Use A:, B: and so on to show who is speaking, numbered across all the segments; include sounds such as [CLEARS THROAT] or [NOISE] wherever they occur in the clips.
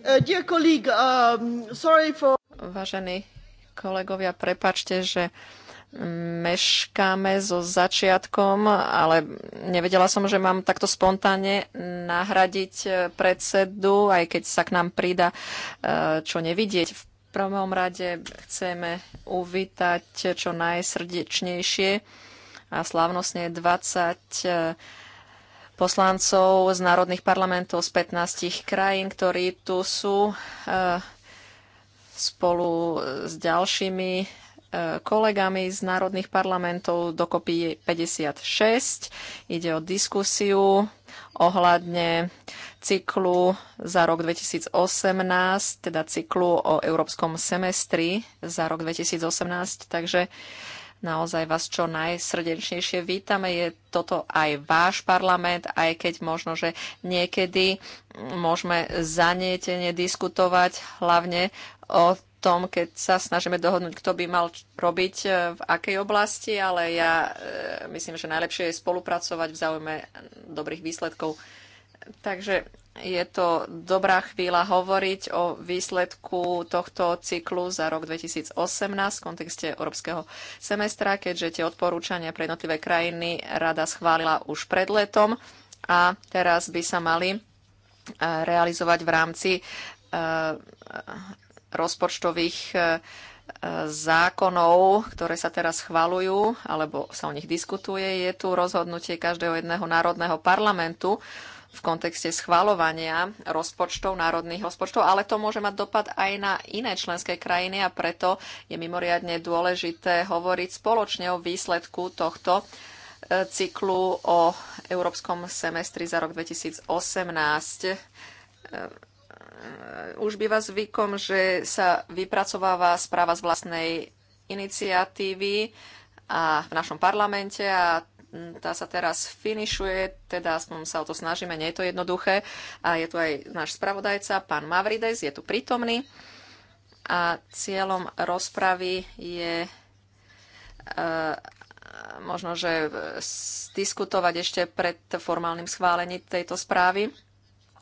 A: Uh, um, Vážení kolegovia, prepačte, že meškáme so začiatkom, ale nevedela som, že mám takto spontánne nahradiť eh, predsedu, aj keď sa k nám prida eh, čo nevidieť. V prvom rade chceme uvítať čo najsrdečnejšie a slávnostne 20 poslancov z národných parlamentov z 15 krajín, ktorí tu sú e, spolu s ďalšími e, kolegami z národných parlamentov, dokopy 56. Ide o diskusiu ohľadne cyklu za rok 2018, teda cyklu o európskom semestri za rok 2018. Takže Naozaj vás čo najsrdečnejšie vítame. Je toto aj váš parlament, aj keď možno, že niekedy môžeme zanietenie diskutovať, hlavne o tom, keď sa snažíme dohodnúť, kto by mal robiť e, v akej oblasti, ale ja e, myslím, že najlepšie je spolupracovať v záujme dobrých výsledkov. Takže je to dobrá chvíľa hovoriť o výsledku tohto cyklu za rok 2018 v kontexte európskeho semestra, keďže tie odporúčania pre jednotlivé krajiny rada schválila už pred letom a teraz by sa mali e, realizovať v rámci e, rozpočtových e, zákonov, ktoré sa teraz schvalujú, alebo sa o nich diskutuje, je tu rozhodnutie každého jedného národného parlamentu v kontexte schvalovania rozpočtov, národných rozpočtov, ale to môže mať dopad aj na iné členské krajiny a preto je mimoriadne dôležité hovoriť spoločne o výsledku tohto e, cyklu o európskom semestri za rok 2018. E, e, už býva zvykom, že sa vypracováva správa z vlastnej iniciatívy a v našom parlamente a tá sa teraz finišuje, teda aspoň sa o to snažíme, nie je to jednoduché. A je tu aj náš spravodajca, pán Mavrides, je tu prítomný. A cieľom rozpravy je e, možno, že e, diskutovať ešte pred formálnym schválením tejto správy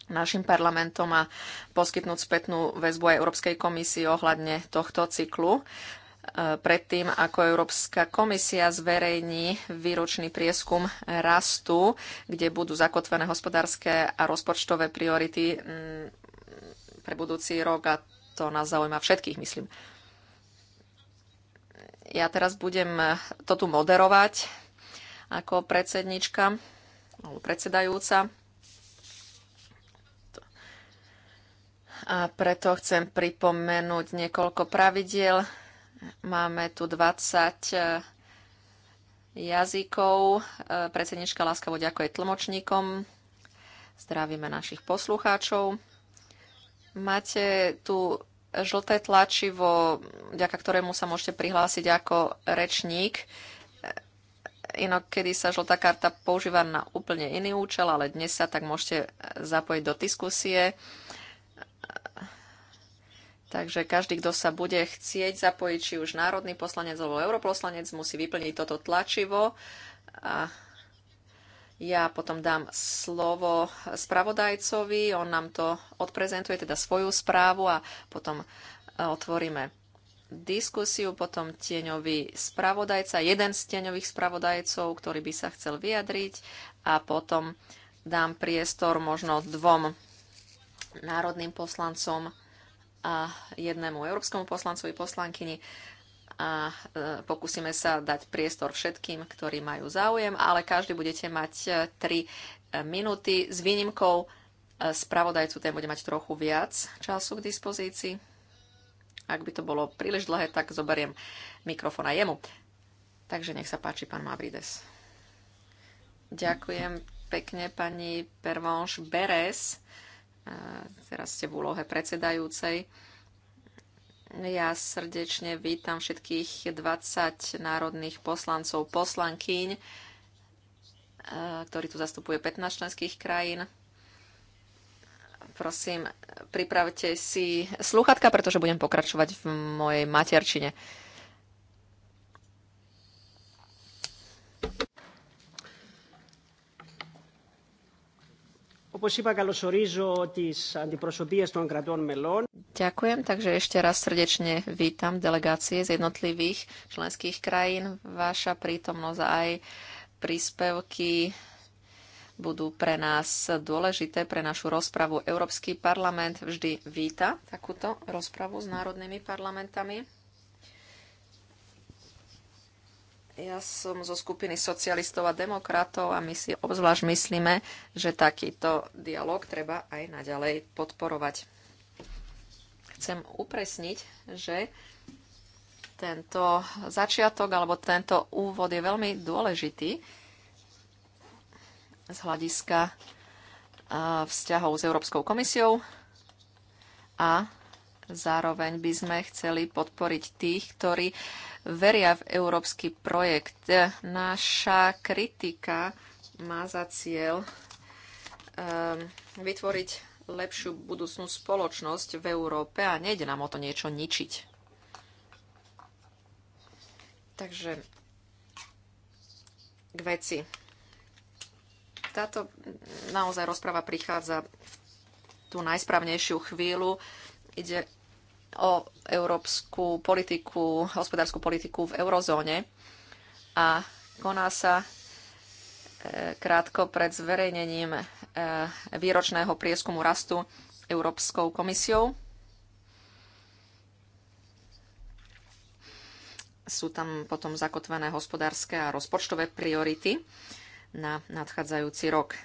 A: našim parlamentom a poskytnúť spätnú väzbu aj Európskej komisii ohľadne tohto cyklu predtým, ako Európska komisia zverejní výročný prieskum rastu, kde budú zakotvené hospodárske a rozpočtové priority mm, pre budúci rok a to nás zaujíma všetkých, myslím. Ja teraz budem to tu moderovať ako predsednička alebo predsedajúca. A preto chcem pripomenúť niekoľko pravidiel Máme tu 20 e, jazykov. E, predsednička láskavo ďakuje tlmočníkom. Zdravíme našich poslucháčov. Máte tu žlté tlačivo, vďaka ktorému sa môžete prihlásiť ako rečník. E, Inokedy sa žltá karta používa na úplne iný účel, ale dnes sa tak môžete zapojiť do diskusie. Takže každý, kto sa bude chcieť zapojiť, či už národný poslanec alebo europoslanec, musí vyplniť toto tlačivo. A ja potom dám slovo spravodajcovi, on nám to odprezentuje, teda svoju správu a potom e, otvoríme diskusiu, potom tieňový spravodajca, jeden z tieňových spravodajcov, ktorý by sa chcel vyjadriť a potom dám priestor možno dvom národným poslancom a jednému európskemu poslancovi, poslankyni a e, pokúsime sa dať priestor všetkým, ktorí majú záujem, ale každý budete mať 3 e, e, minúty s výnimkou spravodajcu, ten bude mať trochu viac času k dispozícii. Ak by to bolo príliš dlhé, tak zoberiem mikrofón aj jemu. Takže nech sa páči, pán Mavrides. Ďakujem pekne, pani Pervonš Beres teraz ste v úlohe predsedajúcej. Ja srdečne vítam všetkých 20 národných poslancov, poslankyň, e, ktorí tu zastupuje 15 členských krajín. Prosím, pripravte si sluchatka, pretože budem pokračovať v mojej materčine. Ďakujem, takže ešte raz srdečne vítam delegácie z jednotlivých členských krajín. Vaša prítomnosť aj príspevky budú pre nás dôležité, pre našu rozpravu. Európsky parlament vždy víta takúto rozpravu s národnými parlamentami. Ja som zo skupiny socialistov a demokratov a my si obzvlášť myslíme, že takýto dialog treba aj naďalej podporovať. Chcem upresniť, že tento začiatok alebo tento úvod je veľmi dôležitý z hľadiska vzťahov s Európskou komisiou a Zároveň by sme chceli podporiť tých, ktorí veria v európsky projekt. Naša kritika má za cieľ um, vytvoriť lepšiu budúcnú spoločnosť v Európe a nejde nám o to niečo ničiť. Takže k veci. Táto naozaj rozpráva prichádza v tú najsprávnejšiu chvíľu. Ide o európsku politiku, hospodárskú politiku v eurozóne a koná sa e, krátko pred zverejnením e, výročného prieskumu rastu Európskou komisiou. Sú tam potom zakotvené hospodárske a rozpočtové priority na nadchádzajúci rok.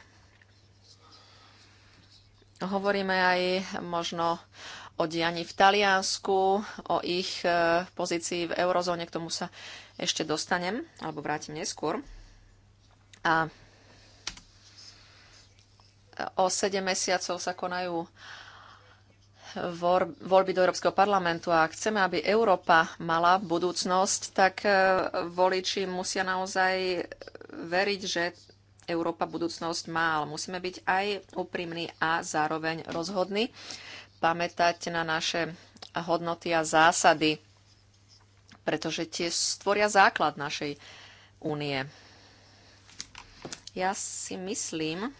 A: Hovoríme aj možno o dianí v Taliansku, o ich e, pozícii v eurozóne, k tomu sa ešte dostanem, alebo vrátim neskôr. A e, o 7 mesiacov sa konajú voľby do Európskeho parlamentu a chceme, aby Európa mala budúcnosť, tak e, voliči musia naozaj veriť, že Európa budúcnosť má, ale musíme byť aj úprimní a zároveň rozhodní pamätať na naše hodnoty a zásady, pretože tie stvoria základ našej únie. Ja si myslím,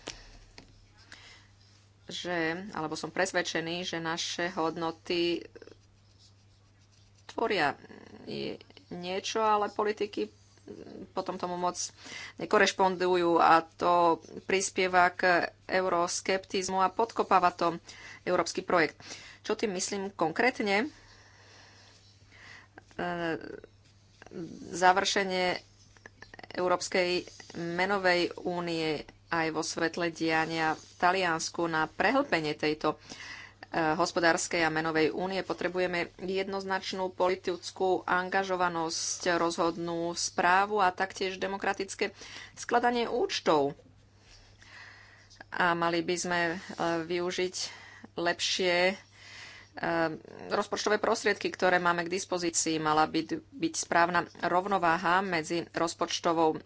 A: že, alebo som presvedčený, že naše hodnoty tvoria niečo, ale politiky potom tomu moc nekorešpondujú a to prispieva k euroskeptizmu a podkopáva to európsky projekt. Čo tým myslím konkrétne? E, završenie Európskej menovej únie aj vo svetle diania v Taliansku na prehlpenie tejto Eh, hospodárskej a menovej únie. Potrebujeme jednoznačnú politickú angažovanosť, rozhodnú správu a taktiež demokratické skladanie účtov. A mali by sme eh, využiť lepšie eh, rozpočtové prostriedky, ktoré máme k dispozícii. Mala by byť správna rovnováha medzi rozpočtovou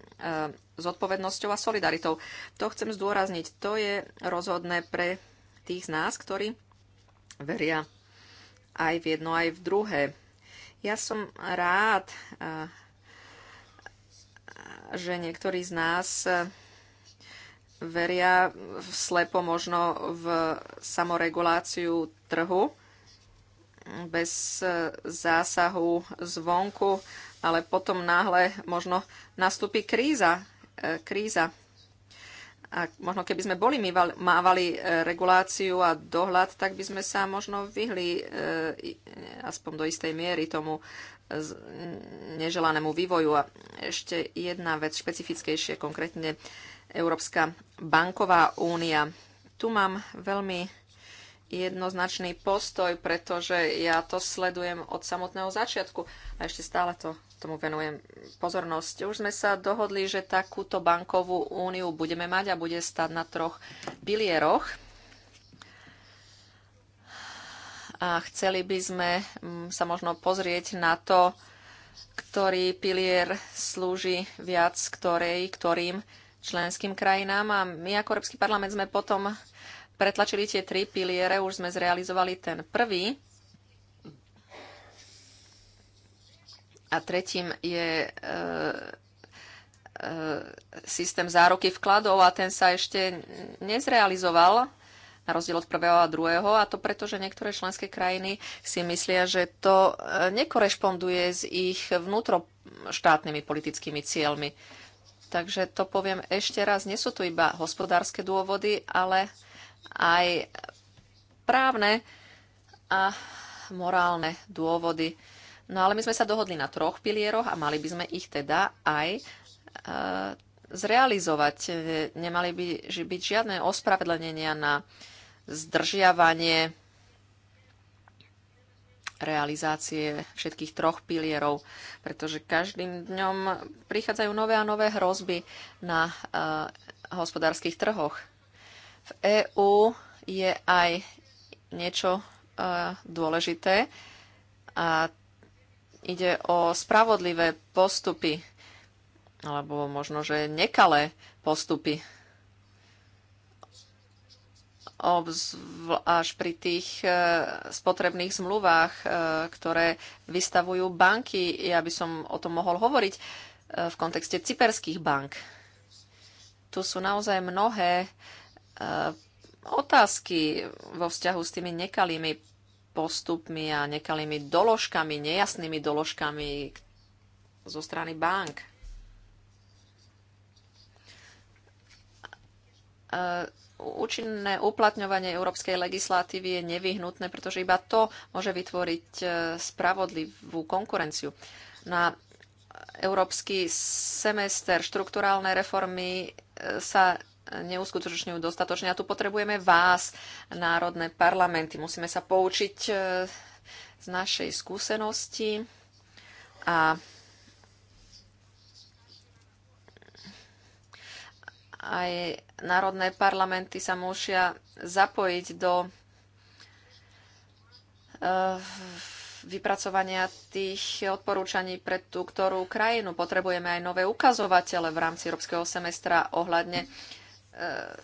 A: zodpovednosťou a solidaritou. To chcem zdôrazniť. To je rozhodné pre tých z nás, ktorí veria aj v jedno, aj v druhé. Ja som rád, eh, že niektorí z nás eh, veria slepo možno v samoreguláciu trhu bez eh, zásahu zvonku, ale potom náhle možno nastúpi kríza. kríza. A možno keby sme boli mávali e, reguláciu a dohľad, tak by sme sa možno vyhli e, aspoň do istej miery tomu e, neželanému vývoju. A ešte jedna vec špecifickejšie, konkrétne Európska banková únia. Tu mám veľmi jednoznačný postoj, pretože ja to sledujem od samotného začiatku a ešte stále to tomu venujem pozornosť. Už sme sa dohodli, že takúto bankovú úniu budeme mať a bude stať na troch pilieroch. A chceli by sme mm, sa možno pozrieť na to, ktorý pilier slúži viac ktorej, ktorým členským krajinám. A my ako Európsky parlament sme potom pretlačili tie tri piliere, už sme zrealizovali ten prvý A tretím je e, e, systém záruky vkladov a ten sa ešte nezrealizoval na rozdiel od prvého a druhého, a to preto, že niektoré členské krajiny si myslia, že to e, nekorešponduje s ich vnútroštátnymi politickými cieľmi. Takže to poviem ešte raz, nie sú tu iba hospodárske dôvody, ale aj právne a morálne dôvody No ale my sme sa dohodli na troch pilieroch a mali by sme ich teda aj e, zrealizovať. Nemali by byť žiadne ospravedlenenia na zdržiavanie realizácie všetkých troch pilierov, pretože každým dňom prichádzajú nové a nové hrozby na uh, hospodárskych trhoch. V EÚ je aj niečo e, dôležité a ide o spravodlivé postupy, alebo možno, že nekalé postupy. Až pri tých e, spotrebných zmluvách, e, ktoré vystavujú banky. Ja by som o tom mohol hovoriť e, v kontexte cyperských bank. Tu sú naozaj mnohé otázky vo vzťahu s tými nekalými postupmi a nekalými doložkami, nejasnými doložkami zo strany bank. E, účinné uplatňovanie európskej legislatívy je nevyhnutné, pretože iba to môže vytvoriť e, spravodlivú konkurenciu. Na európsky semester, štrukturálne reformy e, sa neuskutočňujú dostatočne. A tu potrebujeme vás, národné parlamenty. Musíme sa poučiť e, z našej skúsenosti a aj národné parlamenty sa musia zapojiť do e, vypracovania tých odporúčaní pre tú, ktorú krajinu. Potrebujeme aj nové ukazovatele v rámci Európskeho semestra ohľadne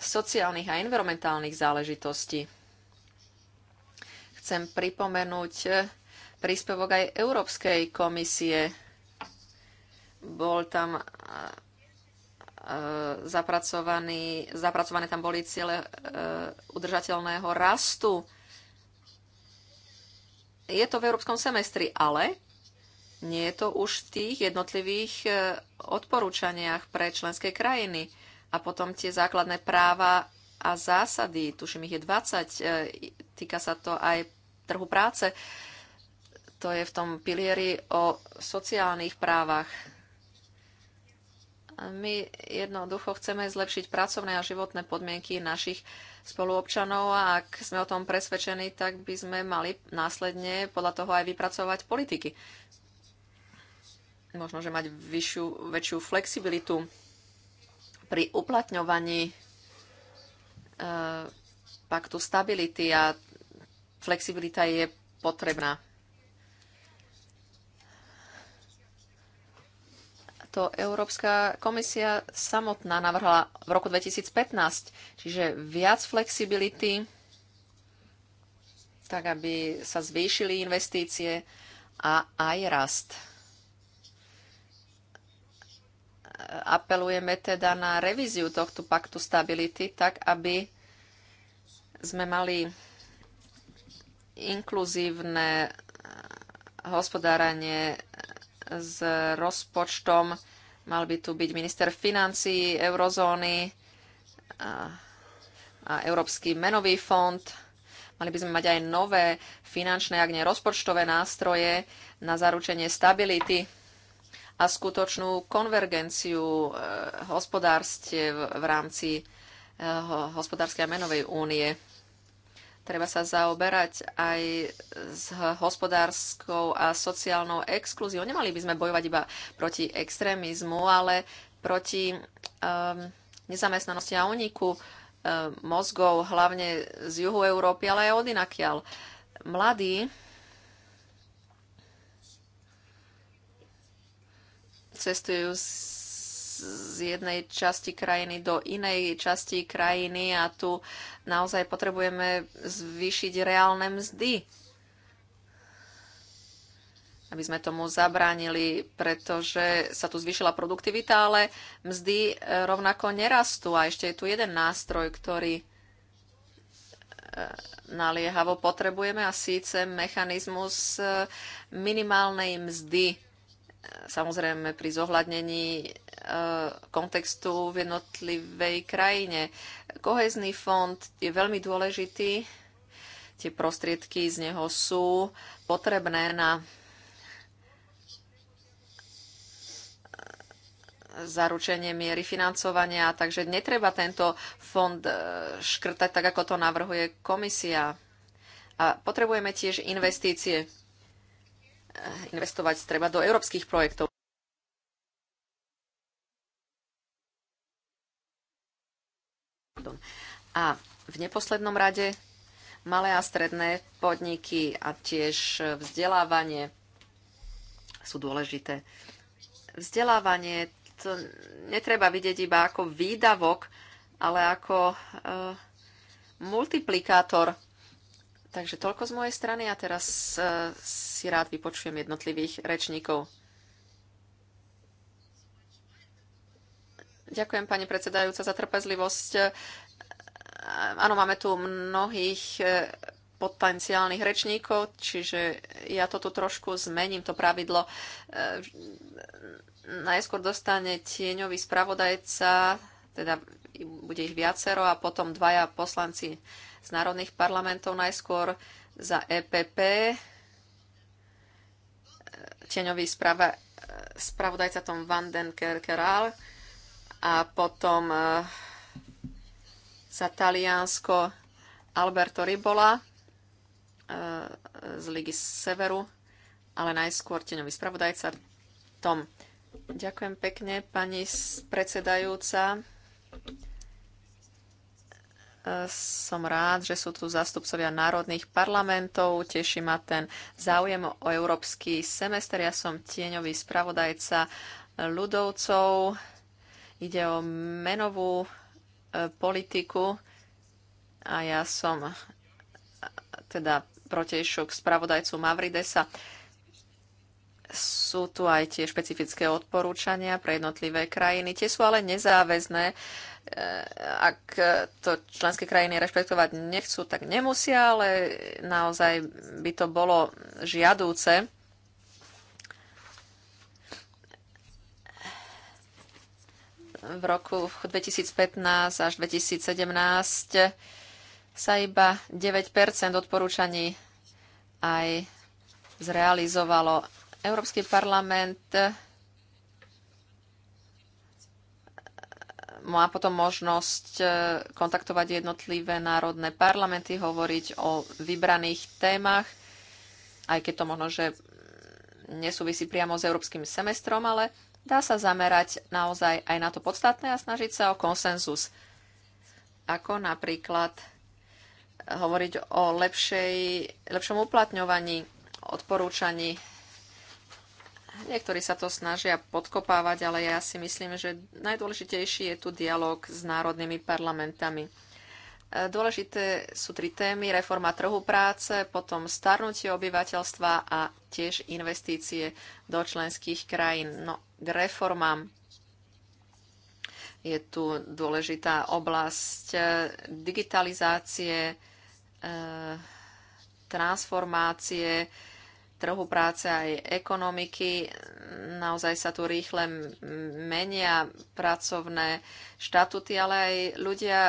A: sociálnych a environmentálnych záležitostí. Chcem pripomenúť príspevok aj Európskej komisie. Bol tam zapracovaný, zapracované tam boli ciele e, udržateľného rastu. Je to v európskom semestri, ale nie je to už v tých jednotlivých e, odporúčaniach pre členské krajiny. A potom tie základné práva a zásady, tuším ich je 20, e, týka sa to aj trhu práce. To je v tom pilieri o sociálnych právach. My jednoducho chceme zlepšiť pracovné a životné podmienky našich spoluobčanov a ak sme o tom presvedčení, tak by sme mali následne podľa toho aj vypracovať politiky. Možno, že mať vyššiu, väčšiu flexibilitu pri uplatňovaní e, paktu stability a flexibilita je potrebná. to Európska komisia samotná navrhla v roku 2015, čiže viac flexibility, tak aby sa zvýšili investície a aj rast. apelujeme teda na revíziu tohto paktu stability, tak aby sme mali inkluzívne eh, hospodáranie s rozpočtom. Mal by tu byť minister financií eurozóny a, eh, a Európsky menový fond. Mali by sme mať aj nové finančné, ak nie rozpočtové nástroje na zaručenie stability a skutočnú konvergenciu e, hospodárstiev v rámci e, hospodárskej a menovej únie. Treba sa zaoberať aj s hospodárskou a sociálnou exkluziou. Nemali by sme bojovať iba proti extrémizmu, ale proti um, nezamestnanosti a uniku um, ehm, mozgov, hlavne z juhu Európy, ale aj od inakiaľ. Mladí cestujú z jednej časti krajiny do inej časti krajiny a tu naozaj potrebujeme zvýšiť reálne mzdy, aby sme tomu zabránili, pretože sa tu zvýšila produktivita, ale mzdy e, rovnako nerastú. A ešte je tu jeden nástroj, ktorý e, naliehavo potrebujeme a síce mechanizmus e, minimálnej mzdy samozrejme pri zohľadnení eh, kontextu v jednotlivej krajine. Kohezný fond je veľmi dôležitý. Tie prostriedky z neho sú potrebné na eh, zaručenie miery financovania, takže netreba tento fond eh, škrtať tak, ako to navrhuje komisia. A potrebujeme tiež investície investovať treba do európskych projektov. A v neposlednom rade malé a stredné podniky a tiež vzdelávanie sú dôležité. Vzdelávanie to netreba vidieť iba ako výdavok, ale ako eh, multiplikátor Takže toľko z mojej strany a teraz e, si rád vypočujem jednotlivých rečníkov. Ďakujem, pani predsedajúca, za trpezlivosť. E, áno, máme tu mnohých e, potenciálnych rečníkov, čiže ja to tu trošku zmením, to pravidlo. Najskôr dostane tieňový spravodajca, teda bude ich viacero a potom dvaja poslanci z národných parlamentov najskôr za EPP. Tieňový sprava, spravodajca Tom Van den Kerkeral a potom eh, za Taliansko Alberto Ribola eh, z Ligy Severu, ale najskôr tieňový spravodajca Tom. Ďakujem pekne, pani predsedajúca. Som rád, že sú tu zástupcovia národných parlamentov. Teší ma ten záujem o európsky semester. Ja som tieňový spravodajca ľudovcov. Ide o menovú e, politiku a ja som e, teda protejšok spravodajcu Mavridesa sú tu aj tie špecifické odporúčania pre jednotlivé krajiny. Tie sú ale nezáväzné. E, ak to členské krajiny rešpektovať nechcú, tak nemusia, ale naozaj by to bolo žiadúce. V roku 2015 až 2017 sa iba 9 odporúčaní aj zrealizovalo Európsky parlament e, má potom možnosť e, kontaktovať jednotlivé národné parlamenty, hovoriť o vybraných témach, aj keď to možno, že nesúvisí priamo s európskym semestrom, ale dá sa zamerať naozaj aj na to podstatné a snažiť sa o konsenzus. Ako napríklad e, hovoriť o lepšej, lepšom uplatňovaní odporúčaní Niektorí sa to snažia podkopávať, ale ja si myslím, že najdôležitejší je tu dialog s národnými parlamentami. E, dôležité sú tri témy. Reforma trhu práce, potom starnutie obyvateľstva a tiež investície do členských krajín. No, k reformám je tu dôležitá oblasť e, digitalizácie, e, transformácie, trhu práce aj ekonomiky. Naozaj sa tu rýchle menia pracovné štatuty, ale aj ľudia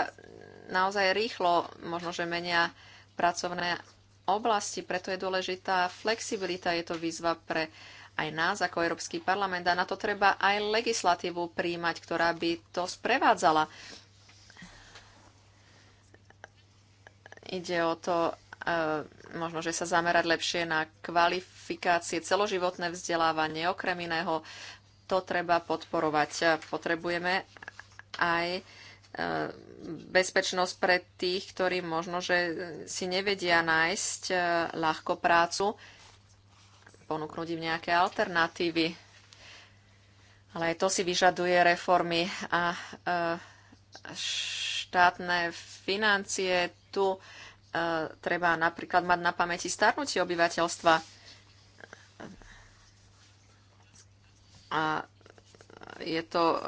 A: naozaj rýchlo možno, že menia pracovné oblasti. Preto je dôležitá flexibilita. Je to výzva pre aj nás ako Európsky parlament a na to treba aj legislatívu príjmať, ktorá by to sprevádzala. Ide o to e, možno, že sa zamerať lepšie na kvalifikácie, celoživotné vzdelávanie, okrem iného. To treba podporovať. Potrebujeme aj e, bezpečnosť pre tých, ktorí možno, že si nevedia nájsť e, ľahko prácu, ponúknuť im nejaké alternatívy. Ale aj to si vyžaduje reformy a e, štátne financie tu E, treba napríklad mať na pamäti starnutie obyvateľstva. A je to e,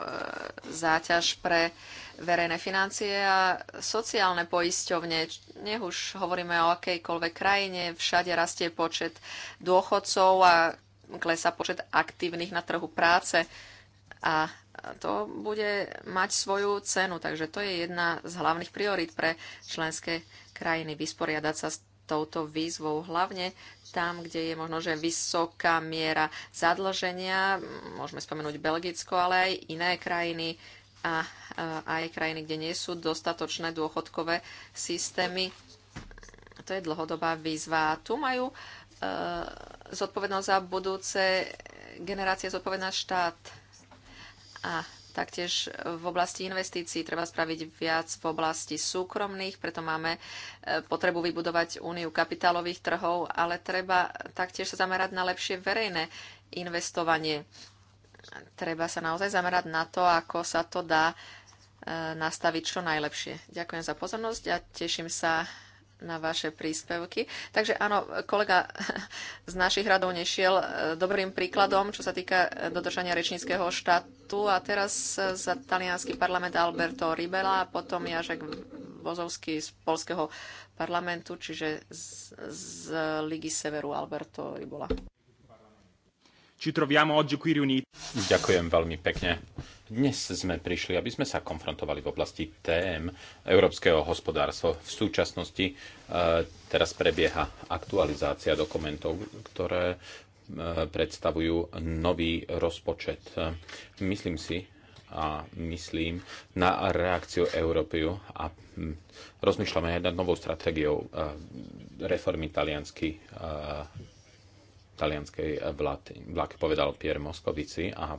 A: záťaž pre verejné financie a sociálne poisťovne. Nech už hovoríme o akejkoľvek krajine, všade rastie počet dôchodcov a klesa počet aktívnych na trhu práce. A to bude mať svoju cenu. Takže to je jedna z hlavných priorít pre členské krajiny vysporiadať sa s touto výzvou, hlavne tam, kde je možno, že vysoká miera zadlženia. Môžeme spomenúť Belgicko, ale aj iné krajiny a, a aj krajiny, kde nie sú dostatočné dôchodkové systémy. To je dlhodobá výzva. Tu majú e, zodpovednosť za budúce generácie, zodpovedná štát a taktiež v oblasti investícií treba spraviť viac v oblasti súkromných, preto máme e, potrebu vybudovať úniu kapitálových trhov, ale treba taktiež sa zamerať na lepšie verejné investovanie. Treba sa naozaj zamerať na to, ako sa to dá e, nastaviť čo najlepšie. Ďakujem za pozornosť a teším sa na vaše príspevky. Takže áno, kolega z našich radov nešiel e, dobrým príkladom, čo sa týka e, dodržania rečníckého štátu. A teraz e, za talianský parlament Alberto Ribela a potom Jažek Vozovský z polského parlamentu, čiže z, z Ligy Severu Alberto Ribola.
B: Ci troviamo oggi qui riuniti. Ďakujem veľmi pekne dnes sme prišli, aby sme sa konfrontovali v oblasti tém európskeho hospodárstva. V súčasnosti e, teraz prebieha aktualizácia dokumentov, ktoré e, predstavujú nový rozpočet. Myslím si, a myslím na reakciu Európy a hm, rozmýšľame aj nad novou stratégiou e, reformy taliansky e, talianskej vlády, vláky povedal Pierre Moskovici a e,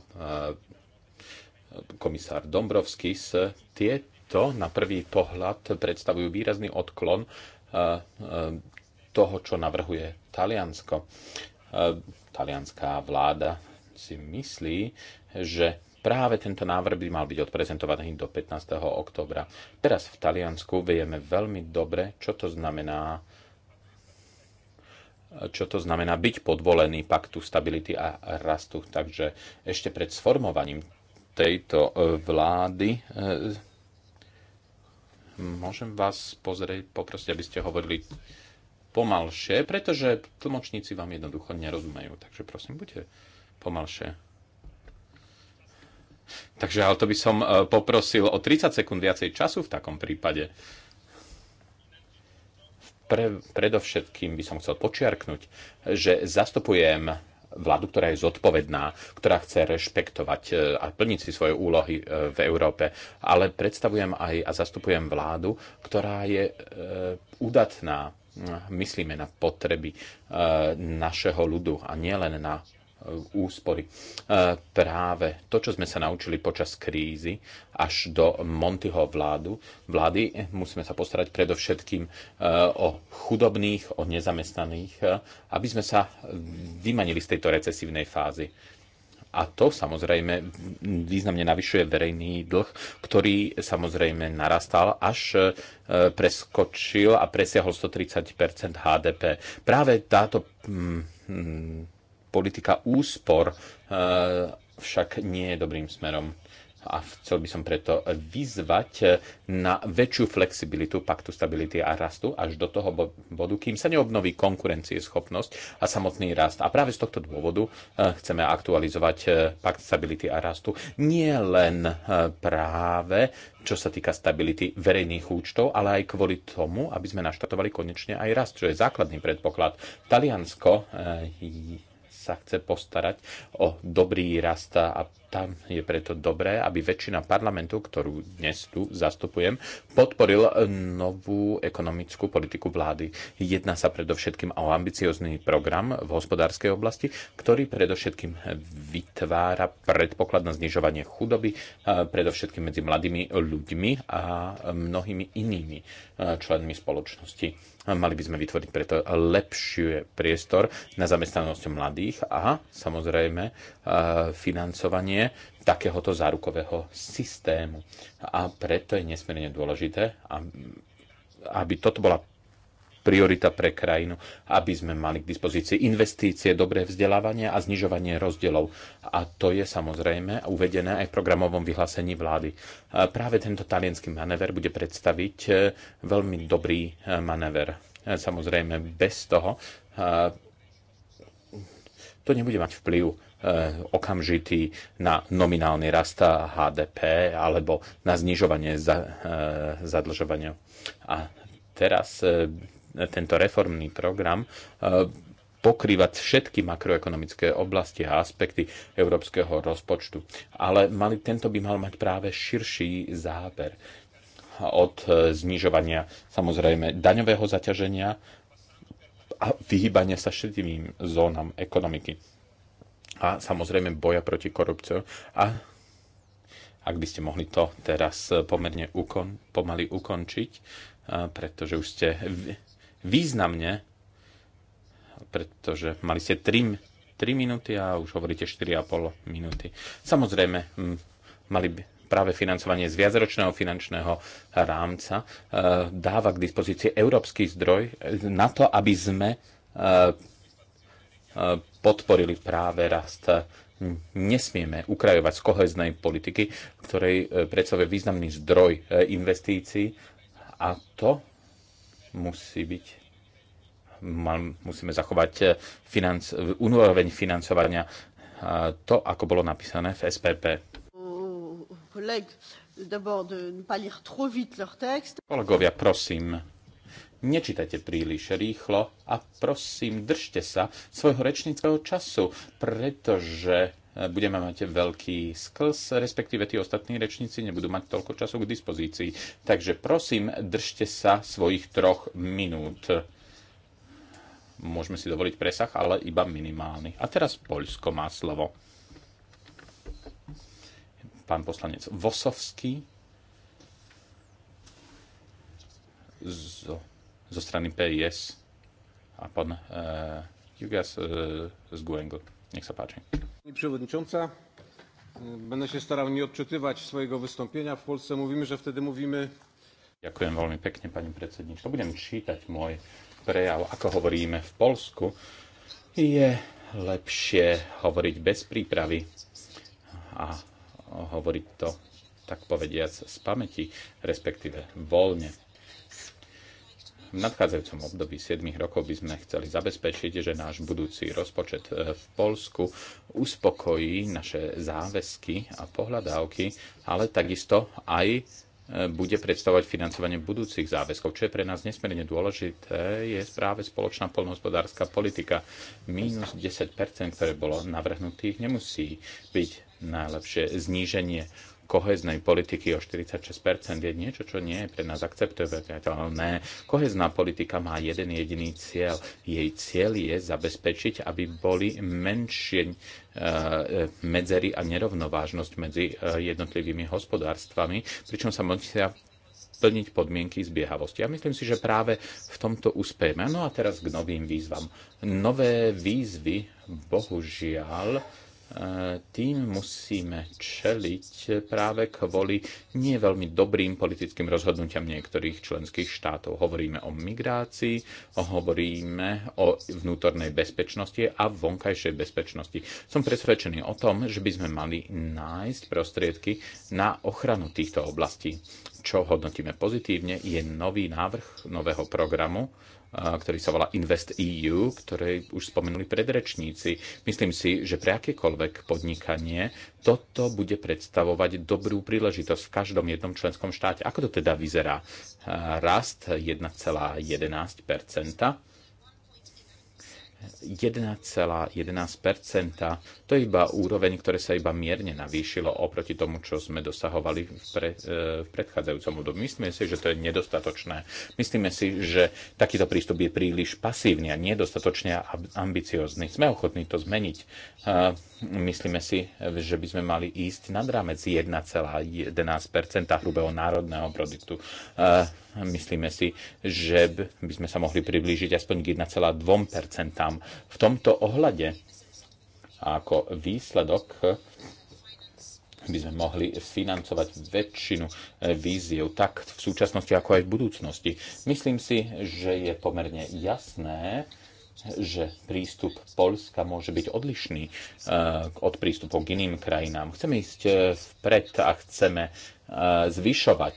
B: komisár Dombrovskis, tieto na prvý pohľad predstavujú výrazný odklon e, e, toho, čo navrhuje Taliansko. E, talianská vláda si myslí, že práve tento návrh by mal byť odprezentovaný do 15. oktobra. Teraz v Taliansku vieme veľmi dobre, čo to znamená čo to znamená byť podvolený paktu stability a rastu. Takže ešte pred sformovaním tejto e, vlády. E, môžem vás pozrieť, poprosiť, aby ste hovorili pomalšie, pretože tlmočníci vám jednoducho nerozumejú. Takže prosím, buďte pomalšie. Takže ale to by som e, poprosil o 30 sekúnd viacej času v takom prípade. Pre, predovšetkým by som chcel počiarknúť, že zastupujem vládu, ktorá je zodpovedná, ktorá chce rešpektovať e, a plniť si svoje úlohy e, v Európe. Ale predstavujem aj a zastupujem vládu, ktorá je udatná e, myslíme na potreby našeho ľudu a nielen na úspory. E, práve to, čo sme sa naučili počas krízy až do Montyho vládu, vlády, e, musíme sa postarať predovšetkým e, o chudobných, o nezamestnaných, aby sme sa vymanili z tejto recesívnej fázy. A to samozrejme významne navyšuje verejný dlh, ktorý samozrejme narastal až preskočil a presiahol 130 HDP. Práve táto mm, mm, politika úspor eh, však nie je dobrým smerom. A chcel by som preto vyzvať eh, na väčšiu flexibilitu paktu stability a rastu až do toho bodu, kým sa neobnoví konkurencieschopnosť a samotný rast. A práve z tohto dôvodu eh, chceme aktualizovať pakt stability a rastu nie len práve čo sa týka stability verejných účtov, ale aj kvôli tomu, aby sme naštartovali konečne aj rast, čo je základný predpoklad. Taliansko sa chce postarať o dobrý rast a tam je preto dobré, aby väčšina parlamentu, ktorú dnes tu zastupujem, podporil e, novú ekonomickú politiku vlády. Jedná sa predovšetkým o ambiciozný program v hospodárskej oblasti, ktorý predovšetkým vytvára predpoklad na znižovanie chudoby, e, predovšetkým medzi mladými ľuďmi a mnohými inými e, členmi spoločnosti. Mali by sme vytvoriť preto lepší priestor na zamestnanosť mladých a samozrejme financovanie vytvorenie takéhoto zárukového systému. A preto je nesmierne dôležité, aby toto bola priorita pre krajinu, aby sme mali k dispozícii investície, dobré vzdelávanie a znižovanie rozdielov. A to je samozrejme uvedené aj v programovom vyhlásení vlády. Práve tento talianský manéver bude predstaviť e, veľmi dobrý e, manéver. E, samozrejme, bez toho to nebude mať vplyv Eh, okamžitý na nominálny rast HDP alebo na znižovanie za, eh, zadlžovania. A teraz eh, tento reformný program pokrývať všetky makroekonomické oblasti a aspekty európskeho rozpočtu. Ale mali, tento by mal mať práve širší záber od znižovania samozrejme daňového zaťaženia a vyhýbania sa všetkým zónam ekonomiky a samozrejme boja proti korupciu. A ak by ste mohli to teraz pomerne ukon, pomaly ukončiť, pretože už ste významne, pretože mali ste 3, 3 minúty a už hovoríte 4,5 minúty. Samozrejme, mali by, práve financovanie z viacročného finančného rámca e, dáva k dispozícii európsky zdroj e, na to, aby sme e, podporili práve rast. Nesmieme ukrajovať z koheznej politiky, ktorej e, predstavuje významný zdroj e, investícií a to musí byť musíme zachovať e, financ, úroveň financovania to, ako bolo napísané v SPP. Kolegovia, prosím, nečítajte príliš rýchlo a prosím, držte sa svojho rečníckého času, pretože e, budeme mať veľký sklz, respektíve tí ostatní rečníci nebudú mať toľko času k dispozícii. Takže prosím, držte sa svojich troch minút. Môžeme si dovoliť presah, ale iba minimálny. A teraz Poľsko má slovo. Pán poslanec Vosovský. So zo strany PIS a pán e, Jugas e, z Guengl. Nech sa páči.
C: Pani przewodnicząca, e, będę się starał nie odczytywać swojego wystąpienia. W Polsce mówimy, że wtedy mówimy...
B: Ďakujem veľmi pekne, pani predsednička. Budem čítať môj prejav, ako hovoríme v Polsku. Je lepšie hovoriť bez prípravy a hovoriť to, tak povediac, z pamäti, respektíve voľne v nadchádzajúcom období 7 rokov by sme chceli zabezpečiť, že náš budúci rozpočet e, v Polsku uspokojí naše záväzky a pohľadávky, ale takisto aj e, bude predstavovať financovanie budúcich záväzkov. Čo je pre nás nesmierne dôležité, je práve spoločná polnohospodárska politika. Minus 10%, ktoré bolo navrhnutých, nemusí byť najlepšie zníženie koheznej politiky o 46% je niečo, čo nie je pre nás akceptovateľné. Kohezná politika má jeden jediný cieľ. Jej cieľ je zabezpečiť, aby boli menšie eh, medzery a nerovnovážnosť medzi eh, jednotlivými hospodárstvami, pričom sa musia plniť podmienky zbiehavosti. A myslím si, že práve v tomto uspejeme. No a teraz k novým výzvam. Nové výzvy, bohužiaľ, tým musíme čeliť práve kvôli nie veľmi dobrým politickým rozhodnutiam niektorých členských štátov. Hovoríme o migrácii, hovoríme o vnútornej bezpečnosti a vonkajšej bezpečnosti. Som presvedčený o tom, že by sme mali nájsť prostriedky na ochranu týchto oblastí. Čo hodnotíme pozitívne, je nový návrh nového programu ktorý sa volá Invest EU, ktorý už spomenuli predrečníci. Myslím si, že pre akékoľvek podnikanie toto bude predstavovať dobrú príležitosť v každom jednom členskom štáte. Ako to teda vyzerá? Rast 1,11 1,11 to je iba úroveň, ktoré sa iba mierne navýšilo oproti tomu, čo sme dosahovali v, pre, e, v predchádzajúcom období. Myslíme si, že to je nedostatočné. Myslíme si, že takýto prístup je príliš pasívny a nedostatočne ambiciózny. Sme ochotní to zmeniť. Myslíme si, že by sme mali ísť nad rámec 1,11 hrubého národného produktu. Myslíme si, že by sme sa mohli priblížiť aspoň k 1,2 v tomto ohľade a ako výsledok by sme mohli financovať väčšinu eh, víziev, tak v súčasnosti, ako aj v budúcnosti. Myslím si, že je pomerne jasné, že prístup Polska môže byť odlišný eh, od prístupu k iným krajinám. Chceme ísť eh, vpred a chceme eh, zvyšovať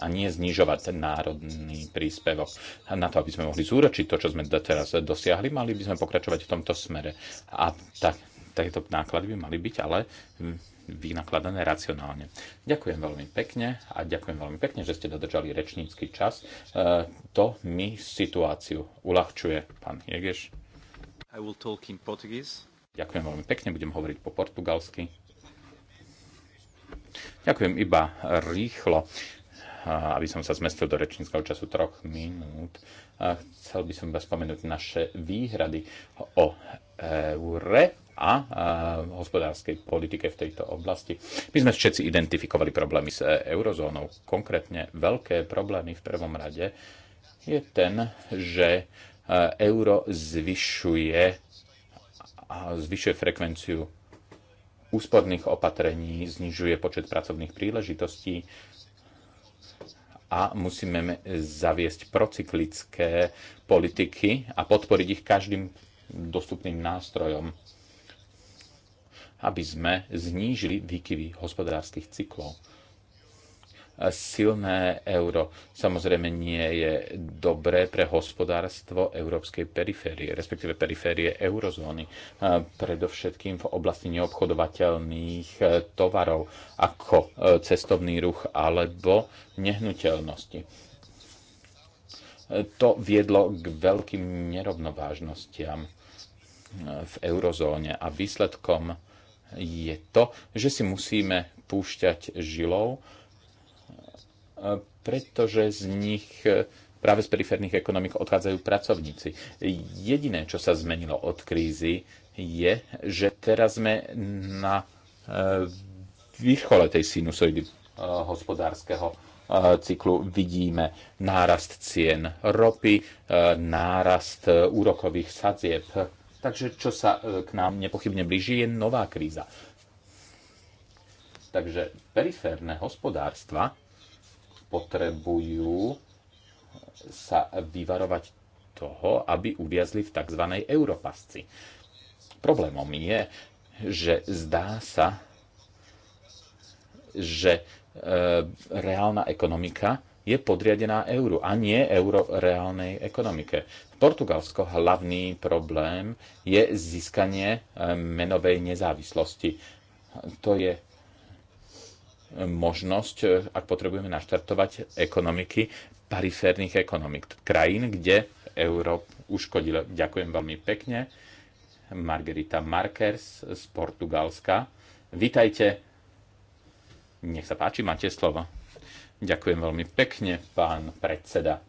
B: a nie znižovať ten národný príspevok. A na to, aby sme mohli zúročiť to, čo sme teraz dosiahli, mali by sme pokračovať v tomto smere. A tak Takéto náklady by mali byť ale vynakladané racionálne. Ďakujem veľmi pekne a ďakujem veľmi pekne, že ste dodržali rečnícky čas. E, to mi situáciu uľahčuje, pán Jegeš. I will talk in Portuguese. Ďakujem veľmi pekne, budem hovoriť po portugalsky. Ďakujem iba rýchlo, e, aby som sa zmestil do rečníckého času troch minút. E, chcel by som iba spomenúť naše výhrady o eure a hospodárskej politike v tejto oblasti. My sme všetci identifikovali problémy s e, eurozónou, konkrétne veľké problémy v prvom rade je ten, že e, euro zvyšuje, zvyšuje frekvenciu úsporných opatrení, znižuje počet pracovných príležitostí a musíme zaviesť procyklické politiky a podporiť ich každým dostupným nástrojom aby sme znížili výkyvy hospodárskych cyklov. Silné euro samozrejme nie je dobré pre hospodárstvo európskej periférie, respektíve periférie eurozóny, predovšetkým v oblasti neobchodovateľných e, tovarov ako e, cestovný ruch alebo nehnuteľnosti e, to viedlo k veľkým nerovnovážnostiam v eurozóne a výsledkom je to, že si musíme púšťať žilov, e, pretože z nich e, práve z periférnych ekonomik odchádzajú pracovníci. Jediné, čo sa zmenilo od krízy, je, že teraz sme na e, vrchole tej sinusoidy hospodárskeho cyklu vidíme nárast cien ropy, nárast úrokových sadzieb Takže čo sa e, k nám nepochybne blíži, je nová kríza. Takže periférne hospodárstva potrebujú sa vyvarovať toho, aby uviazli v tzv. europasci. Problémom je, že zdá sa, že e, reálna ekonomika je podriadená euru a nie euro reálnej ekonomike. V Portugalsko hlavný problém je získanie e, menovej nezávislosti. To je možnosť, e, ak potrebujeme naštartovať ekonomiky periférnych ekonomik, krajín, kde euro uškodilo. Ďakujem veľmi pekne. Margarita Markers z Portugalska. Vítajte. Nech sa páči, máte slovo. Ďakujem veľmi pekne, pán predseda.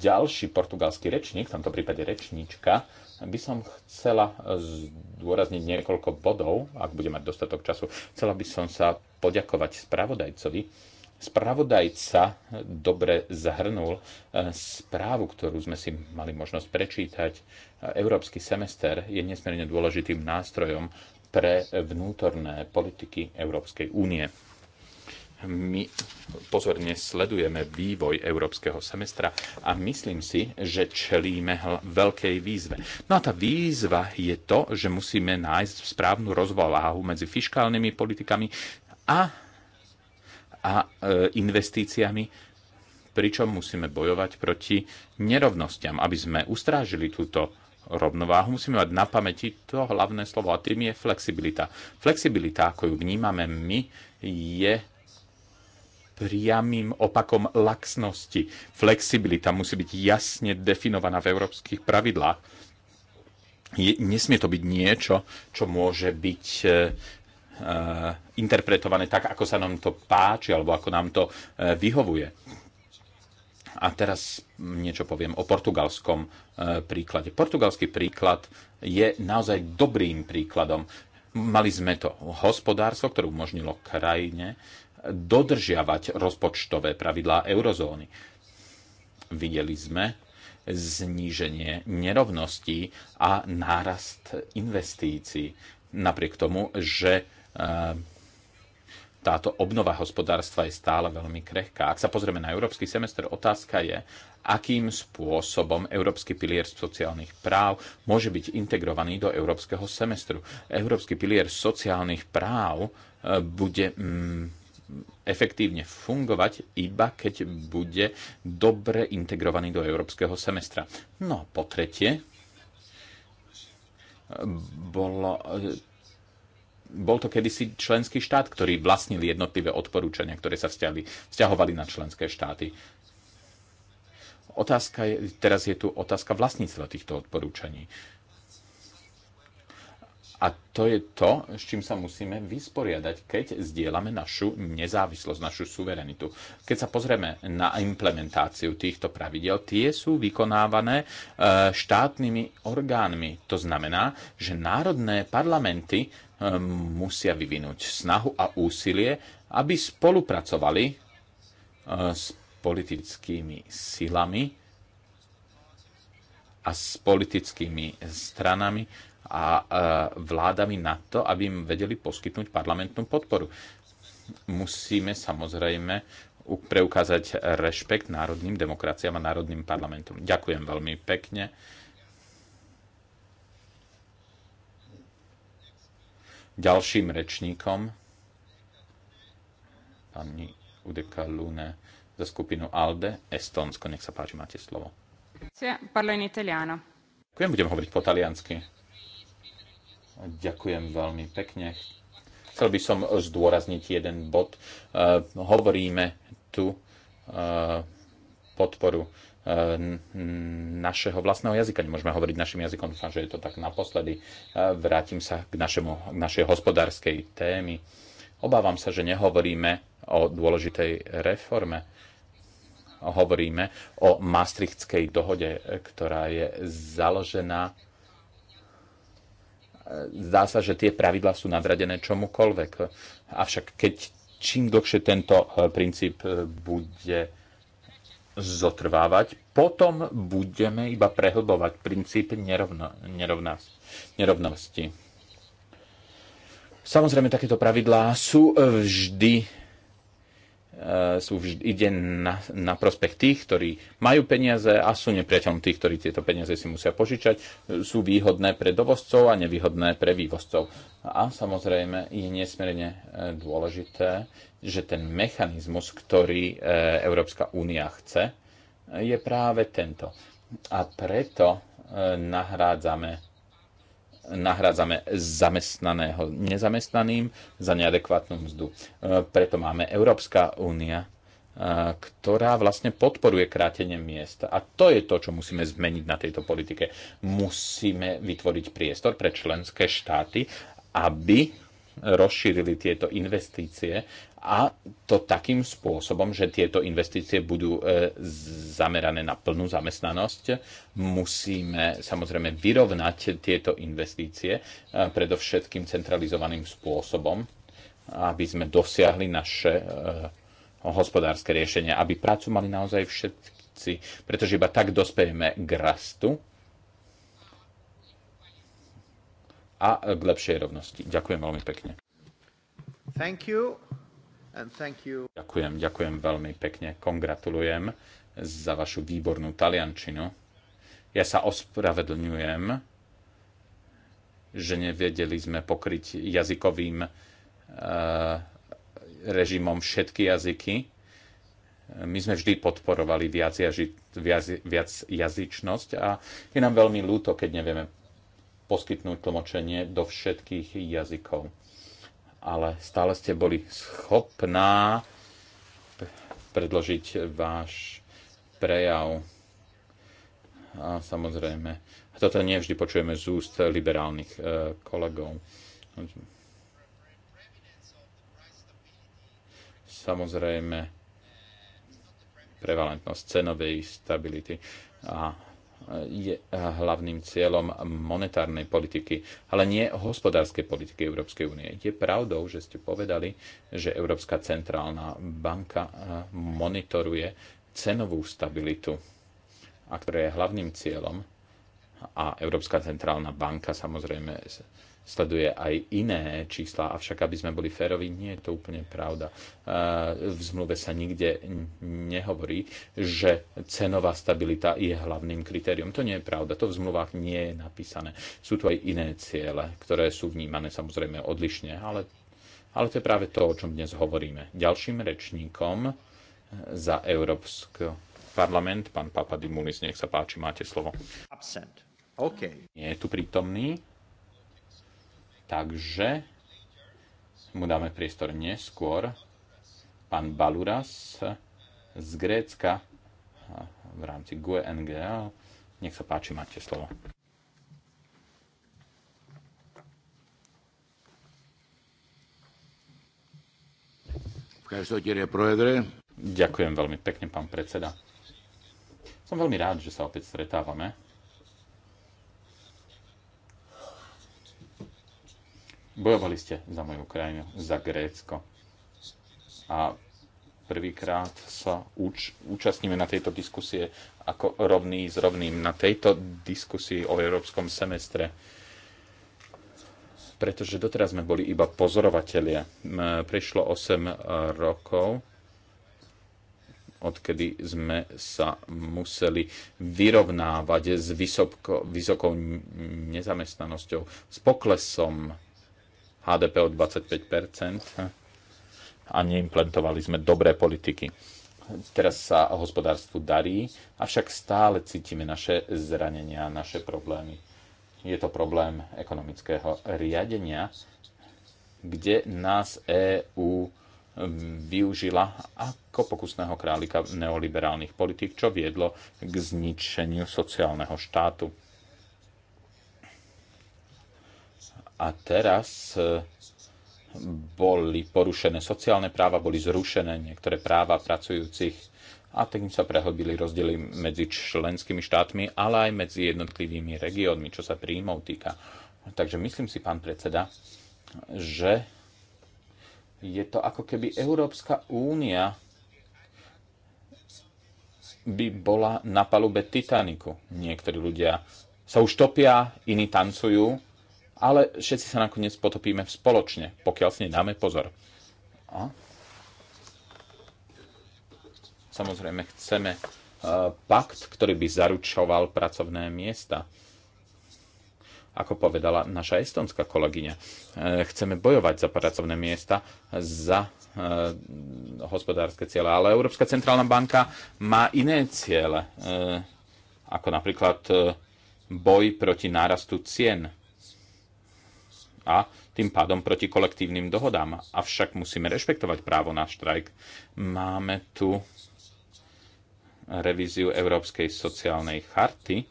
B: Ďalší portugalský rečník, v tomto prípade rečníčka, by som chcela zdôrazniť niekoľko bodov, ak bude mať dostatok času. Chcela by som sa poďakovať spravodajcovi. Spravodajca dobre zahrnul eh, správu, ktorú sme si mali možnosť prečítať. Európsky semester je nesmierne dôležitým nástrojom pre vnútorné politiky Európskej únie. My pozorne sledujeme vývoj európskeho semestra a myslím si, že čelíme veľkej výzve. No a tá výzva je to, že musíme nájsť správnu rozvaláhu medzi fiskálnymi politikami a, a e, investíciami, pričom musíme bojovať proti nerovnostiam, aby sme ustrážili túto rovnováhu, musíme mať na pamäti to hlavné slovo a tým je flexibilita. Flexibilita, ako ju vnímame my, je priamým opakom laxnosti. Flexibilita musí byť jasne definovaná v európskych pravidlách. Je, nesmie to byť niečo, čo môže byť e, e, interpretované tak, ako sa nám to páči alebo ako nám to e, vyhovuje a teraz niečo poviem o portugalskom e, príklade. Portugalský príklad je naozaj dobrým príkladom. Mali sme to hospodárstvo, ktoré umožnilo krajine dodržiavať rozpočtové pravidlá eurozóny. Videli sme zníženie nerovností a nárast investícií. Napriek tomu, že e, táto obnova hospodárstva je stále veľmi krehká. Ak sa pozrieme na európsky semester, otázka je, akým spôsobom európsky pilier sociálnych práv môže byť integrovaný do európskeho semestru. Európsky pilier sociálnych práv e, bude mm, efektívne fungovať, iba keď bude dobre integrovaný do európskeho semestra. No, po tretie, e, bolo e, bol to kedysi členský štát, ktorý vlastnil jednotlivé odporúčania, ktoré sa vzťahli, vzťahovali na členské štáty. Otázka je, teraz je tu otázka vlastníctva týchto odporúčaní. A to je to, s čím sa musíme vysporiadať, keď zdieľame našu nezávislosť, našu suverenitu. Keď sa pozrieme na implementáciu týchto pravidel, tie sú vykonávané e, štátnymi orgánmi. To znamená, že národné parlamenty e, musia vyvinúť snahu a úsilie, aby spolupracovali e, s politickými silami a s politickými stranami, a e, vládami na to, aby im vedeli poskytnúť parlamentnú podporu. Musíme samozrejme preukázať rešpekt národným demokraciám a národným parlamentom. Ďakujem veľmi pekne. Ďalším rečníkom pani Udeka Lune za skupinu ALDE Estonsko. Nech sa páči, máte slovo. Parlo in italiano. Ďakujem, budem hovoriť po taliansky Ďakujem veľmi pekne. Chcel by som zdôrazniť jeden bod. E, hovoríme tu e, podporu e, našeho vlastného jazyka. Nemôžeme hovoriť našim jazykom, dúfam, že je to tak naposledy. Vrátim sa k, našemu, k našej hospodárskej témy. Obávam sa, že nehovoríme o dôležitej reforme. Hovoríme o Maastrichtskej dohode, ktorá je založená zdá sa, že tie pravidlá sú nadradené čomukoľvek. Avšak keď čím dlhšie tento eh, princíp eh, bude zotrvávať, potom budeme iba prehlbovať princíp nerovno, nerovná, nerovnosti. Samozrejme, takéto pravidlá sú eh, vždy E, sú vždy, ide na, na prospech tých, ktorí majú peniaze a sú nepriateľom tých, ktorí tieto peniaze si musia požičať. Sú výhodné pre dovozcov a nevýhodné pre vývozcov. A samozrejme je nesmierne e, dôležité, že ten mechanizmus, ktorý e, Európska únia chce, je práve tento. A preto nahrádzame nahrádzame zamestnaného nezamestnaným za neadekvátnu mzdu. E, preto máme Európska únia, e, ktorá vlastne podporuje krátenie miest. A to je to, čo musíme zmeniť na tejto politike. Musíme vytvoriť priestor pre členské štáty, aby rozšírili tieto investície a to takým spôsobom, že tieto investície budú e, zamerané na plnú zamestnanosť. Musíme samozrejme vyrovnať tieto investície e, predovšetkým centralizovaným spôsobom, aby sme dosiahli naše e, hospodárske riešenie, aby prácu mali naozaj všetci, pretože iba tak dospejeme k rastu a k lepšej rovnosti. Ďakujem veľmi pekne.
C: Thank you. Ďakujem,
B: ďakujem veľmi pekne. Kongratulujem za vašu výbornú taliančinu. Ja sa ospravedlňujem, že nevedeli sme pokryť jazykovým eh, režimom všetky jazyky. My sme vždy podporovali viac, jaži, viac, viac jazyčnosť a je nám veľmi ľúto, keď nevieme poskytnúť tlmočenie do všetkých jazykov ale stále ste boli schopná predložiť váš prejav. A samozrejme, toto nevždy počujeme z úst liberálnych e, kolegov. Samozrejme, prevalentnosť cenovej stability a je hlavným cieľom monetárnej politiky, ale nie hospodárskej politiky Európskej únie. Je pravdou, že ste povedali, že Európska centrálna banka eh, monitoruje cenovú stabilitu, a ktoré je hlavným cieľom, a Európska centrálna banka samozrejme sleduje aj iné čísla, avšak aby sme boli féroví, nie je to úplne pravda. E, v zmluve sa nikde nehovorí, že cenová stabilita je hlavným kritériom. To nie je pravda, to v zmluvách nie je napísané. Sú tu aj iné ciele, ktoré sú vnímané samozrejme odlišne, ale, ale to je práve to, o čom dnes hovoríme. Ďalším rečníkom za Európsky parlament, pán Papadimulis, nech sa páči, máte slovo. Absent. Okay. Nie je tu prítomný. Takže mu dáme priestor neskôr. Pán Baluras z Grécka v rámci GUE NGL. Nech sa páči, máte slovo. Ďakujem veľmi pekne, pán predseda. Som veľmi rád, že sa opäť stretávame Bojovali ste za moju krajinu, za Grécko. A prvýkrát sa úč, účastníme na tejto diskusie ako rovný s rovným. Na tejto diskusii o európskom semestre pretože doteraz sme boli iba pozorovatelia. Prešlo 8 e, rokov, odkedy sme sa museli vyrovnávať s vysoko, vysokou nezamestnanosťou, s poklesom HDP o 25 a neimplantovali sme dobré politiky. Teraz sa hospodárstvu darí, avšak stále cítime naše zranenia, naše problémy. Je to problém ekonomického riadenia, kde nás EÚ využila ako pokusného králika neoliberálnych politik, čo viedlo k zničeniu sociálneho štátu A teraz e, boli porušené sociálne práva, boli zrušené niektoré práva pracujúcich a tým sa prehlbili rozdiely medzi členskými štátmi, ale aj medzi jednotlivými regiónmi, čo sa príjmov týka. Takže myslím si, pán predseda, že je to ako keby Európska únia by bola na palube Titaniku. Niektorí ľudia sa už topia, iní tancujú, ale všetci sa nakoniec potopíme spoločne, pokiaľ si nedáme pozor. A? Samozrejme, chceme eh, pakt, ktorý by zaručoval pracovné miesta. Ako povedala naša estonská kolegyňa, eh, chceme bojovať za pracovné miesta, za eh, hospodárske ciele, ale Európska centrálna banka má iné ciele, ako napríklad boj proti nárastu cien a tým pádom proti kolektívnym dohodám. Avšak musíme rešpektovať právo na štrajk. Máme tu revíziu Európskej sociálnej charty,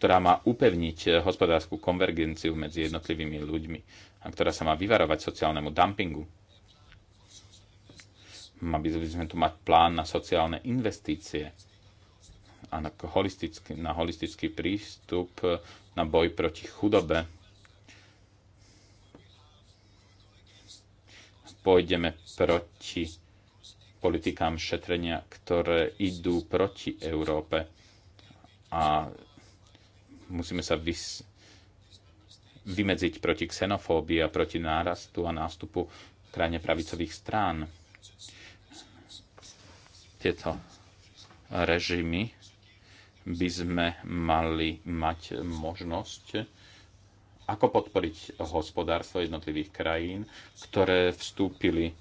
B: ktorá má upevniť hospodárskú konvergenciu medzi jednotlivými ľuďmi a ktorá sa má vyvarovať sociálnemu dumpingu. Mali by sme tu mať plán na sociálne investície a na holistický, na holistický prístup na boj proti chudobe pôjdeme proti politikám šetrenia, ktoré idú proti Európe. A musíme sa vys- vymedziť proti xenofóbii a proti nárastu a nástupu krajne pravicových strán. Tieto režimy by sme mali mať možnosť ako podporiť hospodárstvo jednotlivých krajín, ktoré vstúpili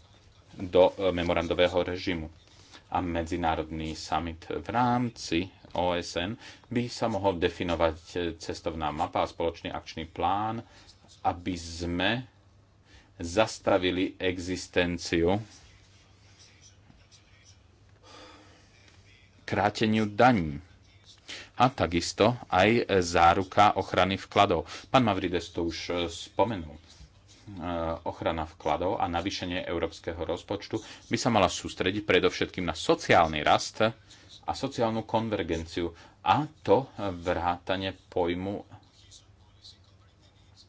B: do e, memorandového režimu. A medzinárodný summit v rámci OSN by sa mohol definovať e, cestovná mapa a spoločný akčný plán, aby sme zastavili existenciu kráteniu daní a takisto aj záruka ochrany vkladov. Pán Mavrides to už e, spomenul e, ochrana vkladov a navýšenie európskeho rozpočtu by sa mala sústrediť predovšetkým na sociálny rast a sociálnu konvergenciu a to vrátanie pojmu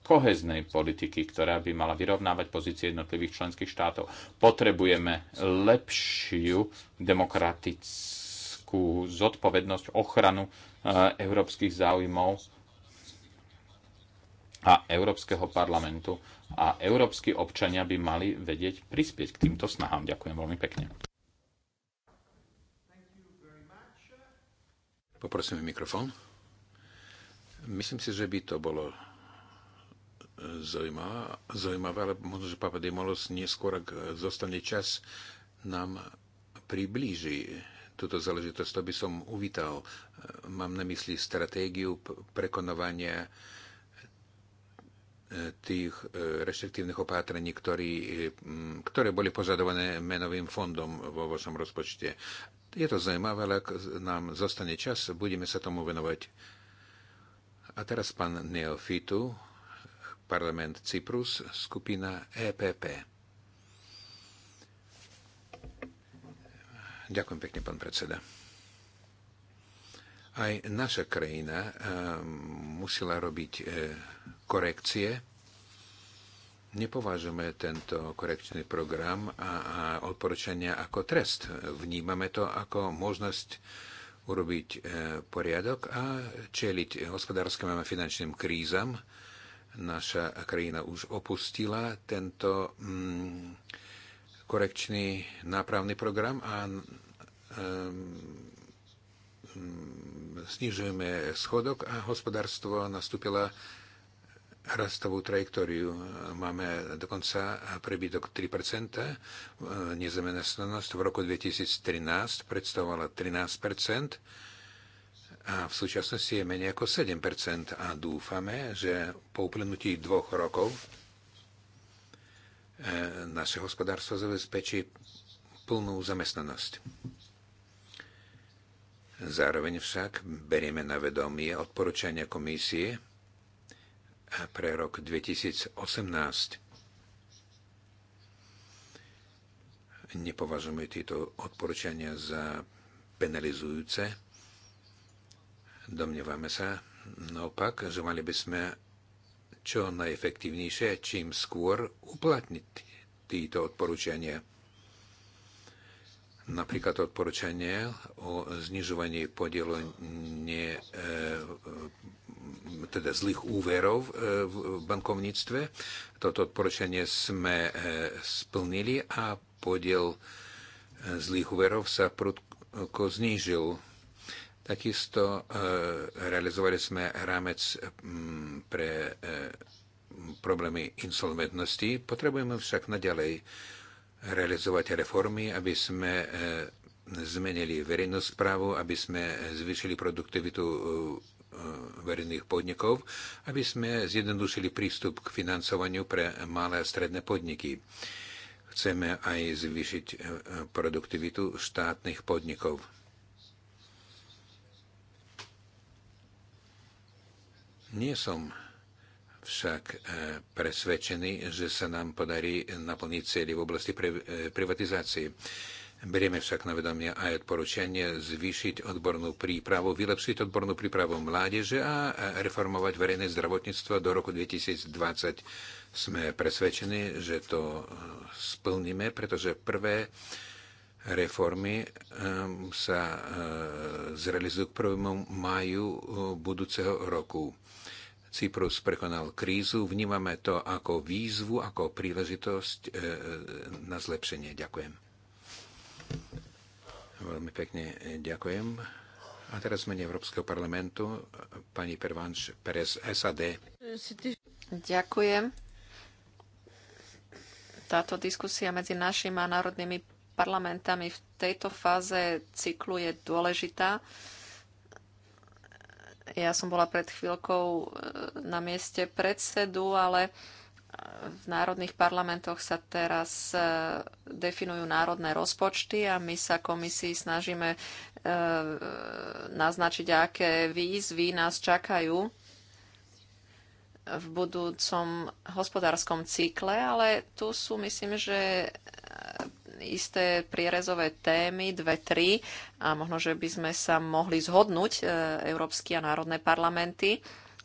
B: koheznej politiky, ktorá by mala vyrovnávať pozície jednotlivých členských štátov. Potrebujeme lepšiu demokratickú európsku zodpovednosť, ochranu eh, európskych záujmov a Európskeho parlamentu. A európsky občania by mali vedieť prispieť k týmto snahám. Ďakujem veľmi pekne. Poprosím mikrofón.
C: Myslím si, že by to bolo eh, zaujímavé, zaujímavé ale možno, že Papa Demolos neskôr, ak eh, zostane čas, nám priblíži túto záležitosť, to by som uvítal. Mám na mysli stratégiu prekonovania e, tých e, reštriktívnych opatrení, ktorý, e, ktoré boli požadované menovým fondom vo vašom rozpočte. Je to zaujímavé, ale ak nám zostane čas, budeme sa tomu venovať. A teraz pán Neofitu, parlament Cyprus, skupina EPP. Ďakujem pekne, pán predseda. Aj naša krajina eh, musela robiť eh, korekcie. Nepovážame tento korekčný program a, odporúčania ako trest. Vnímame to ako možnosť urobiť eh, poriadok a čeliť hospodárskym a finančným krízam. Naša krajina už opustila tento mm, korekčný nápravný program a snižujeme schodok a hospodárstvo nastúpila rastovú trajektóriu. Máme dokonca prebytok 3 nezamestnanosť v roku 2013 predstavovala 13 a v súčasnosti je menej ako 7 a dúfame, že po uplynutí dvoch rokov E, naše hospodárstvo zabezpečí plnú zamestnanosť. Zároveň však berieme na vedomie odporúčania komisie pre rok 2018. Nepovažujeme tieto odporúčania za penalizujúce. Domnievame sa naopak, že mali by sme čo najefektívnejšie, čím skôr uplatniť títo odporúčania. Napríklad odporúčanie o znižovaní podielu ne, teda zlých úverov e, v bankovníctve. Toto odporúčanie sme e, splnili a podiel e, zlých úverov sa prudko znížil Takisto e, realizovali sme rámec pre e, problémy insolventnosti. Potrebujeme však naďalej realizovať reformy, aby sme e, zmenili verejnú správu, aby sme zvýšili produktivitu verejných podnikov, aby sme zjednodušili prístup k financovaniu pre malé a stredné podniky. Chceme aj zvýšiť produktivitu štátnych podnikov Nie som však e, presvedčený, že sa nám podarí naplniť cieľe v oblasti e, privatizácie. Berieme však na vedomie aj odporúčanie zvýšiť odbornú prípravu, vylepšiť odbornú prípravu mládeže a e, reformovať verejné zdravotníctvo do roku 2020. Sme presvedčení, že to splníme, pretože prvé reformy sa zrealizujú k 1. maju budúceho roku. Cyprus prekonal krízu, vnímame to ako výzvu, ako príležitosť e, na zlepšenie. Ďakujem. Veľmi pekne e, ďakujem. A teraz mene Európskeho parlamentu pani Pervanš Perez SAD.
A: Ďakujem. Táto diskusia medzi našimi a národnými parlamentami v tejto fáze cyklu je dôležitá. Ja som bola pred chvíľkou e, na mieste predsedu, ale v národných parlamentoch sa teraz e, definujú národné rozpočty a my sa komisii snažíme e, naznačiť, aké výzvy nás čakajú v budúcom hospodárskom cykle, ale tu sú, myslím, že isté prierezové témy, dve, tri a možno, že by sme sa mohli zhodnúť, e, európsky a národné parlamenty,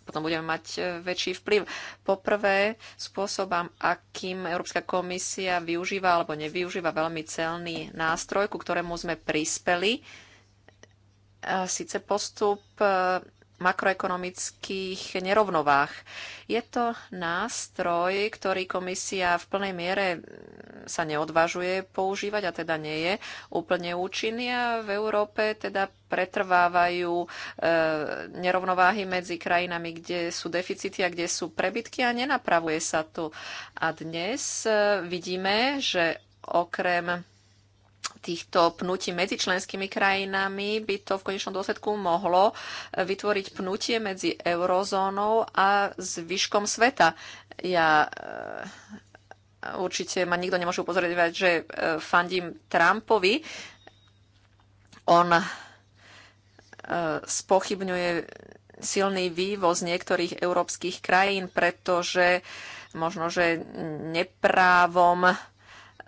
A: potom budeme mať e, väčší vplyv. Poprvé, spôsobom, akým Európska komisia využíva alebo nevyužíva veľmi celný nástroj, ku ktorému sme prispeli, síce postup e, makroekonomických nerovnovách. Je to nástroj, ktorý komisia v plnej miere sa neodvážuje používať a teda nie je úplne účinný a v Európe teda pretrvávajú e, nerovnováhy medzi krajinami, kde sú deficity a kde sú prebytky a nenapravuje sa to. A dnes e, vidíme, že okrem týchto pnutí medzi členskými krajinami by to v konečnom dôsledku mohlo e, vytvoriť pnutie medzi eurozónou a zvyškom sveta. Ja e, určite ma nikto nemôže upozorňovať, že e, fandím Trumpovi. On spochybňuje silný vývoz niektorých európskych krajín, pretože možno, že neprávom E,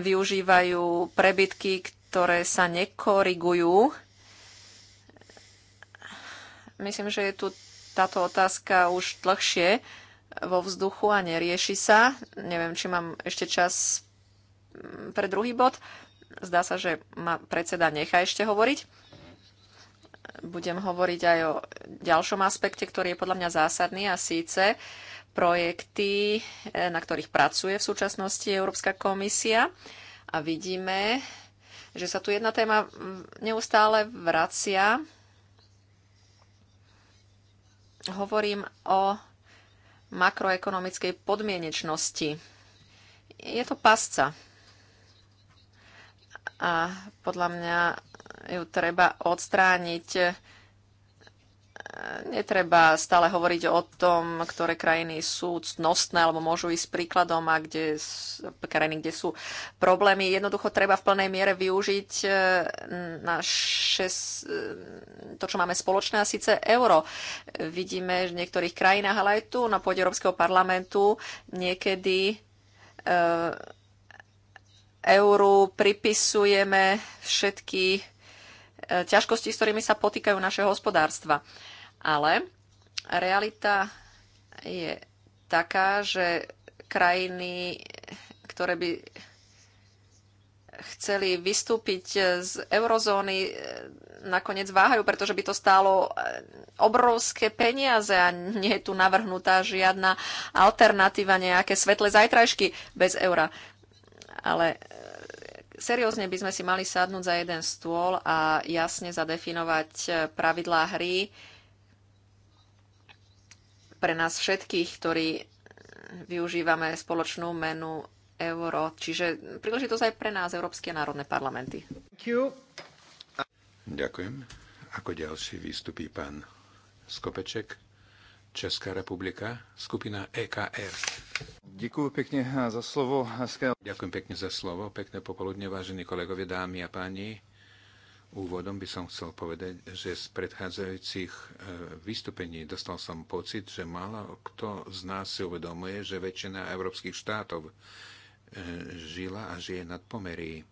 A: využívajú prebytky, ktoré sa nekorigujú. Myslím, že je tu táto otázka už dlhšie vo vzduchu a nerieši sa. Neviem, či mám ešte čas pre druhý bod. Zdá sa, že ma predseda nechá ešte hovoriť. Budem hovoriť aj o ďalšom aspekte, ktorý je podľa mňa zásadný a síce projekty, e, na ktorých pracuje v súčasnosti Európska komisia. A vidíme, že sa tu jedna téma neustále vracia. Hovorím o makroekonomickej podmienečnosti. Je to pasca. A podľa mňa ju treba odstrániť netreba stále hovoriť o tom, ktoré krajiny sú cnostné alebo môžu ísť príkladom a kde, krajiny, kde sú problémy. Jednoducho treba v plnej miere využiť e, naše, e, to, čo máme spoločné, a síce euro. Vidíme v niektorých krajinách, ale aj tu na pôde Európskeho parlamentu niekedy e, euru pripisujeme všetky e, ťažkosti, s ktorými sa potýkajú naše hospodárstva. E, ale realita je taká, že krajiny, ktoré by chceli vystúpiť z eurozóny, nakoniec váhajú, pretože by to stálo eh, obrovské peniaze a nie je tu navrhnutá žiadna alternatíva, nejaké svetlé zajtrajšky bez eura. Ale eh, seriózne by sme si mali sadnúť za jeden stôl a jasne zadefinovať eh, pravidlá hry, pre nás všetkých, ktorí využívame spoločnú menu euro. Čiže príležitosť aj pre nás, Európske národné parlamenty.
C: Ďakujem. Ako ďalší vystupí pán Skopeček, Česká republika, skupina EKR. Ďakujem pekne za slovo. Ďakujem pekne za slovo. Pekné popoludne, vážení kolegovia, dámy a páni. Úvodom by som chcel povedať, že z predchádzajúcich e, vystúpení dostal som pocit, že málo kto z nás si uvedomuje, že väčšina európskych štátov e, žila a žije nad pomery.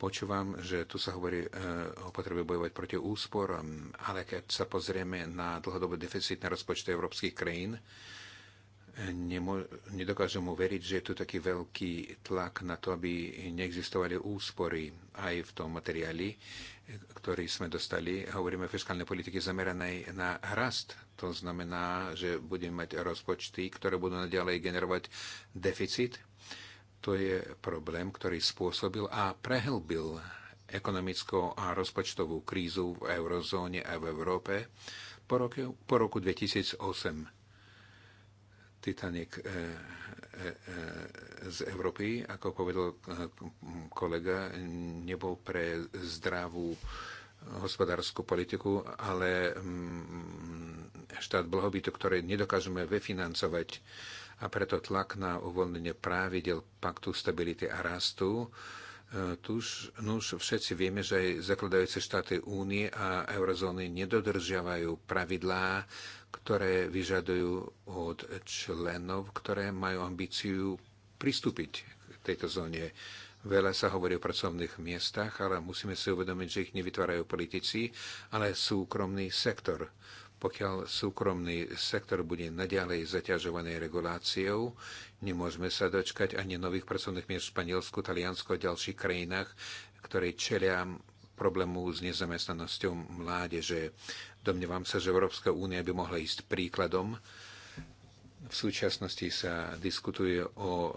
C: Počúvam, že tu sa hovorí e, o potrebe bojovať proti úsporom, ale keď sa pozrieme na dlhodobé deficitné rozpočty európskych krajín, nemo- nedokážem uveriť, že je tu taký veľký tlak na to, aby neexistovali úspory aj v tom materiáli, ktorý sme dostali. Hovoríme o fiskálnej politike zameranej na rast. To znamená, že budeme mať rozpočty, ktoré budú naďalej generovať deficit. To je problém, ktorý spôsobil a prehlbil ekonomickú a rozpočtovú krízu v eurozóne a v Európe po roku, po roku 2008 Titanic eh, eh, eh, z Európy, ako povedal kolega, nebol pre zdravú hospodárskú politiku, ale mm, štát blahobytu, ktoré nedokážeme vyfinancovať a preto tlak na uvoľnenie právidel paktu stability a rastu Tuž, nuž všetci vieme, že aj zakladajúce štáty únie a eurozóny nedodržiavajú pravidlá, ktoré vyžadujú od členov, ktoré majú ambíciu pristúpiť k tejto zóne. Veľa sa hovorí o pracovných miestach, ale musíme si uvedomiť, že ich nevytvárajú politici, ale súkromný sektor. Pokiaľ súkromný sektor bude naďalej zaťažovaný reguláciou, nemôžeme sa dočkať ani nových pracovných miest v Španielsku, Taliansku a ďalších krajinách, ktoré čelia problému s nezamestnanosťou mládeže. Domnievam sa, že Európska únia by mohla ísť príkladom. V súčasnosti sa diskutuje o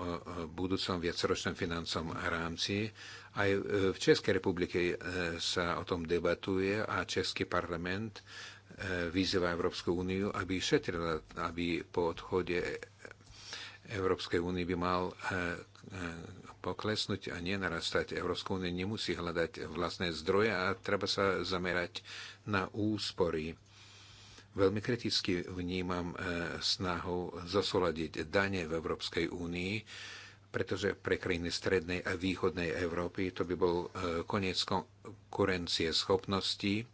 C: budúcom viacročnom financom rámci. Aj v Českej republike e, sa o tom debatuje a Český parlament vyzýva Európsku úniu, aby šetrila, aby po odchode Európskej únie by mal eh, eh, poklesnúť a nenarastať. Európska únia nemusí hľadať vlastné zdroje a treba sa zamerať na úspory. Veľmi kriticky vnímam eh, snahu zasoladiť dane v Európskej únii, pretože pre krajiny strednej a východnej Európy to by bol koniec konkurencie schopností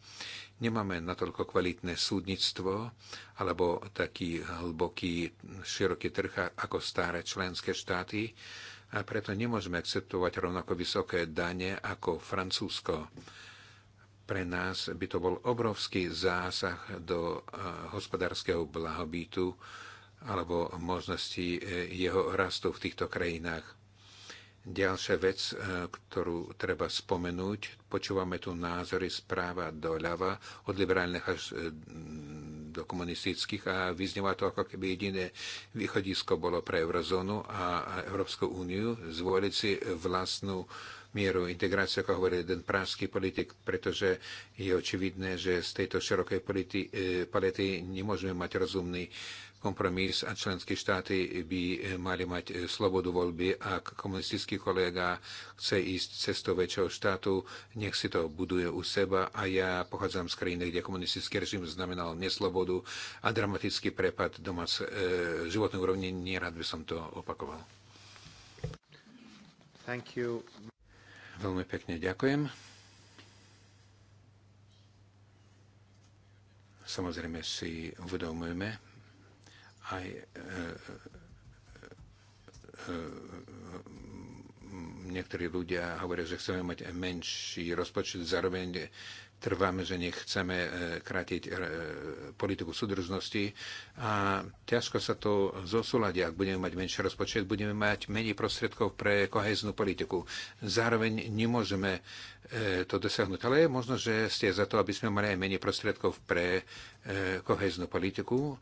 C: Nemáme natoľko kvalitné súdnictvo alebo taký hlboký, široký trh ako staré členské štáty a preto nemôžeme akceptovať rovnako vysoké dane ako Francúzsko. Pre nás by to bol obrovský zásah do e, hospodárskeho blahobytu alebo možnosti e, jeho rastu v týchto krajinách. Ďalšia vec, e, ktorú treba spomenúť, počúvame tu názory správa doľava, od liberálnych až e, do komunistických a vyznieva to, ako keby jediné východisko bolo pre eurozónu a Európsku úniu zvoliť si vlastnú mieru integrácie, ako hovorí jeden pražský politik, pretože je očividné, že z tejto širokej e, palety nemôžeme mať rozumný kompromis a členské štáty by mali mať e, slobodu voľby. Ak komunistický kolega chce ísť cestou väčšieho štátu, nech si to buduje u seba a ja pochádzam z krajiny, kde komunistický režim znamenal neslobodu a dramatický prepad domác e, životnej úrovni. Nerad by som to opakoval. Thank you. Veľmi pekne ďakujem. Samozrejme si uvedomujeme, aj e, e, e, niektorí ľudia hovoria, že chceme mať menší rozpočet, zároveň trváme, že nechceme krátiť politiku súdržnosti a ťažko sa to zosúľadia. Ak budeme mať menší rozpočet, budeme mať menej prostriedkov pre koheznú politiku. Zároveň nemôžeme to dosiahnuť, ale je možno, že ste za to, aby sme mali aj menej prostriedkov pre koheznú politiku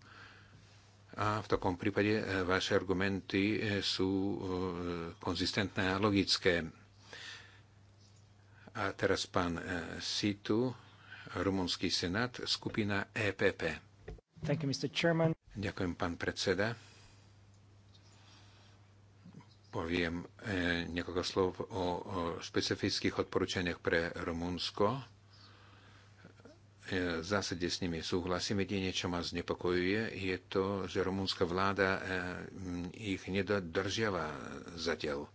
C: a v takom prípade e, vaše argumenty e, sú e, konzistentné a logické. A teraz pán Situ, Rumunský senát, skupina EPP.
A: Thank you, Mr. Chairman.
C: Ďakujem, pán predseda. Poviem niekoľko slov o špecifických odporúčaniach pre Rumunsko E, v zásade s nimi súhlasím. Jedine, čo ma znepokojuje, je to, že rumúnska vláda e, ich nedodržiava zatiaľ.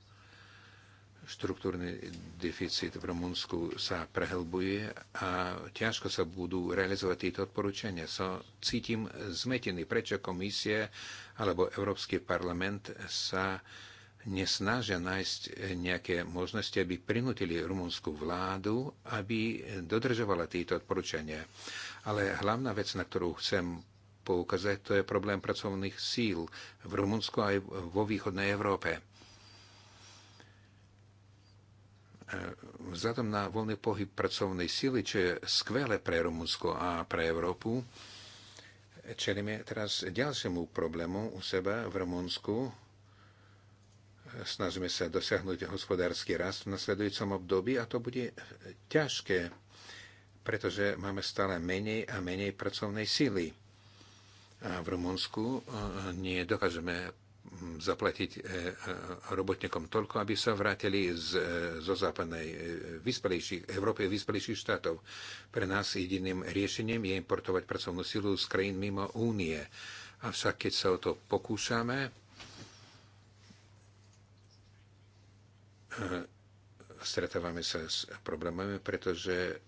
C: Štruktúrny deficit v Rumúnsku sa prehlbuje a ťažko sa budú realizovať tieto odporúčania. So, cítim zmetený, prečo komisie alebo Európsky parlament sa uh, nesnažia nájsť eh, nejaké možnosti, aby prinútili rumunskú vládu, aby dodržovala tieto odporúčania. Ale hlavná vec, na ktorú chcem poukázať, to je problém pracovných síl v Rumunsku aj vo východnej Európe. Eh, vzhľadom na voľný pohyb pracovnej síly, čo je skvelé pre Rumunsko a pre Európu, eh, čelíme teraz ďalšiemu problému u seba v Rumunsku, snažíme sa dosiahnuť hospodársky rast v nasledujúcom období a to bude ťažké, pretože máme stále menej a menej pracovnej síly. A v Rumunsku e, nie dokážeme zaplatiť e, e, robotníkom toľko, aby sa vrátili z, zo západnej vyspelejších, Európy vyspelejších štátov. Pre nás jediným riešením je importovať pracovnú silu z krajín mimo únie. Avšak keď sa o to pokúšame, Eh, stretávame sa s problémami, pretože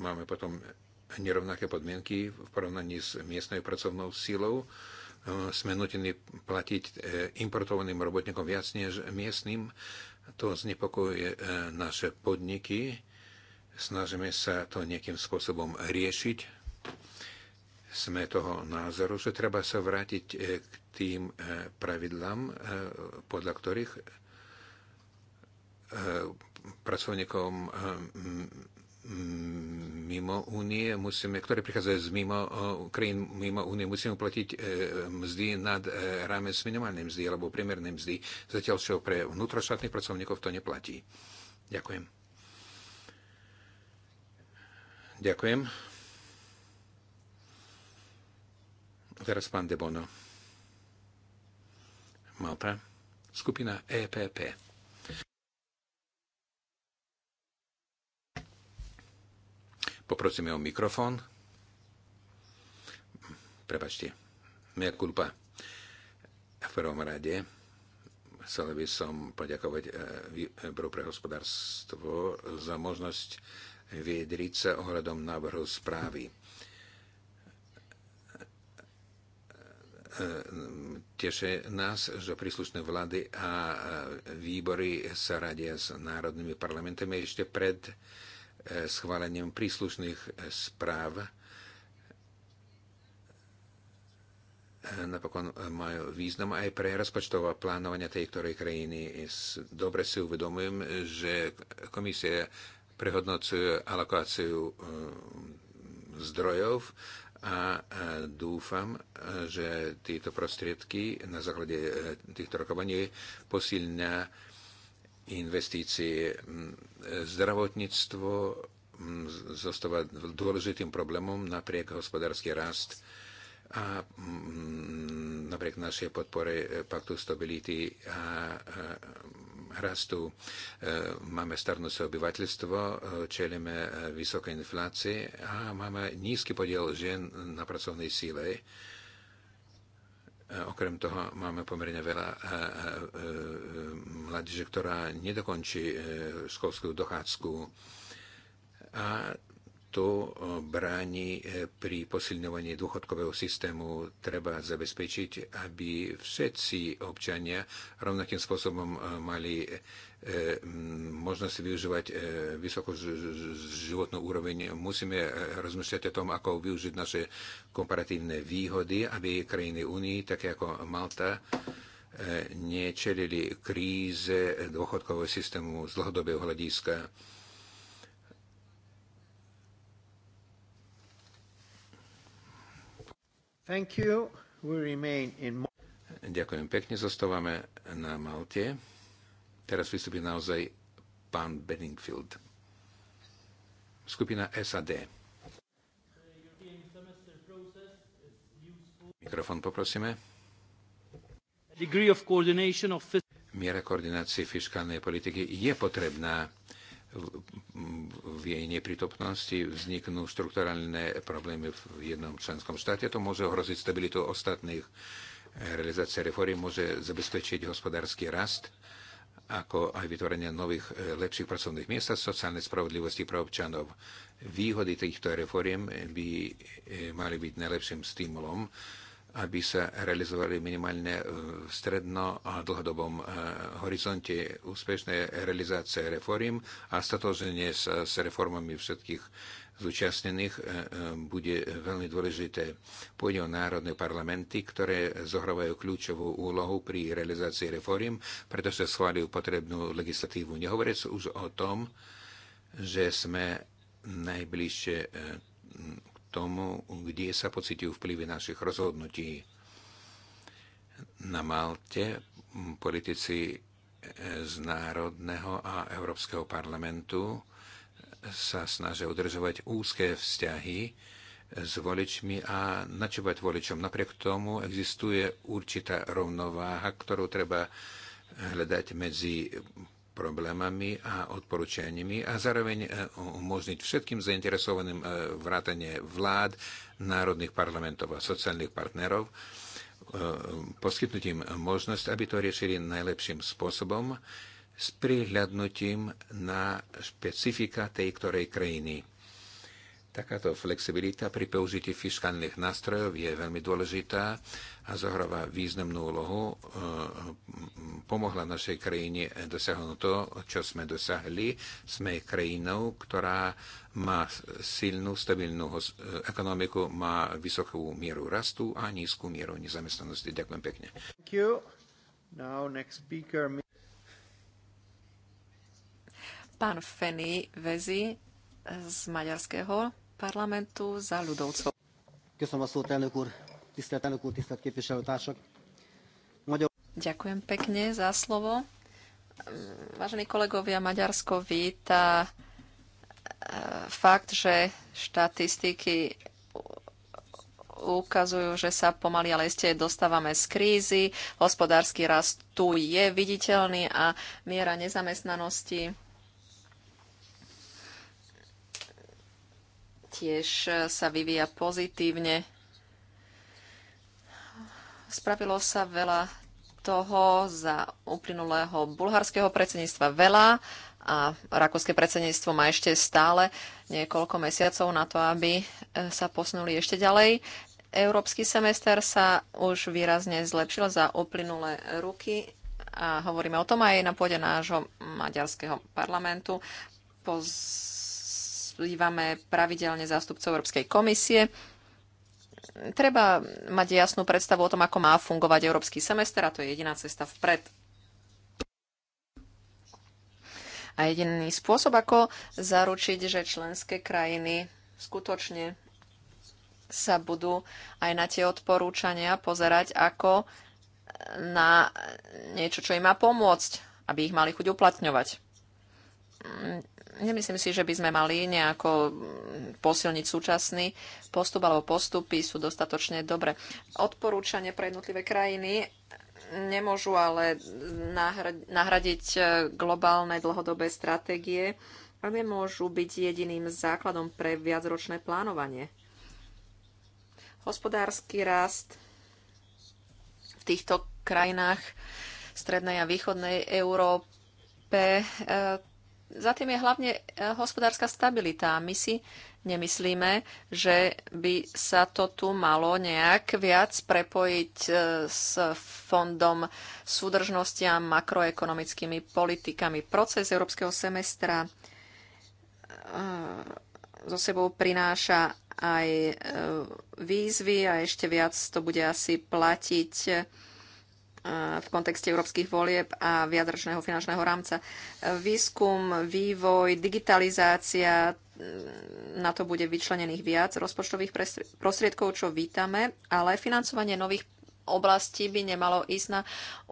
C: máme potom nerovnaké podmienky v porovnaní s miestnou pracovnou sílou. Eh, sme nutení platiť eh, importovaným robotníkom viac než miestným. To znepokojuje naše podniky. Snažíme sa to nejakým spôsobom riešiť sme toho názoru, že treba sa vrátiť e, k tým e, pravidlám, e, podľa ktorých pracovníkom mimo únie, musíme, ktorí prichádzajú z mimo krajín mimo únie, musíme platiť mzdy nad rámec minimálnej mzdy alebo priemernej mzdy, zatiaľ čo pre vnútroštátnych pracovníkov to neplatí. Ďakujem. Ďakujem. Teraz pán De Bono. Malta. Skupina EPP. Poprosíme o mikrofón. Prepačte. Mea culpa. V prvom rade chcel by som poďakovať eh, Výboru pre hospodárstvo za možnosť viedriť sa ohľadom návrhu správy E, teší nás, že príslušné vlády a e, výbory sa radia s národnými parlamentami ešte pred e, schválením príslušných správ. Napokon majú význam aj pre rozpočtové plánovanie tej ktorej krajiny. Dobre si uvedomujem, že komisie prehodnocujú alokáciu zdrojov a dúfam, e, že tieto prostriedky na základe e, týchto rokovaní posilňa investície. Zdravotníctvo zostáva dôležitým problémom napriek hospodársky rast a napriek našej podpore e, paktu stability a rastu. E, máme starnúce obyvateľstvo, e, čelíme e, vysoké inflácie a máme nízky podiel žien na pracovnej síle. Okrem toho máme pomerne veľa mladíže, ktorá nedokončí školskú dochádzku. A to eh, bráni eh, pri posilňovaní dôchodkového systému. Treba zabezpečiť, aby všetci občania rovnakým spôsobom eh, mali možnosť využívať vysokú životnú úroveň. Musíme rozmýšľať o tom, ako využiť naše komparatívne výhody, aby krajiny Unii, také ako Malta, nečelili kríze dôchodkového systému z dlhodobého hľadiska Thank you. We remain in... Ďakujem pekne, zostávame na Malte. Teraz vystupí naozaj pán Benningfield. Skupina SAD. Mikrofón poprosíme. Miera koordinácie fiskálnej politiky je potrebná v jej nepritopnosti vzniknú strukturálne problémy v jednom členskom štáte. To môže ohroziť stabilitu ostatných. Eh, Realizácia reformy môže zabezpečiť hospodársky rast, ako aj vytvorenie nových, eh, lepších pracovných miest a sociálnej spravodlivosti pre občanov. Výhody týchto reforiem by eh, mali byť najlepším stimulom aby sa realizovali minimálne e, v stredno a dlhodobom e, horizonte úspešné realizácie reform a statoženie sa s reformami všetkých zúčastnených e, bude veľmi dôležité. Pôjde o národné parlamenty, ktoré zohrávajú kľúčovú úlohu pri realizácii reform, pretože schválili potrebnú legislatívu. Nehovoriac už o tom, že sme najbližšie tomu, kde sa pocitujú vplyvy našich rozhodnutí. Na Malte politici eh, z Národného a Európskeho parlamentu sa snažia udržovať úzké vzťahy eh, s voličmi a načúvať voličom. Napriek tomu existuje určitá rovnováha, ktorú treba eh, hľadať medzi problémami a odporúčaniami a zároveň e, umožniť všetkým zainteresovaným e, vrátanie vlád, národných parlamentov a sociálnych partnerov e, poskytnutím možnosť, aby to riešili najlepším spôsobom s prihľadnutím na špecifika tej ktorej krajiny. Takáto flexibilita pri použití fiskálnych nástrojov je veľmi dôležitá a zohráva významnú úlohu. Eh, pomohla našej krajine dosiahnuť to, čo sme dosiahli. Sme krajinou, ktorá má silnú, stabilnú eh, ekonomiku, má vysokú mieru rastu a nízku mieru nezamestnanosti. Ďakujem pekne. Now, speaker...
A: Pán Feni Vezi z Maďarského parlamentu za ľudovcov. Ďakujem pekne za slovo. Vážení kolegovia, Maďarsko víta e, fakt, že štatistiky ukazujú, že sa pomaly, ale ste dostávame z krízy, hospodársky rast tu je viditeľný a miera nezamestnanosti tiež e, sa vyvíja pozitívne. Spravilo sa veľa toho za uplynulého bulharského predsedníctva veľa a rakúske predsedníctvo má ešte stále niekoľko mesiacov na to, aby e, sa posunuli ešte ďalej. Európsky semester sa už výrazne zlepšil za uplynulé ruky a hovoríme o tom aj na pôde nášho maďarského parlamentu. Poz pozývame pravidelne zástupcov Európskej komisie. Treba mať jasnú predstavu o tom, ako má fungovať Európsky semester a to je jediná cesta vpred. A jediný spôsob, ako zaručiť, že členské krajiny skutočne sa budú aj na tie odporúčania pozerať ako na niečo, čo im má pomôcť, aby ich mali chuť uplatňovať. Nemyslím si, že by sme mali nejako mm, posilniť súčasný postup alebo postupy sú dostatočne dobre. Odporúčania pre jednotlivé krajiny nemôžu ale nahradiť e, globálne dlhodobé stratégie ale nemôžu byť jediným základom pre viacročné plánovanie. Hospodársky rast v týchto krajinách strednej a východnej Európe e, za tým je hlavne e, hospodárska stabilita. My si nemyslíme, že by sa to tu malo nejak viac prepojiť e, s fondom súdržnosti a makroekonomickými politikami. Proces európskeho semestra so e, sebou prináša aj výzvy a ešte viac to bude asi platiť v kontexte európskych volieb a viadračného finančného rámca. Výskum, vývoj, digitalizácia, na to bude vyčlenených viac rozpočtových prostriedkov, čo vítame, ale financovanie nových oblastí by nemalo ísť na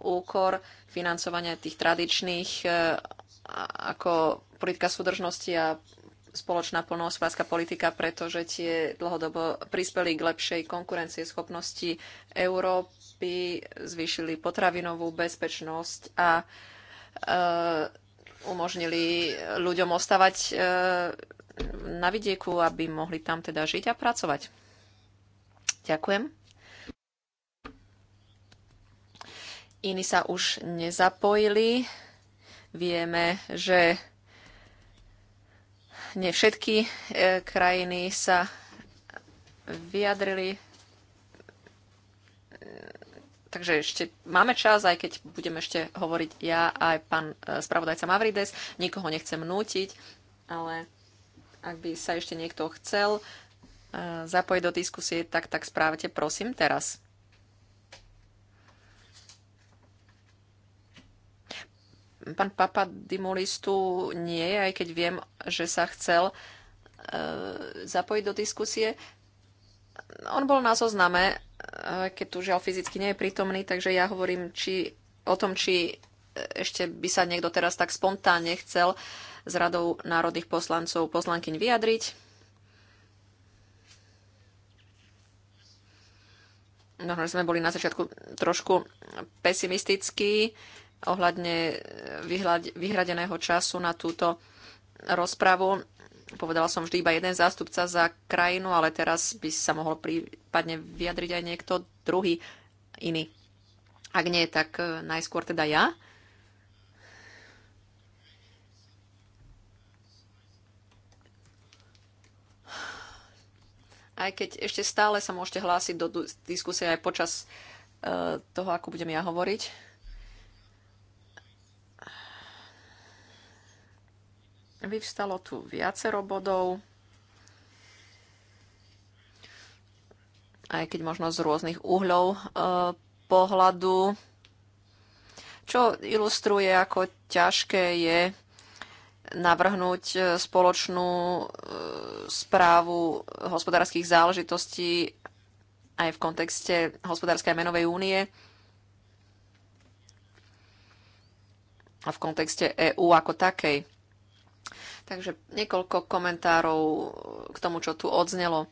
A: úkor financovania tých tradičných e, ako politika súdržnosti a spoločná polnohospodárska politika, pretože tie dlhodobo prispeli k lepšej konkurencie schopnosti Európy, zvýšili potravinovú bezpečnosť a e, umožnili ľuďom ostávať e, na vidieku, aby mohli tam teda žiť a pracovať. Ďakujem. Iní sa už nezapojili. Vieme, že nie všetky e, krajiny sa vyjadrili. E, takže ešte máme čas, aj keď budem ešte hovoriť ja aj pán e, spravodajca Mavrides. Nikoho nechcem nútiť, ale ak by sa ešte niekto chcel zapojiť do diskusie, tak tak správte prosím teraz. Pán Papa Dimulistu nie je, aj keď viem, že sa chcel e, zapojiť do diskusie. On bol na zozname, e, keď tu žiaľ fyzicky nie je prítomný, takže ja hovorím či, o tom, či ešte by sa niekto teraz tak spontánne chcel s radou národných poslancov poslankyň vyjadriť. No, sme boli na začiatku trošku pesimistickí ohľadne eh, vyhradeného času na túto rozpravu. Povedala som vždy iba jeden zástupca za krajinu, ale teraz by sa mohol prípadne vyjadriť aj niekto druhý, iný. Ak nie, tak eh, najskôr teda ja. Aj keď ešte stále sa môžete hlásiť do diskusie aj počas eh, toho, ako budem ja hovoriť. Vyvstalo tu viacero bodov, aj keď možno z rôznych uhľov e, pohľadu, čo ilustruje, ako ťažké je navrhnúť e, spoločnú e, správu hospodárskych záležitostí aj v kontexte hospodárskej menovej únie a v kontexte EÚ ako takej. Takže niekoľko komentárov k tomu, čo tu odznelo.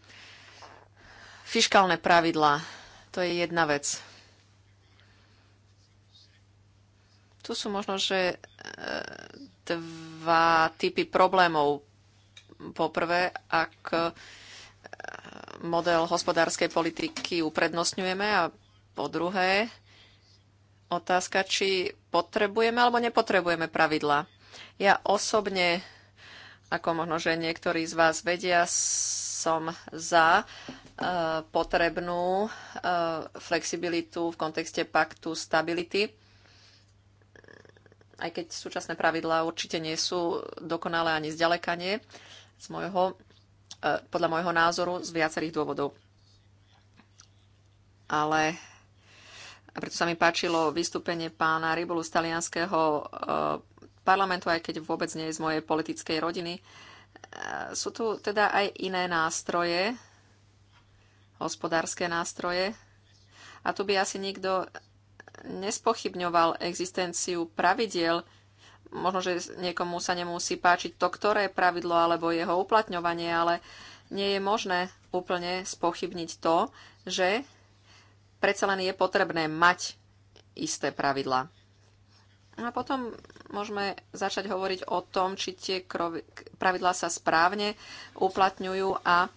A: Fiškálne pravidlá, to je jedna vec. Tu sú možno, že e, dva typy problémov. Poprvé, ak e, model hospodárskej politiky uprednostňujeme a po druhé, otázka, či potrebujeme alebo nepotrebujeme pravidlá. Ja osobne ako možno, že niektorí z vás vedia, som za e, potrebnú e, flexibilitu v kontexte paktu stability. Aj keď súčasné pravidlá určite nie sú dokonalé ani zďaleka nie, z môjho, e, podľa môjho názoru z viacerých dôvodov. Ale a preto sa mi páčilo vystúpenie pána Rybolu z talianského parlamentu, aj keď vôbec nie je z mojej politickej rodiny. E, sú tu teda aj iné nástroje, hospodárske nástroje. A tu by asi nikto nespochybňoval existenciu pravidiel. Možno, že niekomu sa nemusí páčiť to, ktoré pravidlo alebo jeho uplatňovanie, ale nie je možné úplne spochybniť to, že predsa len je potrebné mať isté pravidlá. No a potom môžeme začať hovoriť o tom, či tie pravidlá sa správne uplatňujú a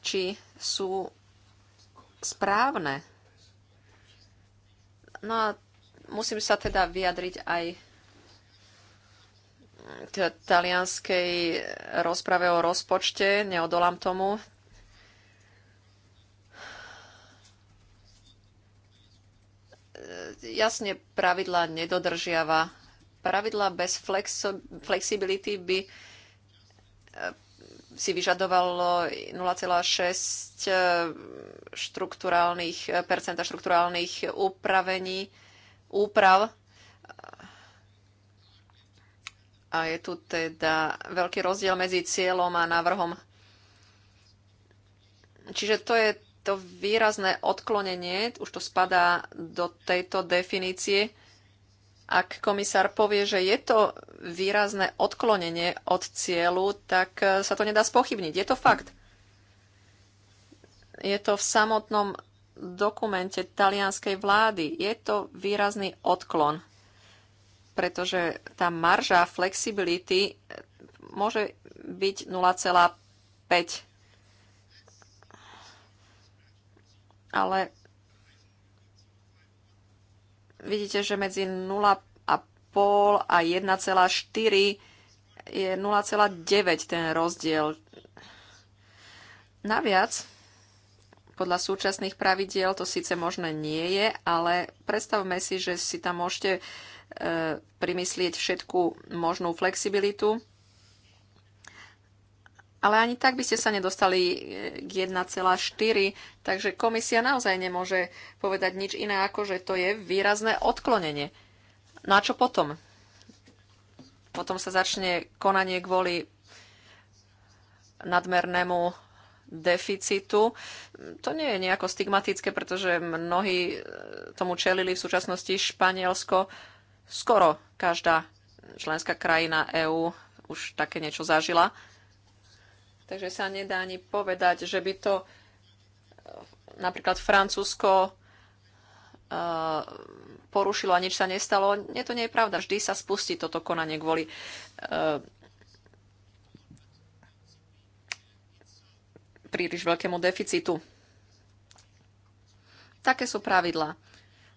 A: či sú správne. No a musím sa teda vyjadriť aj k talianskej rozprave o rozpočte. Neodolám tomu. jasne pravidla nedodržiava. pravidlá bez flexibility by e, si vyžadovalo 0,6 e, štruktúrálnych, e, percenta štruktúrálnych upravení, úprav. A je tu teda veľký rozdiel medzi cieľom a návrhom. Čiže to je to výrazné odklonenie, už to spadá do tejto definície, ak komisár povie, že je to výrazné odklonenie od cieľu, tak e, sa to nedá spochybniť. Je to fakt. Je to v samotnom dokumente talianskej vlády. Je to výrazný odklon, pretože tá marža flexibility e, môže byť 0,5 ale vidíte, že medzi 0,5 a 1,4 je 0,9 ten rozdiel. Naviac, podľa súčasných pravidiel to síce možné nie je, ale predstavme si, že si tam môžete e, primyslieť všetku možnú flexibilitu ale ani tak by ste sa nedostali e, k 1,4, takže komisia naozaj nemôže povedať nič iné, ako že to je výrazné odklonenie. No a čo potom? Potom sa začne konanie kvôli nadmernému deficitu. To nie je nejako stigmatické, pretože mnohí e, tomu čelili v súčasnosti Španielsko. Skoro každá členská krajina EÚ už také niečo zažila. Takže sa nedá ani povedať, že by to eh, napríklad Francúzsko eh, porušilo a nič sa nestalo. Nie, to nie je pravda. Vždy sa spustí toto konanie kvôli eh, príliš veľkému deficitu. Také sú pravidlá.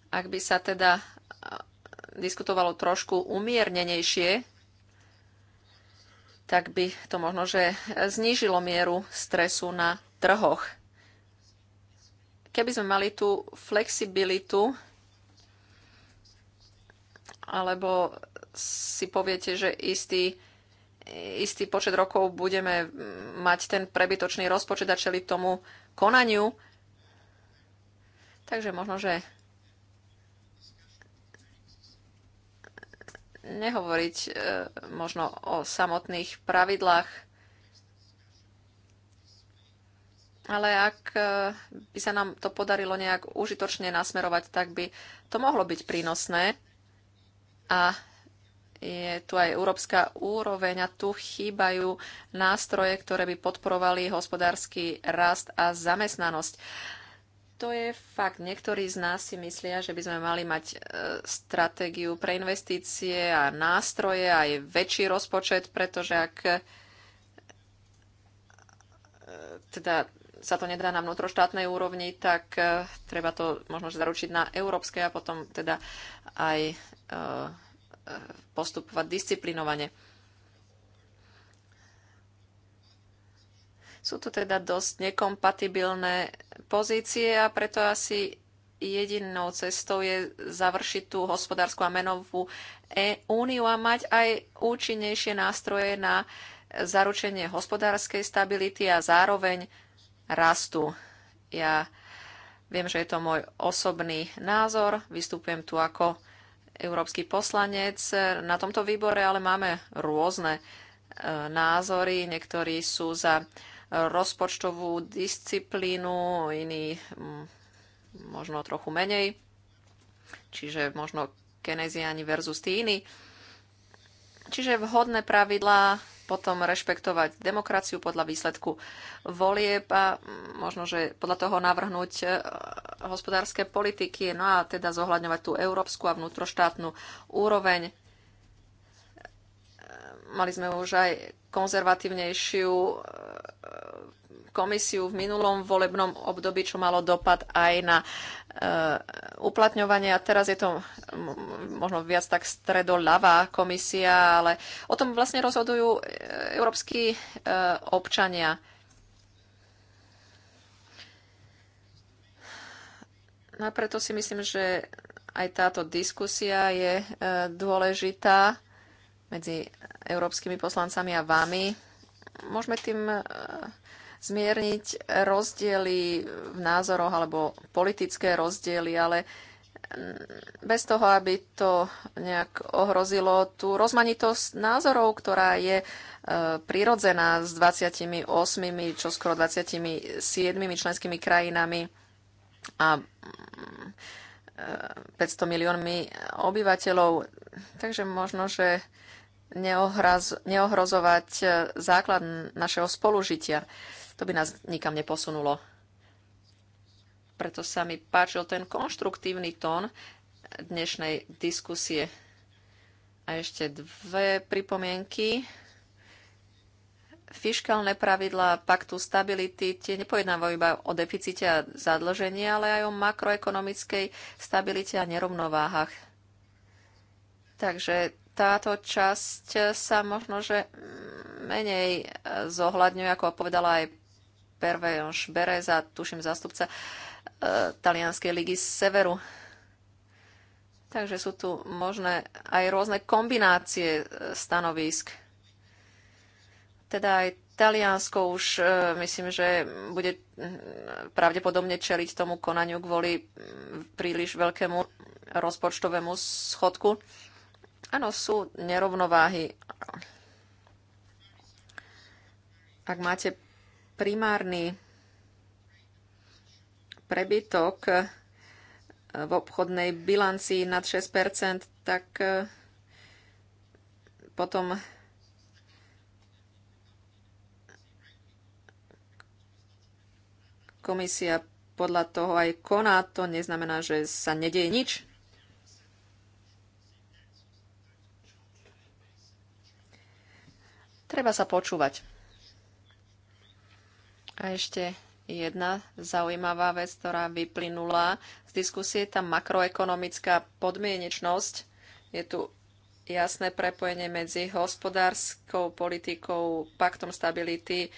A: Ak by sa teda diskutovalo trošku umiernenejšie, tak by to možno, že znížilo mieru stresu na trhoch. Keby sme mali tú flexibilitu, alebo si poviete, že istý, istý počet rokov budeme mať ten prebytočný rozpočet a čeliť tomu konaniu, takže možno, že nehovoriť e, možno o samotných pravidlách, ale ak e, by sa nám to podarilo nejak užitočne nasmerovať, tak by to mohlo byť prínosné. A je tu aj európska úroveň a tu chýbajú nástroje, ktoré by podporovali hospodársky rast a zamestnanosť to je fakt. Niektorí z nás si myslia, že by sme mali mať e, stratégiu pre investície a nástroje, aj väčší rozpočet, pretože ak e, teda sa to nedá na vnútroštátnej úrovni, tak e, treba to možno zaručiť na európskej a potom teda aj postupovať disciplinovane. Sú to teda dosť nekompatibilné pozície a preto asi jedinou cestou je završiť tú hospodárskú a menovú e úniu a mať aj účinnejšie nástroje na zaručenie hospodárskej stability a zároveň rastu. Ja viem, že je to môj osobný názor, vystupujem tu ako európsky poslanec na tomto výbore, ale máme rôzne e, názory. Niektorí sú za rozpočtovú disciplínu, iní mm, možno trochu menej. Čiže možno keneziani versus tí iní. Čiže vhodné pravidlá, potom rešpektovať demokraciu podľa výsledku volieb a mm, možno, že podľa toho navrhnúť e, hospodárske politiky, no a teda zohľadňovať tú európsku a vnútroštátnu úroveň. Mali sme už aj konzervatívnejšiu e, komisiu v minulom volebnom období, čo malo dopad aj na e, uplatňovanie. A teraz je to možno viac tak stredoľavá komisia, ale o tom vlastne rozhodujú e, európsky občania. No a preto si myslím, že aj táto diskusia je dôležitá medzi európskymi poslancami a vami. Môžeme tým e, zmierniť rozdiely v názoroch alebo politické rozdiely, ale bez toho, aby to nejak ohrozilo tú rozmanitosť názorov, ktorá je e, prirodzená s 28, čo skoro 27 členskými krajinami a 500 mm, e, miliónmi obyvateľov. Takže možno, že neohraz, neohrozovať e, základ našeho spolužitia. To by nás nikam neposunulo. Preto sa mi páčil ten konštruktívny tón dnešnej diskusie. A ešte dve pripomienky. Fiškálne pravidlá paktu stability tie nepojednávajú iba o deficite a zadlžení, ale aj o makroekonomickej stabilite a nerovnováhach. Takže táto časť sa možno, že menej zohľadňuje, ako povedala aj pervé Pervejon a tuším zástupca e, Talianskej ligy z severu. Takže sú tu možné aj rôzne kombinácie e, stanovisk. Teda aj Taliansko už e, myslím, že bude pravdepodobne čeliť tomu konaniu kvôli príliš veľkému rozpočtovému schodku. Áno, sú nerovnováhy. Ak máte primárny prebytok eh, v obchodnej bilancii nad 6 tak eh, potom komisia podľa toho aj koná. To neznamená, že sa nedieje nič. Treba sa počúvať. A ešte jedna zaujímavá vec, ktorá vyplynula z diskusie, tá makroekonomická podmienečnosť. Je tu jasné prepojenie medzi hospodárskou politikou, paktom stability,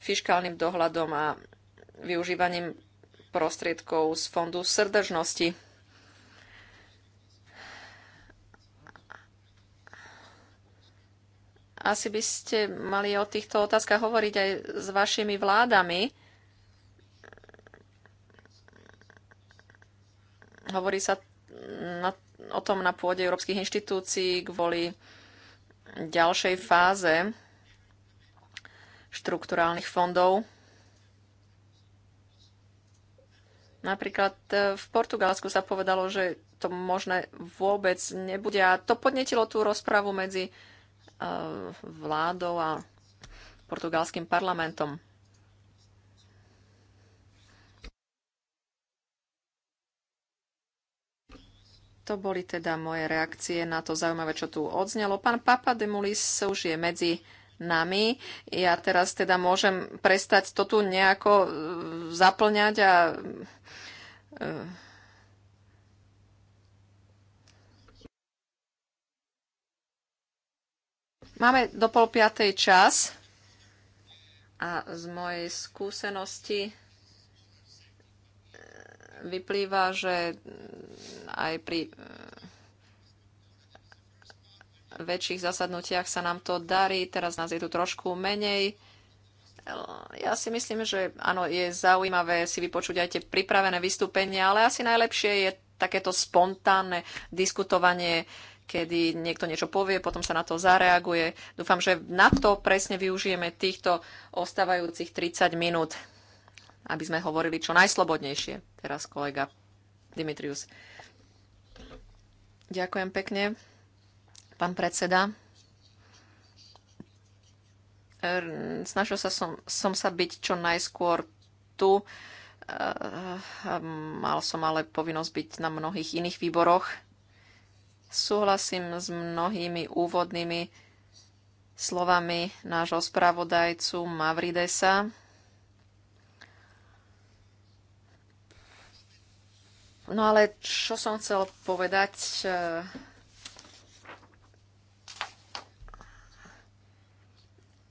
A: fiškálnym dohľadom a využívaním prostriedkov z fondu srdržnosti. Asi by ste mali o týchto otázkach hovoriť aj s vašimi vládami. Hovorí sa na, o tom na pôde európskych inštitúcií kvôli ďalšej fáze štrukturálnych fondov. Napríklad eh, v Portugalsku sa povedalo, že to možné vôbec nebude. A to podnetilo tú rozpravu medzi Eh, vládou a portugalským parlamentom. To boli teda moje reakcie na to zaujímavé, čo tu odznelo. Pán Papademulis už je medzi nami. Ja teraz teda môžem prestať to tu nejako eh, zaplňať a eh, Máme do pol piatej čas a z mojej skúsenosti eh, vyplýva, že aj pri eh, väčších zasadnutiach sa nám to darí. Teraz nás je tu trošku menej. Eh, ja si myslím, že áno, je zaujímavé si vypočuť aj tie pripravené vystúpenia, ale asi najlepšie je takéto spontánne diskutovanie kedy niekto niečo povie, potom sa na to zareaguje. Dúfam, že na to presne využijeme týchto ostávajúcich 30 minút, aby sme hovorili čo najslobodnejšie. Teraz kolega Dimitrius. Ďakujem pekne, pán predseda. Snažil sa som, som sa byť čo najskôr tu. Eh, eh, mal som ale povinnosť byť na mnohých iných výboroch Súhlasím s mnohými úvodnými slovami nášho spravodajcu Mavridesa. No ale čo som chcel povedať?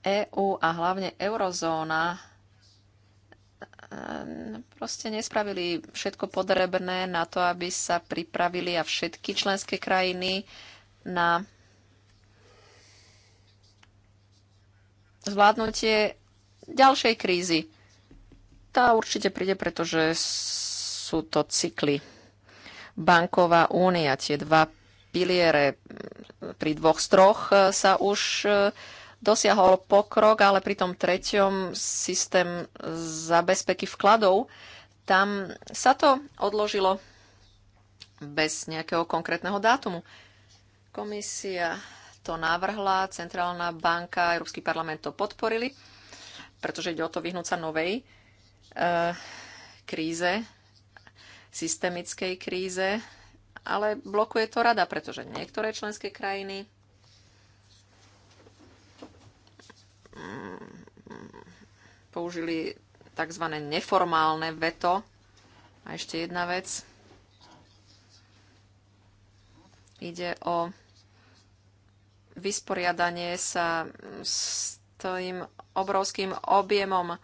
A: EÚ eh, e a hlavne eurozóna Ehm, proste nespravili všetko podrebné na to, aby sa pripravili a všetky členské krajiny na zvládnutie ďalšej krízy. Tá určite príde, pretože sú to cykly. Banková únia, tie dva piliere pri dvoch stroch e, sa už e, dosiahol pokrok, ale pri tom treťom systém zabezpeky vkladov, tam sa to odložilo bez nejakého konkrétneho dátumu. Komisia to navrhla, Centrálna banka, Európsky parlament to podporili, pretože ide o to vyhnúť sa novej e, kríze, systemickej kríze, ale blokuje to rada, pretože niektoré členské krajiny použili tzv. neformálne veto. A ešte jedna vec. Ide o vysporiadanie sa s tým obrovským objemom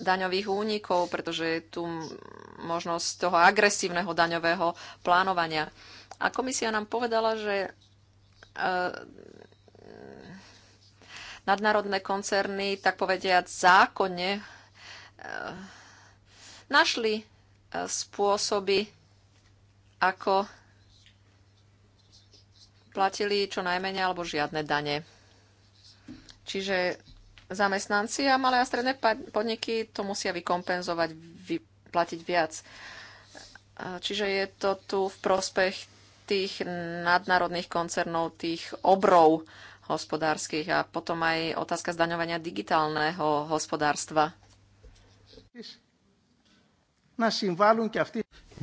A: daňových únikov, pretože je tu možnosť toho agresívneho daňového plánovania. A komisia nám povedala, že e, nadnárodné koncerny, tak povediať zákonne, e, našli e, spôsoby, ako platili čo najmenej alebo žiadne dane. Čiže zamestnanci a malé a stredné podniky to musia vykompenzovať, vyplatiť viac. E, čiže je to tu v prospech tých nadnárodných koncernov, tých obrov hospodárskych a potom aj otázka zdaňovania digitálneho hospodárstva.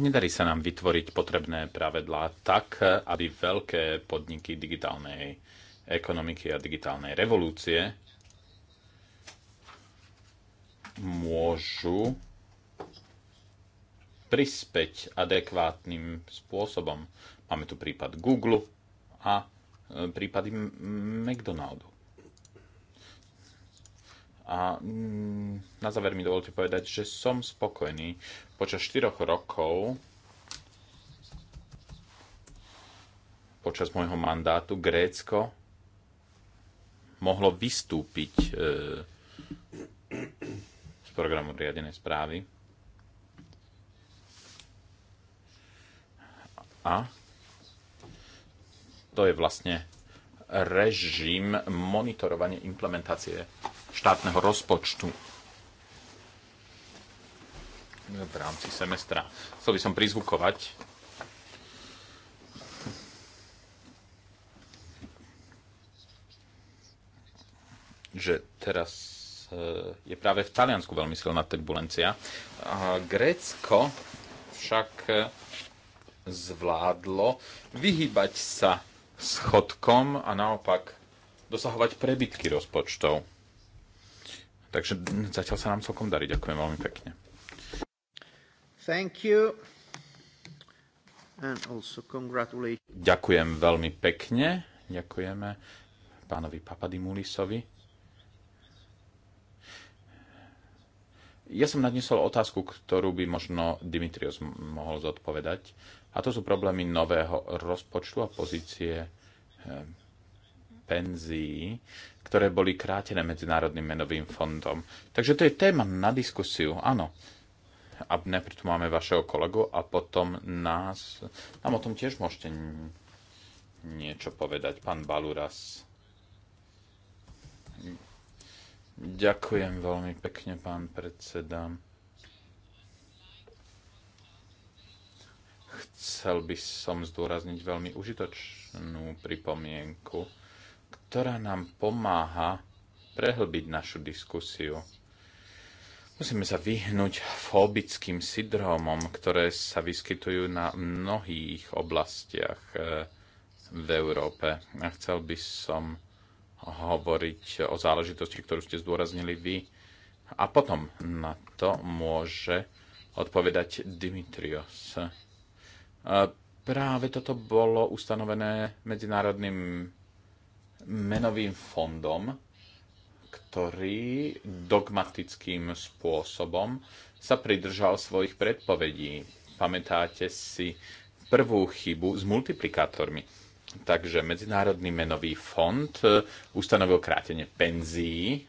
B: Nedarí sa nám vytvoriť potrebné pravidlá tak, aby veľké podniky digitálnej ekonomiky a digitálnej revolúcie môžu prispäť adekvátnym spôsobom. Máme tu prípad Google a prípady McDonaldu. A mm, na záver mi dovolte povedať, že som spokojný. Počas 4 rokov počas môjho mandátu Grécko mohlo vystúpiť e, z programu riadenej správy. A to je vlastne režim monitorovania implementácie štátneho rozpočtu v rámci semestra. Chcel by som prizvukovať že teraz eh, je práve v Taliansku veľmi silná turbulencia. A Grécko však eh, zvládlo vyhybať sa schodkom a naopak dosahovať prebytky rozpočtov. Takže zatiaľ sa nám celkom darí. Ďakujem veľmi pekne.
C: Thank you. And also
B: Ďakujem veľmi pekne. Ďakujeme pánovi Papadimulisovi. Ja som nadnesol otázku, ktorú by možno Dimitrios mohol zodpovedať a to sú problémy nového rozpočtu a pozície eh, penzií, ktoré boli krátené Medzinárodným menovým fondom. Takže to je téma na diskusiu, áno. A najprv tu máme vašeho kolegu a potom nás... Nám o tom tiež môžete niečo povedať, pán Baluras. Ďakujem veľmi pekne, pán predseda. Chcel by som zdôrazniť veľmi užitočnú pripomienku, ktorá nám pomáha prehlbiť našu diskusiu. Musíme sa vyhnúť fóbickým syndromom, ktoré sa vyskytujú na mnohých oblastiach eh, v Európe. A chcel by som hovoriť o záležitosti, ktorú ste zdôraznili vy. A potom na to môže odpovedať Dimitrios. Práve toto bolo ustanovené Medzinárodným menovým fondom, ktorý dogmatickým spôsobom sa pridržal svojich predpovedí. Pamätáte si prvú chybu s multiplikátormi. Takže Medzinárodný menový fond eh, ustanovil krátenie penzií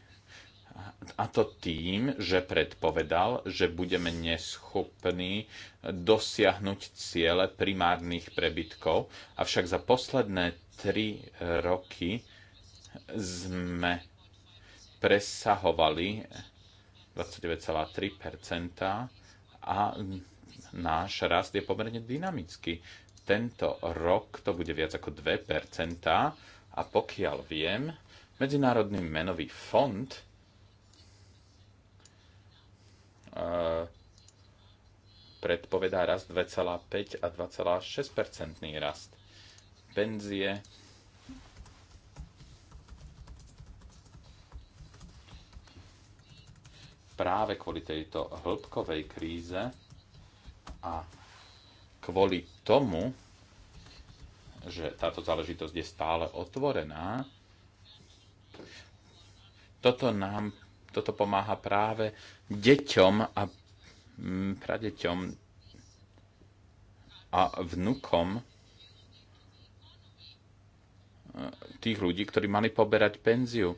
B: a to tým, že predpovedal, že budeme neschopní dosiahnuť ciele primárnych prebytkov, avšak za posledné tri roky sme presahovali 29,3 a náš rast je pomerne dynamický. Tento rok to bude viac ako 2 a pokiaľ viem, Medzinárodný menový fond predpovedá rast 2,5 a 2,6 rast. Penzie práve kvôli tejto hĺbkovej kríze a kvôli tomu, že táto záležitosť je stále otvorená, toto nám toto pomáha práve deťom a mm, pradeťom a vnukom e, tých ľudí, ktorí mali poberať penziu.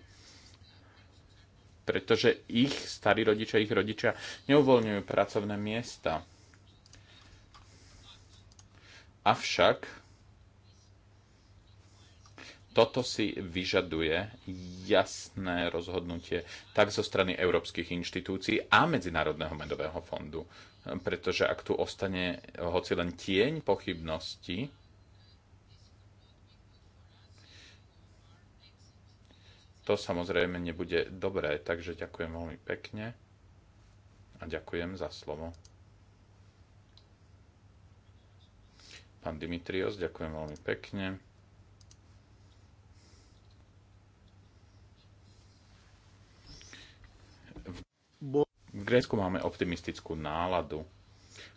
B: Pretože ich starí rodičia, ich rodičia neuvoľňujú pracovné miesta. Avšak toto si vyžaduje jasné rozhodnutie tak zo strany európskych inštitúcií a Medzinárodného medového fondu. Pretože ak tu ostane hoci len tieň pochybnosti, to samozrejme nebude dobré. Takže ďakujem veľmi pekne a ďakujem za slovo. Pán Dimitrios, ďakujem veľmi pekne. V Grécku máme optimistickú náladu.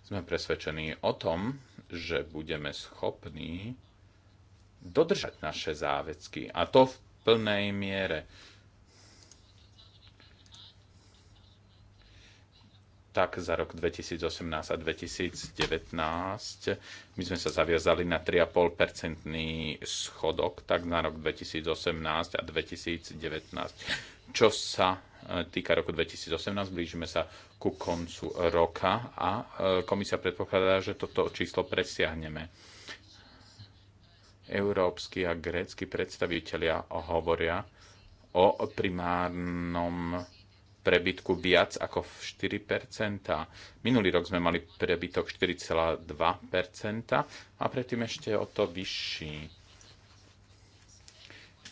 B: Sme presvedčení o tom, že budeme schopní dodržať naše záväzky. A to v plnej miere. tak za rok 2018 a 2019 my sme sa zaviazali na 3,5-percentný schodok, tak na rok 2018 a 2019, čo sa týka roku 2018, blížime sa ku koncu roka a e, komisia predpokladá, že toto číslo presiahneme. Európsky a grécky predstavitelia hovoria o primárnom prebytku viac ako 4%. Minulý rok sme mali prebytok 4,2% a predtým ešte o to vyšší.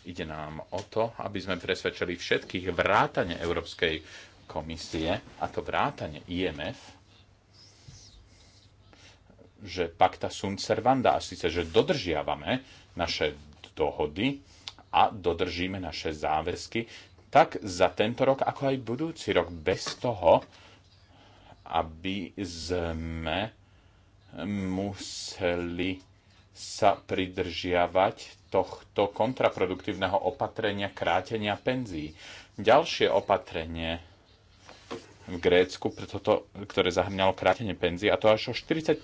B: Ide nám o to, aby sme presvedčili všetkých vrátane Európskej komisie, a to vrátane IMF, že pacta sunt servanda, a síce, že dodržiavame naše dohody a dodržíme naše záväzky, tak za tento rok, ako aj budúci rok, bez toho, aby sme museli sa pridržiavať tohto kontraproduktívneho opatrenia krátenia penzí. Ďalšie opatrenie v Grécku, toto, ktoré zahrňalo krátenie penzí, a to až o 40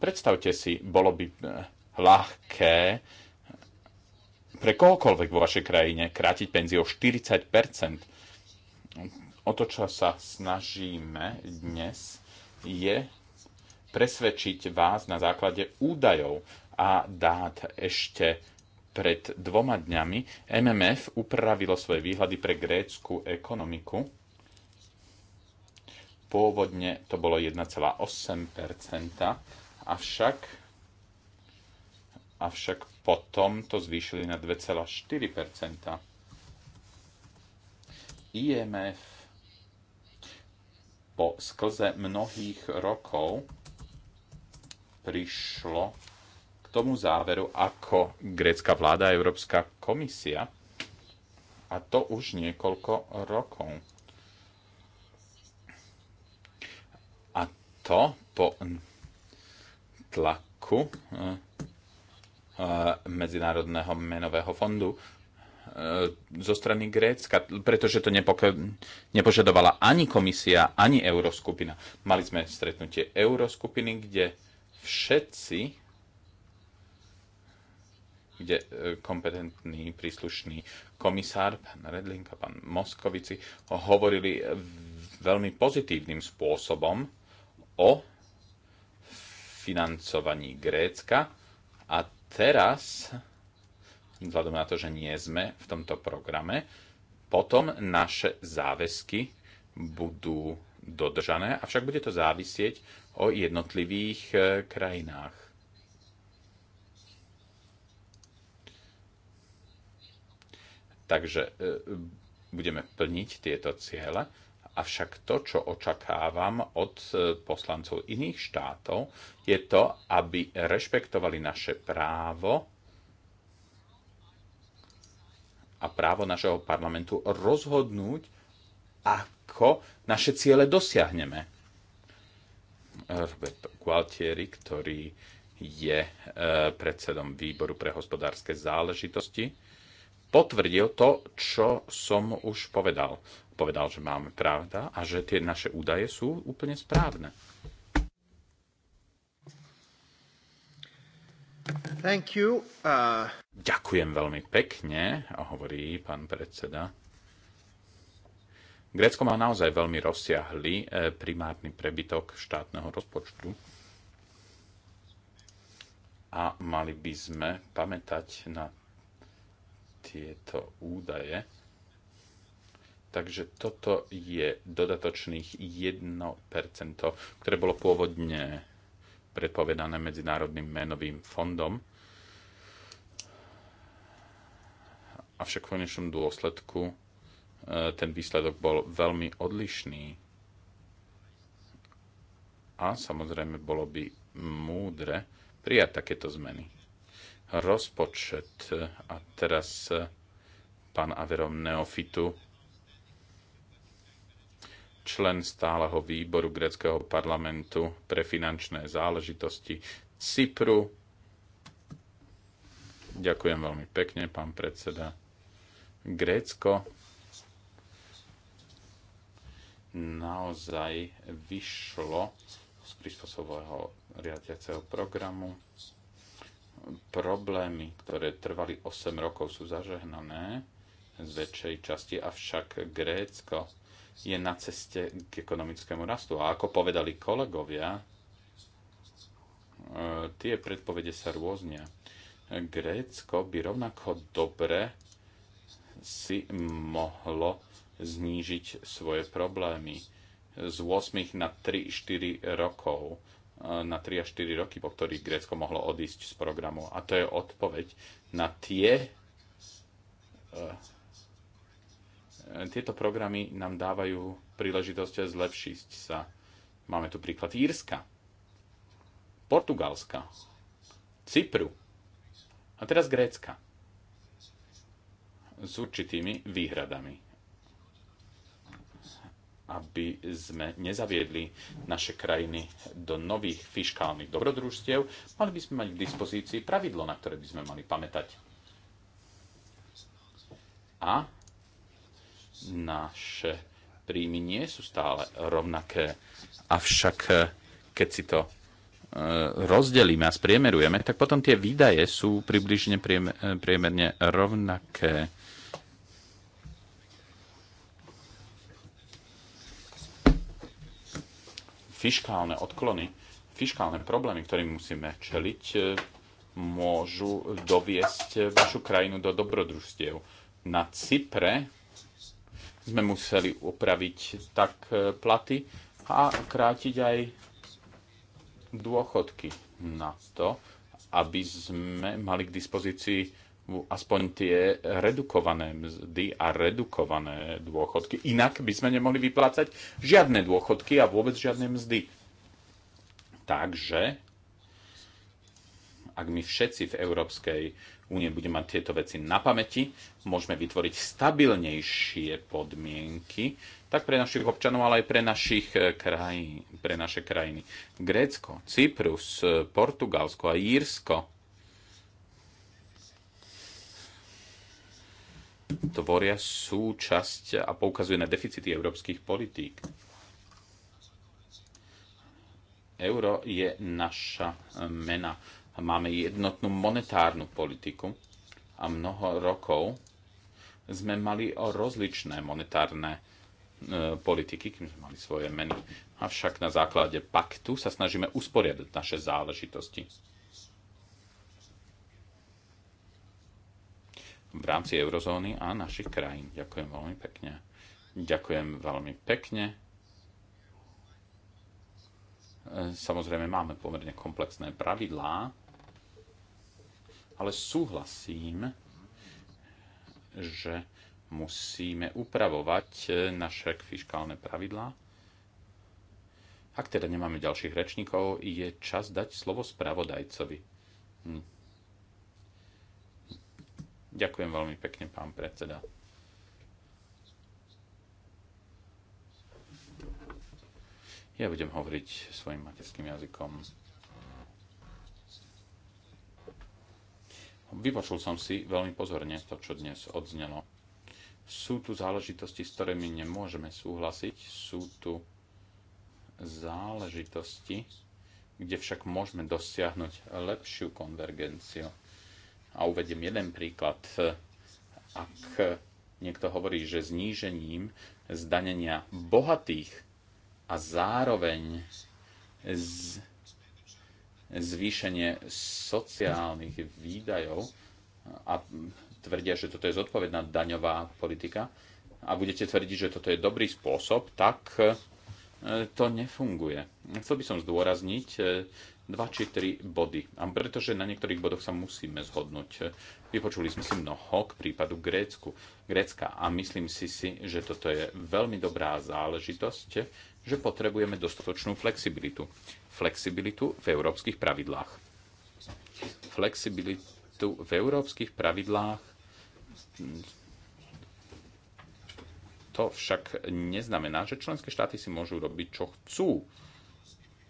B: Predstavte si, bolo by eh, ľahké pre kohokoľvek vo vašej krajine krátiť penziu o 40 O to, čo sa snažíme dnes, je presvedčiť vás na základe údajov a dát ešte pred dvoma dňami MMF upravilo svoje výhľady pre grécku ekonomiku. Pôvodne to bolo 1,8%, avšak, avšak potom to zvýšili na 2,4%. IMF po sklze mnohých rokov prišlo k tomu záveru ako grécka vláda a Európska komisia. A to už niekoľko rokov. A to po tlaku eh, eh, Medzinárodného menového fondu eh, zo strany Grécka, pretože to nepožadovala ani komisia, ani Euroskupina. Mali sme stretnutie Euroskupiny, kde všetci, kde e, kompetentný príslušný komisár, pán Redling a pán Moskovici, hovorili veľmi pozitívnym spôsobom o financovaní Grécka a teraz, vzhľadom na to, že nie sme v tomto programe, potom naše záväzky budú dodržané, avšak bude to závisieť o jednotlivých e, krajinách. Takže e, budeme plniť tieto ciele, avšak to, čo očakávam od e, poslancov iných štátov, je to, aby rešpektovali naše právo a právo našeho parlamentu rozhodnúť, a ako naše ciele dosiahneme. Robert Gualtieri, ktorý je e, predsedom výboru pre hospodárske záležitosti, potvrdil to, čo som už povedal. Povedal, že máme pravda a že tie naše údaje sú úplne správne. Thank you. Uh... Ďakujem veľmi pekne, hovorí pán predseda. Grécko má naozaj veľmi rozsiahly e, primárny prebytok štátneho rozpočtu a mali by sme pamätať na tieto údaje. Takže toto je dodatočných 1%, ktoré bolo pôvodne predpovedané Medzinárodným menovým fondom. Avšak v konečnom dôsledku E, ten výsledok bol veľmi odlišný. A samozrejme bolo by múdre prijať takéto zmeny. Rozpočet e, a teraz e, pán Averom Neofitu, člen stáleho výboru greckého parlamentu pre finančné záležitosti Cypru. Ďakujem veľmi pekne, pán predseda. Grécko naozaj vyšlo z prispôsobového riadiaceho programu. Problémy, ktoré trvali 8 rokov, sú zažehnané z väčšej časti, avšak Grécko je na ceste k ekonomickému rastu. A ako povedali kolegovia, e, tie predpovede sa rôznia. Grécko by rovnako dobre si mohlo znížiť svoje problémy z 8 na 3-4 rokov e, na 3 až 4 roky, po ktorých Grécko mohlo odísť z programu. A to je odpoveď na tie e, e, tieto programy nám dávajú príležitosť zlepšiť sa. Máme tu príklad Írska, Portugalska, Cypru a teraz Grécka s určitými výhradami aby sme nezaviedli naše krajiny do nových fiškálnych dobrodružstiev, mali by sme mať k dispozícii pravidlo, na ktoré by sme mali pamätať. A naše príjmy nie sú stále rovnaké, avšak eh, keď si to eh, rozdelíme a spriemerujeme, tak potom tie výdaje sú približne eh, priemerne rovnaké. fiškálne odklony, fiškálne problémy, ktorým musíme čeliť, e, môžu doviesť vašu krajinu do dobrodružstiev. Na Cypre sme museli upraviť tak e, platy a krátiť aj dôchodky na to, aby sme mali k dispozícii aspoň tie redukované mzdy a redukované dôchodky. Inak by sme nemohli vyplácať žiadne dôchodky a vôbec žiadne mzdy. Takže, ak my všetci v Európskej únie budeme mať tieto veci na pamäti, môžeme vytvoriť stabilnejšie podmienky, tak pre našich občanov, ale aj pre, našich eh, krajín, pre naše krajiny. Grécko, Cyprus, eh, Portugalsko a Írsko tvoria súčasť a poukazuje na deficity európskych politík. Euro je naša mena. Máme jednotnú monetárnu politiku a mnoho rokov sme mali o rozličné monetárne e, politiky, kým sme mali svoje meny. Avšak na základe paktu sa snažíme usporiadať naše záležitosti v rámci eurozóny a našich krajín. Ďakujem veľmi pekne. Ďakujem veľmi pekne. Samozrejme máme pomerne komplexné pravidlá, ale súhlasím, že musíme upravovať naše fiskálne pravidlá. Ak teda nemáme ďalších rečníkov, je čas dať slovo spravodajcovi. Hm. Ďakujem veľmi pekne, pán predseda. Ja budem hovoriť svojim materským jazykom. Vypočul som si veľmi pozorne to, čo dnes odznelo. Sú tu záležitosti, s ktorými nemôžeme súhlasiť, sú tu záležitosti, kde však môžeme dosiahnuť lepšiu konvergenciu. A uvediem jeden príklad. Ak niekto hovorí, že znížením zdanenia bohatých a zároveň z, zvýšenie sociálnych výdajov a tvrdia, že toto je zodpovedná daňová politika a budete tvrdiť, že toto je dobrý spôsob, tak e, to nefunguje. Chcel by som zdôrazniť, e, dva či tri body. A pretože na niektorých bodoch sa musíme zhodnúť. Vypočuli sme si mnoho k prípadu Grécku, Grécka a myslím si si, že toto je veľmi dobrá záležitosť, že potrebujeme dostatočnú flexibilitu. Flexibilitu v európskych pravidlách. Flexibilitu v európskych pravidlách to však neznamená, že členské štáty si môžu robiť, čo chcú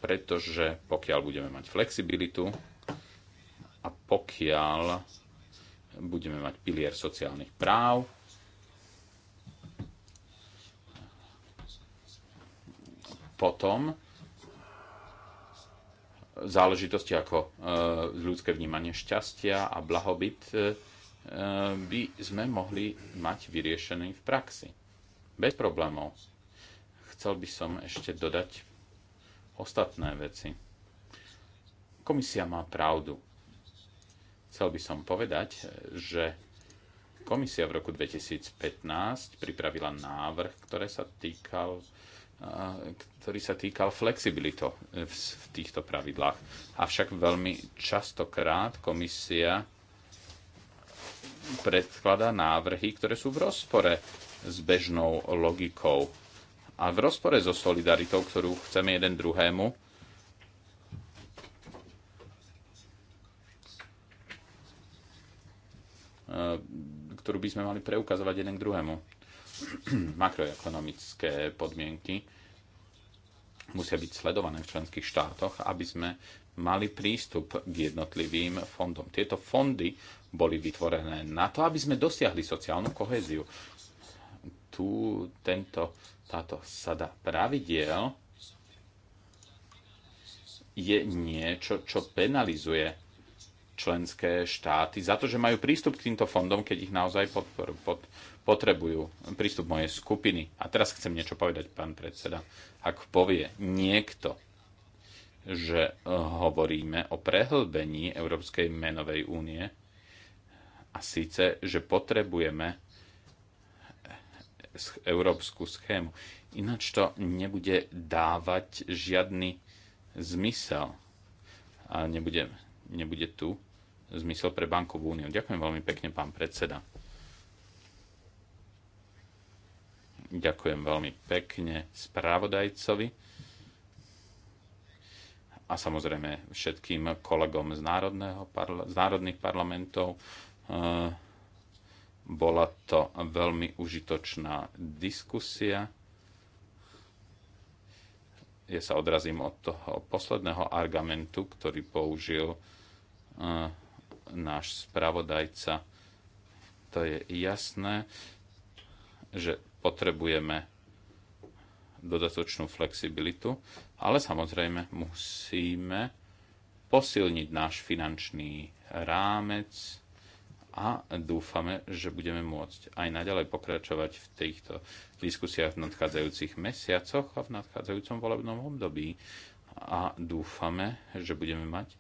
B: pretože pokiaľ budeme mať flexibilitu a pokiaľ budeme mať pilier sociálnych práv, potom záležitosti ako e, ľudské vnímanie šťastia a blahobyt e, e, by sme mohli mať vyriešený v praxi. Bez problémov. Chcel by som ešte dodať ostatné veci. Komisia má pravdu. Chcel by som povedať, že komisia v roku 2015 pripravila návrh, ktoré sa týkal ktorý sa týkal flexibilito v týchto pravidlách. Avšak veľmi častokrát komisia predkladá návrhy, ktoré sú v rozpore s bežnou logikou a v rozpore so solidaritou, ktorú chceme jeden druhému, e, ktorú by sme mali preukazovať jeden k druhému. [CLEARS THROAT] Makroekonomické podmienky musia byť sledované v členských štátoch, aby sme mali prístup k jednotlivým fondom. Tieto fondy boli vytvorené na to, aby sme dosiahli sociálnu koheziu. Tu tento táto sada pravidiel je niečo, čo penalizuje členské štáty za to, že majú prístup k týmto fondom, keď ich naozaj pod, potrebujú. Prístup mojej skupiny. A teraz chcem niečo povedať, pán predseda. Ak povie niekto, že eh, hovoríme o prehlbení Európskej menovej únie a síce, že potrebujeme európsku schému. Ináč to nebude dávať žiadny zmysel. A nebude, nebude tu zmysel pre bankovú úniu. Ďakujem veľmi pekne, pán predseda. Ďakujem veľmi pekne správodajcovi a samozrejme všetkým kolegom z, národného, z národných parlamentov, eh, bola to veľmi užitočná diskusia. Ja sa odrazím od toho posledného argumentu, ktorý použil eh, náš spravodajca. To je jasné, že potrebujeme dodatočnú flexibilitu, ale samozrejme musíme posilniť náš finančný rámec, a dúfame, že budeme môcť aj naďalej pokračovať v týchto diskusiách v nadchádzajúcich mesiacoch a v nadchádzajúcom volebnom období. A dúfame, že budeme mať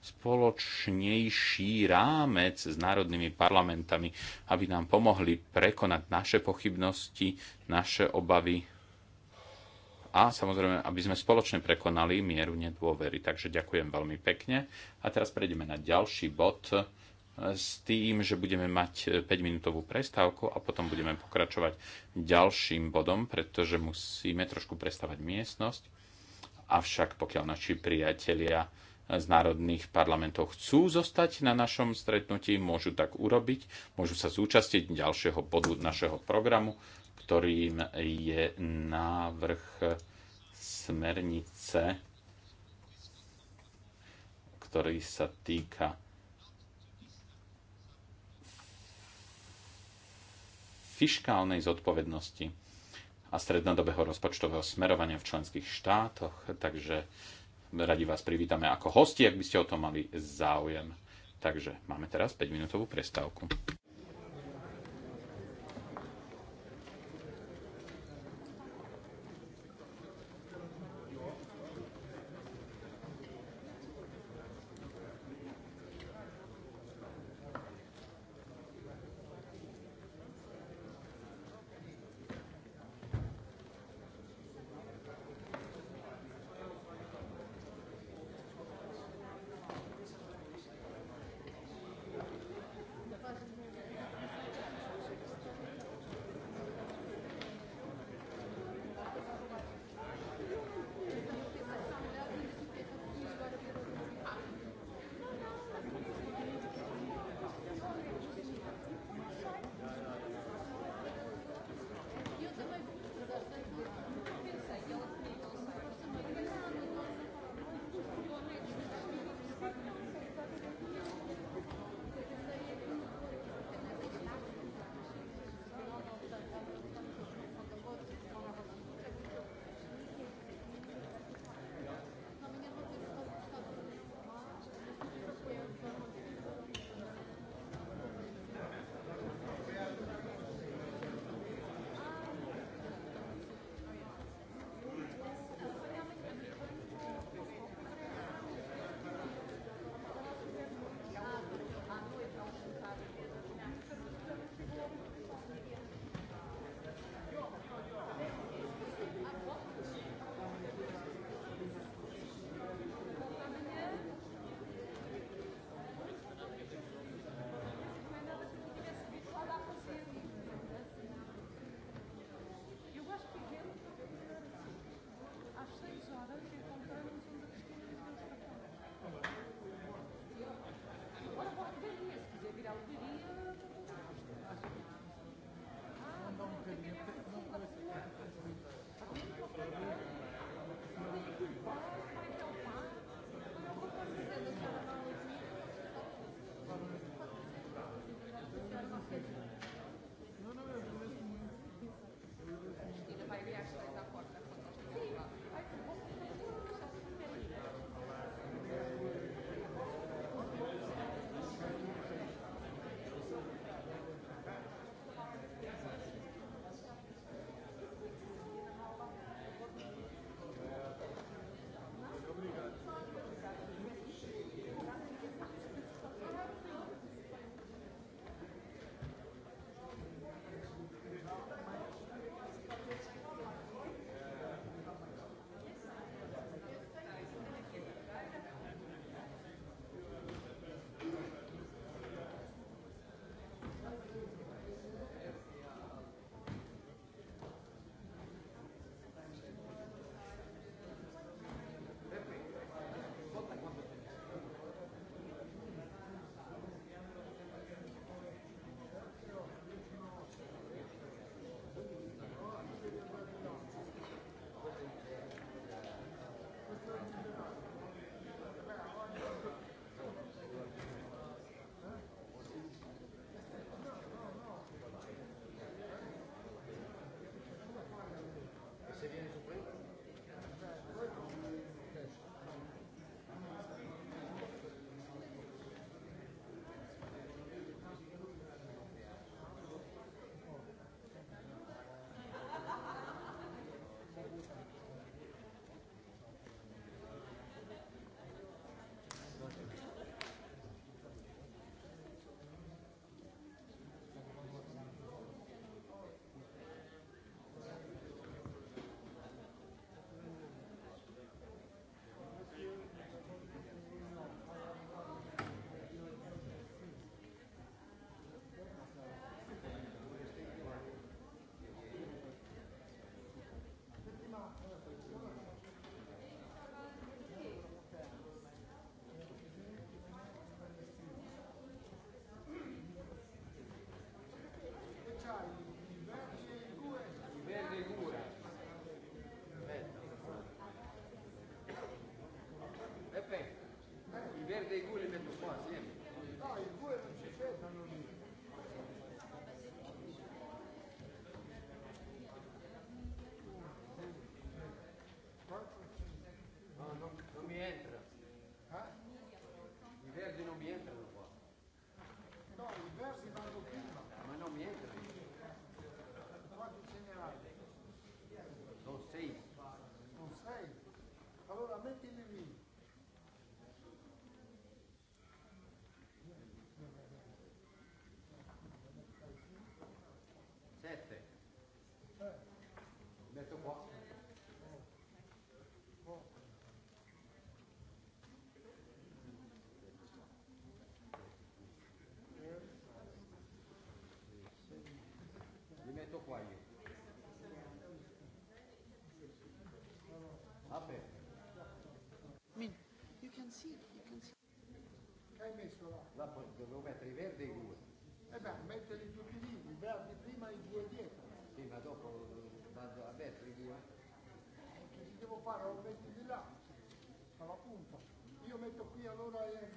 B: spoločnejší rámec s národnými parlamentami, aby nám pomohli prekonať naše pochybnosti, naše obavy a samozrejme, aby sme spoločne prekonali mieru nedôvery. Takže ďakujem veľmi pekne. A teraz prejdeme na ďalší bod s tým, že budeme mať 5-minútovú e, prestávku a potom budeme pokračovať ďalším bodom, pretože musíme trošku prestavať miestnosť. Avšak pokiaľ naši priatelia z národných parlamentov chcú zostať na našom stretnutí, môžu tak urobiť, môžu sa zúčastiť ďalšieho bodu našeho programu, ktorým je návrh smernice, ktorý sa týka fiskálnej zodpovednosti a strednodobého rozpočtového smerovania v členských štátoch. Takže radi vás privítame ako hosti, ak by ste o tom mali záujem. Takže máme teraz 5-minútovú prestávku.
D: Non mi entra. ¿Ah? fare, metti di là, ma appunto, io metto qui allora e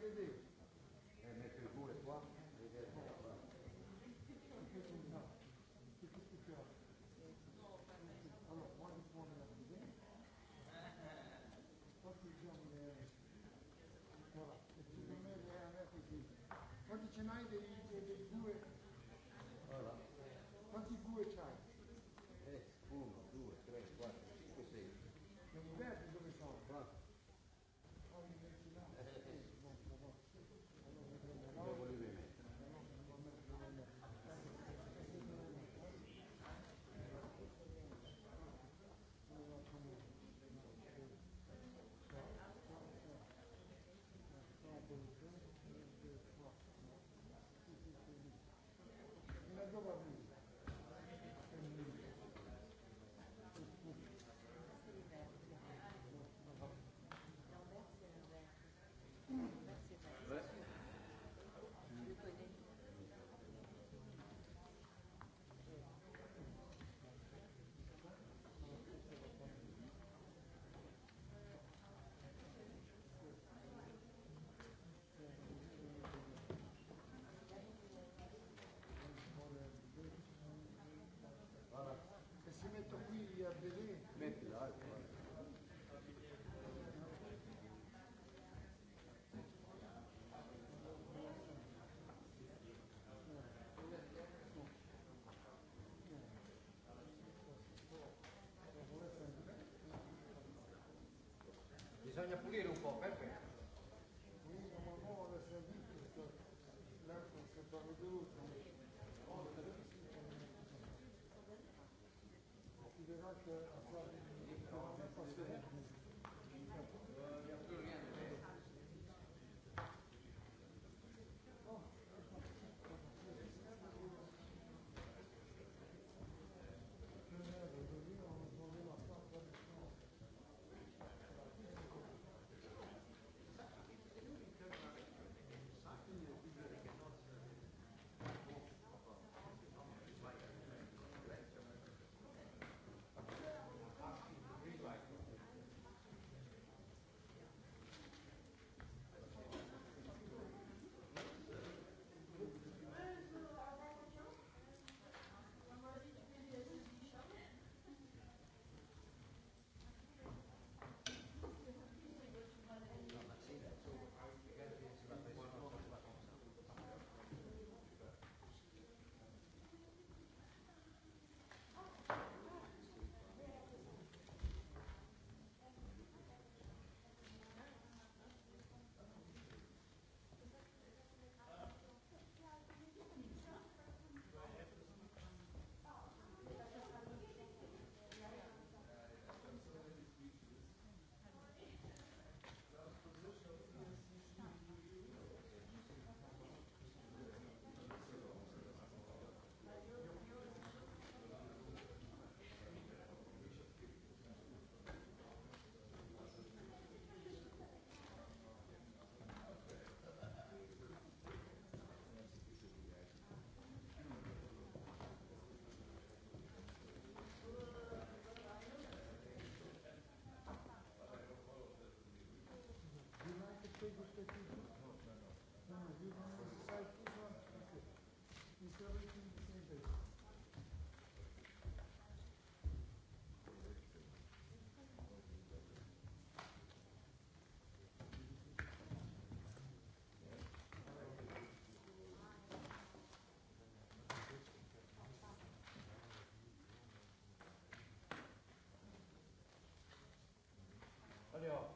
D: bisogna pulire un po', perfetto. Quindi non Parce que Adiós.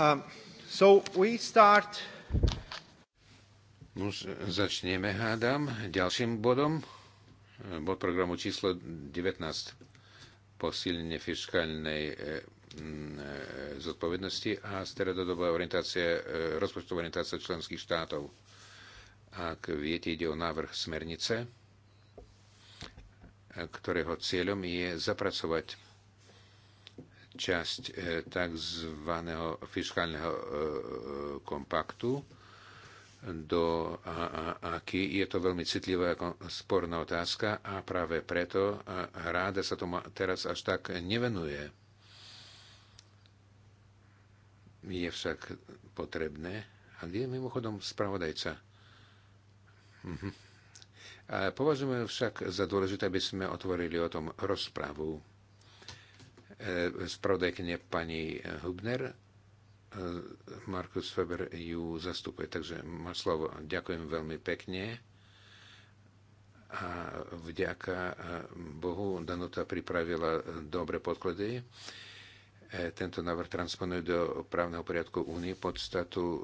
C: Um, so we start... Už začneme, hádam, ďalším bodom. E, bod programu číslo 19. Posilnenie fiskálnej e, e, zodpovednosti a stredodobá orientácia, rozpočtová orientácia členských štátov. Ak viete, ide o návrh smernice, ktorého cieľom je zapracovať časť e, tzv. fiskálneho e, e, kompaktu do aký je to veľmi citlivá sporná otázka a práve preto ráda sa tomu teraz až tak nevenuje. Je však potrebné. A kde je mimochodom spravodajca? Mhm. A považujeme však za dôležité, aby sme otvorili o tom rozpravu. Eh, spravodajkyne pani Hubner. Eh, Markus Weber ju zastupuje, takže má slovo. Ďakujem veľmi pekne. A vďaka eh, Bohu Danuta pripravila dobre podklady. Tento návrh transponuje do právneho poriadku únie podstatu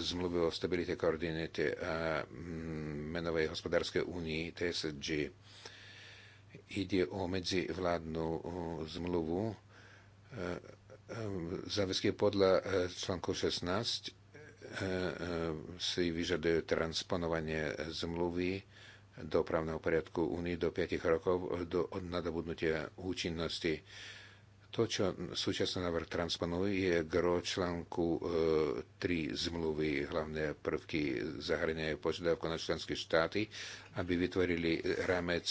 C: zmluvy o stabilite, koordinite a mm, menovej hospodárskej únii TSG Ide o medzivládnu zmluvu e, e, záväzky podľa e, článku 16 si vyžadujú transponovanie zmluvy do právneho poriadku Únie do 5 rokov do, od nadobudnutia účinnosti. To, čo súčasný návrh transponuje, je gro článku 3 zmluvy. Hlavné prvky zahrňajú požiadavku na členské štáty, aby vytvorili rámec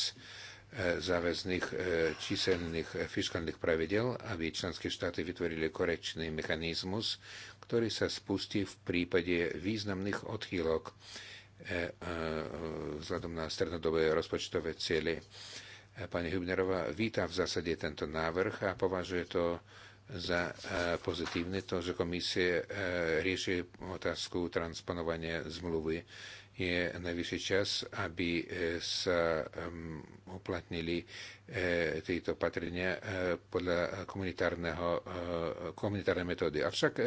C: E, záväzných e, číselných e, fiskálnych pravidel, aby členské štáty vytvorili korekčný mechanizmus, ktorý sa spustí v prípade významných odchýlok vzhľadom na strednodobé rozpočtové cieľe. Pani Hübnerová víta v zásade tento návrh a považuje to za pozitívne to, že komisie rieši otázku transponovania zmluvy je najvyšší čas, aby e, sa uplatnili e, tieto opatrenia e, podľa komunitárneho, komunitárnej metódy. Avšak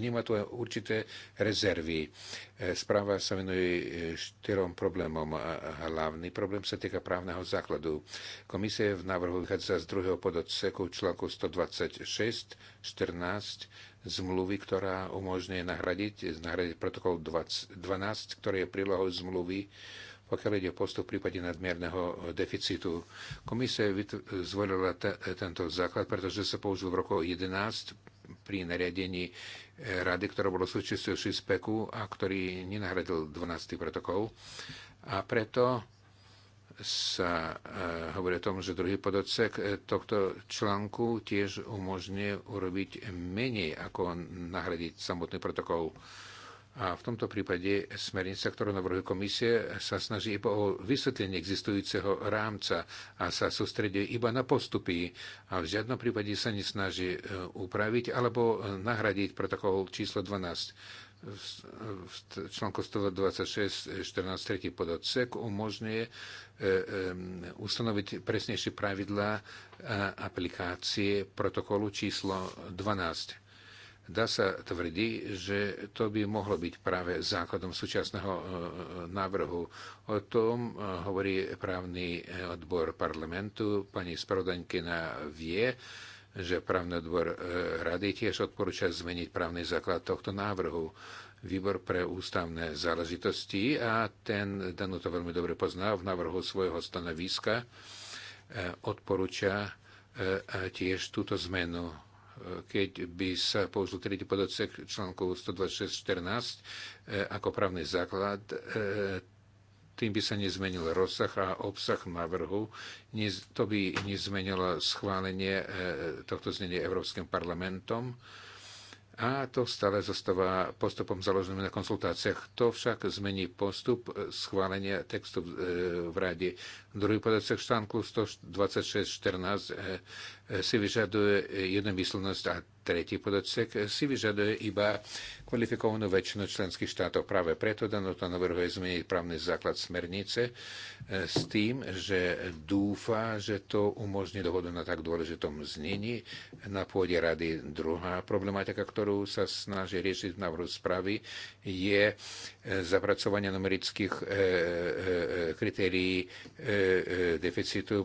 C: vníma tu určité rezervy. Správa sa venuje štyrom problémom. Hlavný problém sa týka právneho základu. Komisie v návrhu vychádza z druhého pododseku článku 126, 14, zmluvy, ktorá umožňuje nahradiť, nahradiť protokol 20, 12, ktorý je prílohou zmluvy, pokiaľ ide o postup v prípade nadmierneho deficitu. Komisia zvolila tento základ, pretože sa použil v roku 11 pri nariadení eh, rady, ktoré bolo súčasťou 6 a ktorý nenahradil 12. protokol. A preto sa eh, hovorí o tom, že druhý pododsek eh, tohto článku tiež umožňuje urobiť menej, ako nahradiť samotný protokol. A v tomto prípade smernica, ktorú navrhuje komisie, sa snaží iba o vysvetlenie existujúceho rámca a sa sústreduje iba na postupy a v žiadnom prípade sa nesnaží eh, upraviť alebo nahradiť protokol číslo 12 článku 126 14 3. pododsek umožňuje eh, ustanoviť presnejšie pravidla eh, aplikácie protokolu číslo 12. Dá sa tvrdí, že to by mohlo byť práve základom súčasného eh, návrhu. O tom hovorí právny odbor parlamentu. Pani Sprodaňkina vie, že právny odbor e, rady tiež odporúča zmeniť právny základ tohto návrhu. Výbor pre ústavné záležitosti a ten Danu to veľmi dobre pozná v návrhu svojho stanoviska e, odporúča e, tiež túto zmenu keď by sa použil tretí podocek článku 126.14 ako právny základ, tým by sa nezmenil rozsah a obsah návrhu, to by nezmenilo schválenie e, tohto znenia Európskym parlamentom a to stále zostáva postupom založeným na konsultáciách. To však zmení postup e, schválenia textu e, v Rade. Druhý podacek štánku 126.14 si vyžaduje jednomyslnosť a Tretí podotsek si vyžaduje iba kvalifikovanú väčšinu členských štátov. Práve preto Danuta navrhuje zmeniť právny základ smernice e, s tým, že dúfa, že to umožní dohodu na tak dôležitom znení na pôde rady. Druhá problematika, ktorú sa snaží riešiť v návrhu správy, je e, zapracovanie numerických e, kritérií deficitu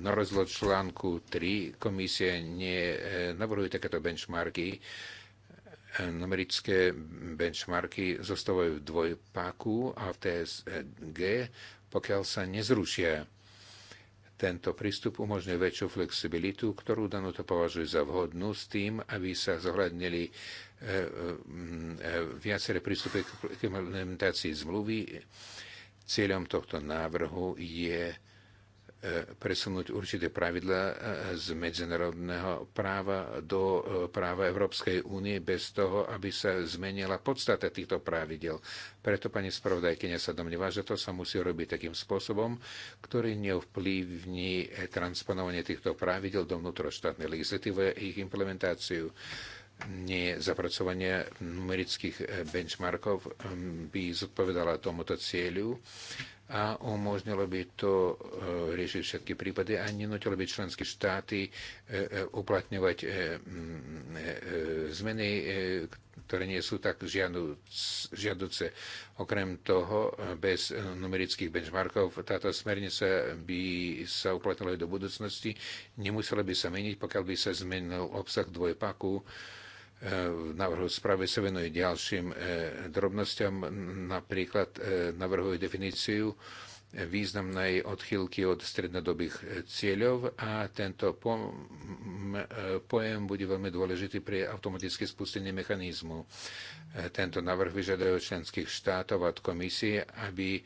C: na rozdiel článku 3 komisie nenavrhuje takéto benchmark benchmarky. Numerické benchmarky zostávajú v dvojpáku a v TSG, pokiaľ sa nezrušia. Tento prístup umožňuje väčšiu flexibilitu, ktorú Danuto považuje za vhodnú s tým, aby sa zohľadnili e, e, e, viaceré prístupy k implementácii zmluvy. Cieľom tohto návrhu je presunúť určité pravidla e, z medzinárodného práva do e, práva Európskej únie bez toho, aby sa zmenila podstata týchto pravidel. Preto pani spravodajkynia sa domnieva, že to sa musí robiť takým spôsobom, ktorý neovplyvní transponovanie týchto pravidel do vnútroštátnej legislatívy a ich implementáciu nie zapracovanie numerických e, benchmarkov by zodpovedala tomuto cieľu a umožnilo by to e, riešiť všetky prípady a nenutilo by členské štáty e, e, uplatňovať zmeny, ktoré nie sú tak žiaduce. Okrem toho, bez numerických benchmarkov táto smernica by sa uplatnila aj do budúcnosti. Nemusela by sa meniť, pokiaľ by sa zmenil obsah dvojpaku v návrhu správy sa venuje ďalším e, drobnostiam, napríklad e, navrhuje definíciu e, významnej odchýlky od strednodobých cieľov a tento pojem bude veľmi dôležitý pri automatické spustení mechanizmu. Tento návrh vyžaduje od členských štátov a od komisie, aby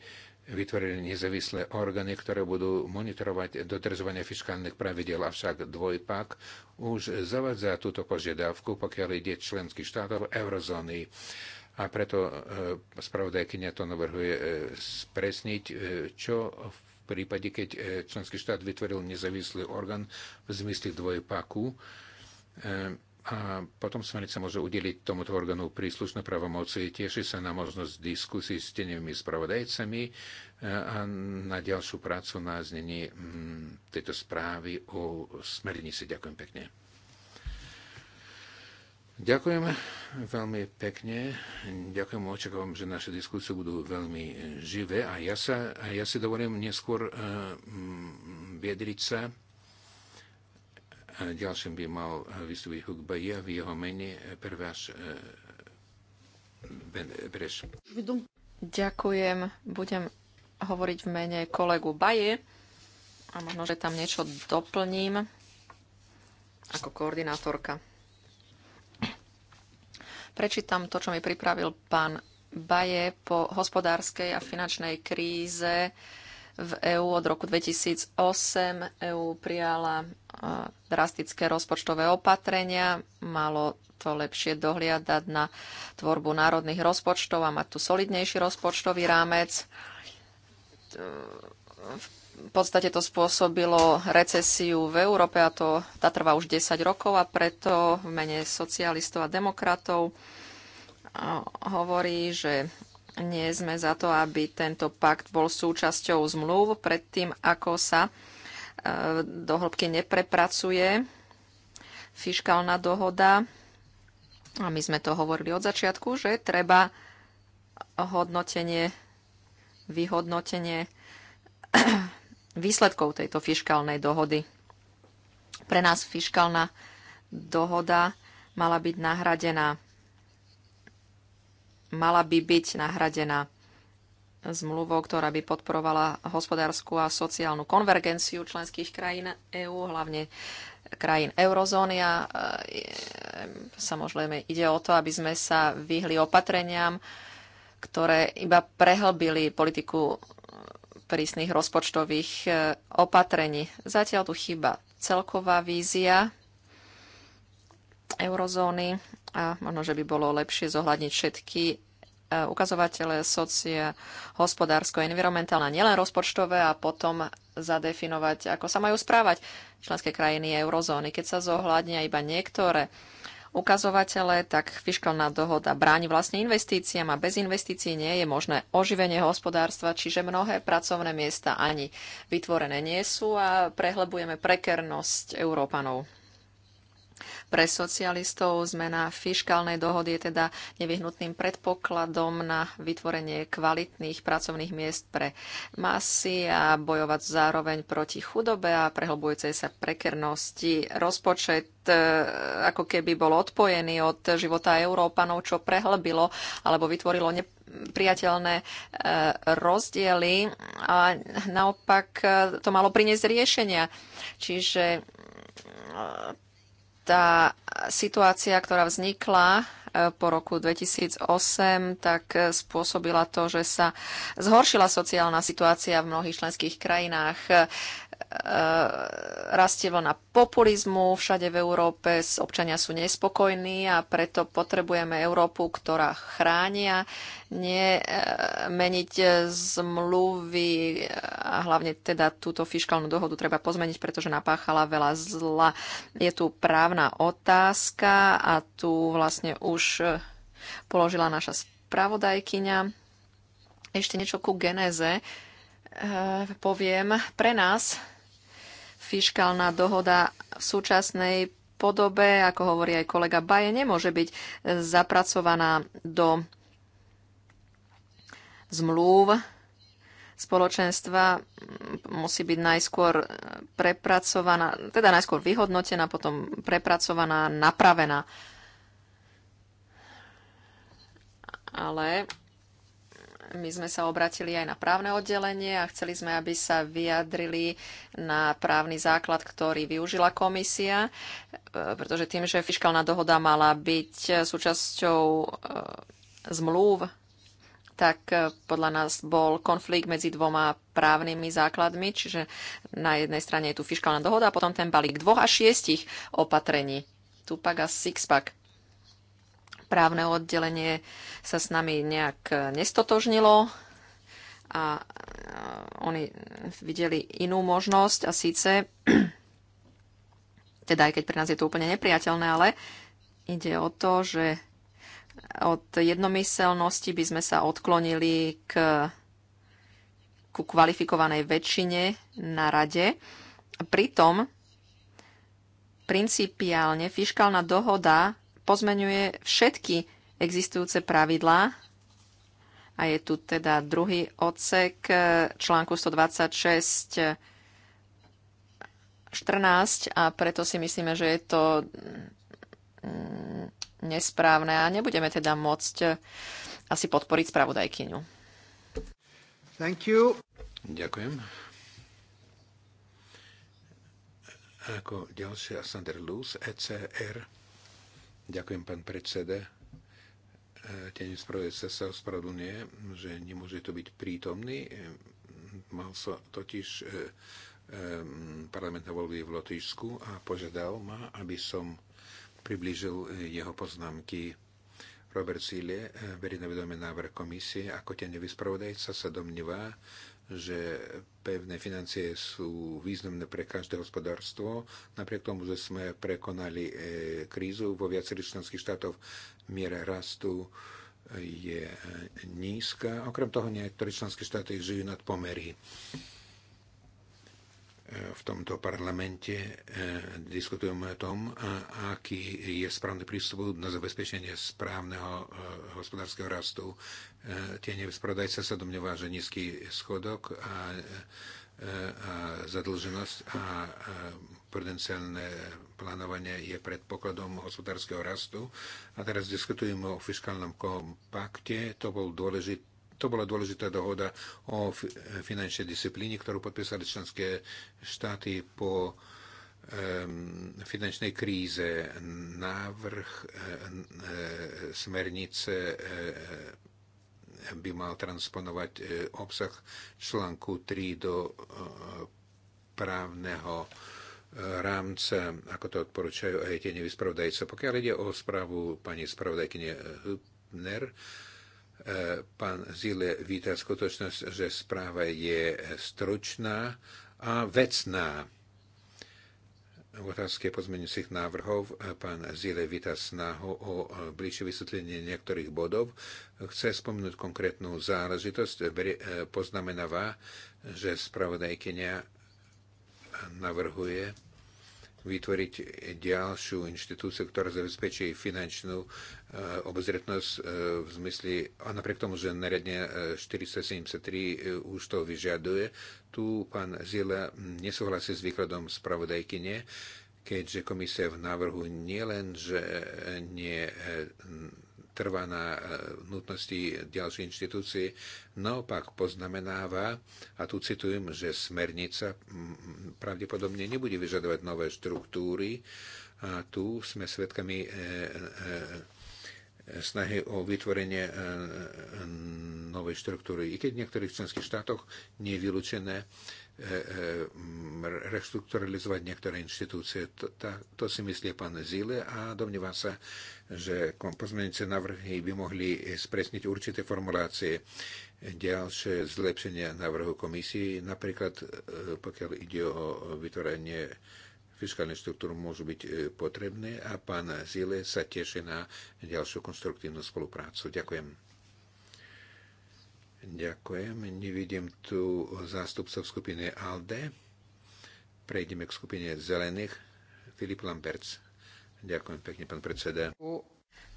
C: vytvorili nezávislé orgány, ktoré budú monitorovať dodržovanie fiskálnych pravidel, avšak dvojpak už zavádza túto požiadavku, pokiaľ ide členských štátov eurozóny. A preto e, spravodajkynia to navrhuje e, spresniť, e, čo v prípade, keď členský štát vytvoril nezávislý orgán v zmysle dvojpaku, a potom smernica môže udeliť tomuto orgánu príslušné pravomoci. Teší sa na možnosť diskusí s tenými spravodajcami e, a na ďalšiu prácu na znení mm, tejto správy o smernici. Ďakujem pekne. Ďakujem veľmi pekne. Ďakujem, očakávam, že naše diskusie budú veľmi živé a ja, sa, ja si dovolím neskôr uh, viedriť sa ďalším by mal vystúpiť Huk Baje v jeho mene Perváš eh, Breš.
A: Ďakujem. Budem hovoriť v mene kolegu Baje a možno, že tam niečo doplním ako koordinátorka. Prečítam to, čo mi pripravil pán Baje po hospodárskej a finančnej kríze v EÚ od roku 2008. EÚ prijala e, drastické rozpočtové opatrenia, malo to lepšie dohliadať na tvorbu národných rozpočtov a mať tu solidnejší rozpočtový rámec. V podstate to spôsobilo recesiu v Európe a to, tá trvá už 10 rokov a preto v mene socialistov a demokratov e, hovorí, že nie sme za to, aby tento pakt bol súčasťou zmluv predtým, ako sa e, do hĺbky neprepracuje fiškálna dohoda. A my sme to hovorili od začiatku, že treba hodnotenie, vyhodnotenie [CLEARS THROAT] výsledkov tejto fiškálnej dohody. Pre nás fiškálna dohoda mala byť nahradená mala by byť nahradená zmluvou, ktorá by podporovala hospodárskú a sociálnu konvergenciu členských krajín EÚ, hlavne krajín eurozóny a e, samozrejme ide o to, aby sme sa vyhli opatreniam, ktoré iba prehlbili politiku prísnych rozpočtových e, opatrení. Zatiaľ tu chýba celková vízia eurozóny a možno, že by bolo lepšie zohľadniť všetky e, ukazovatele socie, hospodársko, environmentálne, nielen rozpočtové a potom zadefinovať, ako sa majú správať členské krajiny eurozóny. Keď sa zohľadnia iba niektoré ukazovatele, tak fiškálna dohoda bráni vlastne investíciám a bez investícií nie je možné oživenie hospodárstva, čiže mnohé pracovné miesta ani vytvorené nie sú a prehlebujeme prekernosť Európanov. Pre socialistov zmena fiškálnej dohody je teda nevyhnutným predpokladom na vytvorenie kvalitných pracovných miest pre masy a bojovať zároveň proti chudobe a prehlbujúcej sa prekernosti. Rozpočet e, ako keby bol odpojený od života Európanov, čo prehlbilo alebo vytvorilo nepriateľné e, rozdiely a naopak e, to malo priniesť riešenia. Čiže tá situácia, ktorá vznikla e, po roku 2008, tak e, spôsobila to, že sa zhoršila sociálna situácia v mnohých členských krajinách. E, rastie vlna populizmu všade v Európe, občania sú nespokojní a preto potrebujeme Európu, ktorá chránia, nie e, meniť e, zmluvy a hlavne teda túto fiskálnu dohodu treba pozmeniť, pretože napáchala veľa zla. Je tu právna otázka a tu vlastne už položila naša spravodajkyňa. Ešte niečo ku genéze Eh, poviem, pre nás fiškálna dohoda v súčasnej podobe, ako hovorí aj kolega Baje, nemôže byť eh, zapracovaná do zmluv spoločenstva mm, musí byť najskôr eh, prepracovaná, teda najskôr vyhodnotená, potom prepracovaná, napravená. Ale my sme sa obratili aj na právne oddelenie a chceli sme, aby sa vyjadrili na právny základ, ktorý využila komisia, e, pretože tým, že fiskálna dohoda mala byť súčasťou e, zmluv, tak e, podľa nás bol konflikt medzi dvoma právnymi základmi, čiže na jednej strane je tu fiskálna dohoda a potom ten balík dvoch a šiestich opatrení. Tupak a Sixpack Právne oddelenie sa s nami nejak nestotožnilo a oni videli inú možnosť a síce, [CLEARS THROAT] teda aj keď pre nás je to úplne nepriateľné, ale ide o to, že od jednomyselnosti by sme sa odklonili k, ku kvalifikovanej väčšine na rade. Pritom principiálne fiškálna dohoda pozmenuje všetky existujúce pravidlá a je tu teda druhý odsek e, článku 126 14 e, a preto si myslíme, že je to mm, nesprávne a nebudeme teda môcť e, asi podporiť spravodajkyňu.
C: Thank you. Ďakujem. Ako ďalšia Sander Luz, ECR. Ďakujem, pán predseda. E, ten spravodajca sa ospravedlňuje, že nemôže to byť prítomný. E, mal sa totiž e, parlamentné voľby v Lotyšsku a požiadal ma, aby som priblížil jeho poznámky. Robert Sile berie na návrh komisie, ako ten nevyspravodajca sa domnívá, že pevné financie sú významné pre každé hospodárstvo. Napriek tomu, že sme prekonali e, krízu vo viacerých členských štátoch, miera rastu e, je e, nízka. Okrem toho, niektoré členské štáty žijú nad pomery v tomto parlamente e, diskutujeme o tom, aký je správny prístup na zabezpečenie správneho e, hospodárskeho rastu. E, Tie nevyspravodajce sa domňová, že nízky schodok a, a zadlženosť a prudenciálne plánovanie je predpokladom hospodárskeho rastu. A teraz diskutujeme o fiskálnom kompakte. To bol dôležitý to bola dôležitá dohoda o finančnej disciplíne, ktorú podpísali členské štáty po finančnej kríze. Návrh e, smernice e, by mal transponovať e, obsah článku 3 do právneho rámca, ako to odporúčajú aj tie nevyspravodajce. Pokiaľ ide o správu pani spravodajkyne Hübner, E, pán Zile víta skutočnosť, že správa je stručná a vecná. V otázke pozmeňujúcich návrhov e, pán Zile víta snahu o bližšie vysvetlenie niektorých bodov. Chce spomenúť konkrétnu záležitosť. E, Poznamenáva, že spravodajkynia navrhuje vytvoriť ďalšiu inštitúciu, ktorá zabezpečí finančnú e, obozretnosť e, v zmysle, a napriek tomu, že nariadne 473 e, už to vyžaduje, tu pán Zila nesúhlasí s výkladom spravodajkyne, keďže komisia v návrhu nielen, že nie trvá na e, nutnosti ďalšej inštitúcie, naopak poznamenáva, a tu citujem, že smernica pravdepodobne nebude vyžadovať nové štruktúry, a tu sme svedkami e, e, snahy o vytvorenie novej štruktúry. I keď v niektorých členských štátoch nie je vylúčené, E, e, reštrukturalizovať niektoré inštitúcie. To, tá, to si myslí pán Zile a domnívam sa, že pozmeňujúce návrhy by mohli spresniť určité formulácie. Ďalšie zlepšenia návrhu komisii, napríklad e, pokiaľ ide o vytvorenie fiskálnych štruktúr, môžu byť potrebné a pán Zile sa teší na ďalšiu konstruktívnu spoluprácu. Ďakujem. Ďakujem. Nevidím tu zástupcov skupiny ALDE. Prejdeme k skupine zelených. Filip Lamberts. Ďakujem pekne, pán predseda.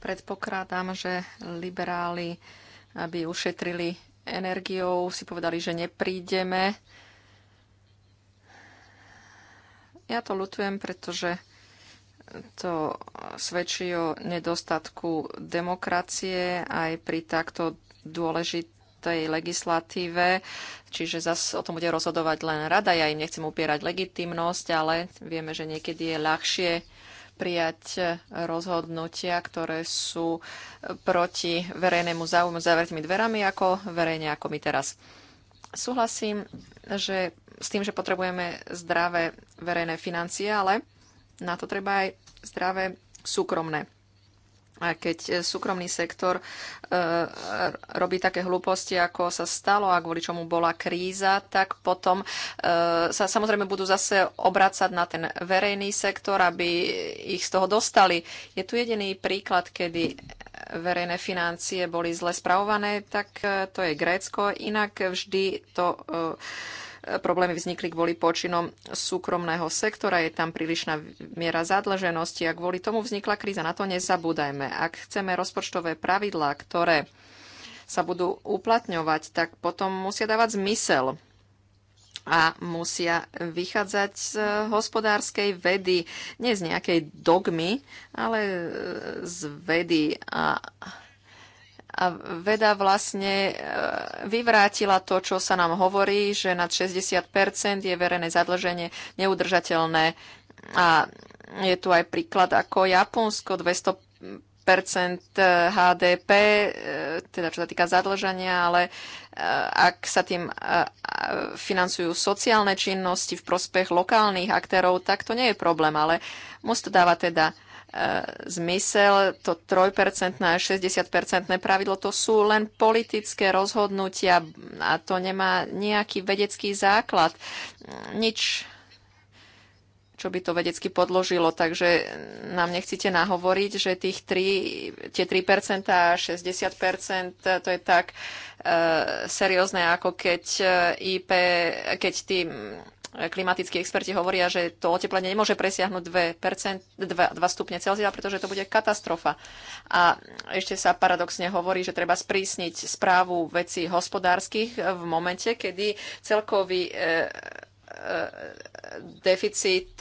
A: Predpokladám, že liberáli, aby ušetrili energiou, si povedali, že neprídeme. Ja to lutujem, pretože to svedčí o nedostatku demokracie aj pri takto dôležitých tej legislatíve, čiže zase o tom bude rozhodovať len rada. Ja im nechcem upierať legitimnosť, ale vieme, že niekedy je ľahšie prijať rozhodnutia, ktoré sú proti verejnému záujmu zavretými dverami, ako verejne, ako my teraz. Súhlasím že s tým, že potrebujeme zdravé verejné financie, ale na to treba aj zdravé súkromné a keď e, súkromný sektor e, robí také hlúposti, ako sa stalo a kvôli čomu bola kríza, tak potom e, sa samozrejme budú zase obracať na ten verejný sektor, aby ich z toho dostali. Je tu jediný príklad, kedy verejné financie boli zle spravované, tak e, to je Grécko. Inak vždy to e, problémy vznikli kvôli počinom súkromného sektora, je tam prílišná miera zadlženosti a kvôli tomu vznikla kríza. Na to nezabúdajme. Ak chceme rozpočtové pravidlá, ktoré sa budú uplatňovať, tak potom musia dávať zmysel a musia vychádzať z hospodárskej vedy, nie z nejakej dogmy, ale z vedy a a veda vlastne e, vyvrátila to, čo sa nám hovorí, že nad 60% je verejné zadlženie neudržateľné. A je tu aj príklad ako Japonsko, 200 e, HDP, e, teda čo sa týka zadlžania, ale ak sa tým financujú sociálne činnosti v prospech lokálnych aktérov, tak to nie je problém, ale musí to dávať teda E, zmysel. To 3% a 60% pravidlo to sú len politické rozhodnutia a to nemá nejaký vedecký základ. Nič čo by to vedecky podložilo. Takže nám nechcete nahovoriť, že tých 3, tie 3% a 60% to je tak e, seriózne, ako keď, e, IP, keď tým klimatickí experti hovoria, že to oteplenie nemôže presiahnuť 2, 2, 2 stupne Celzia, pretože to bude katastrofa. A ešte sa paradoxne hovorí, že treba sprísniť správu veci hospodárskych v momente, kedy celkový e, e, deficit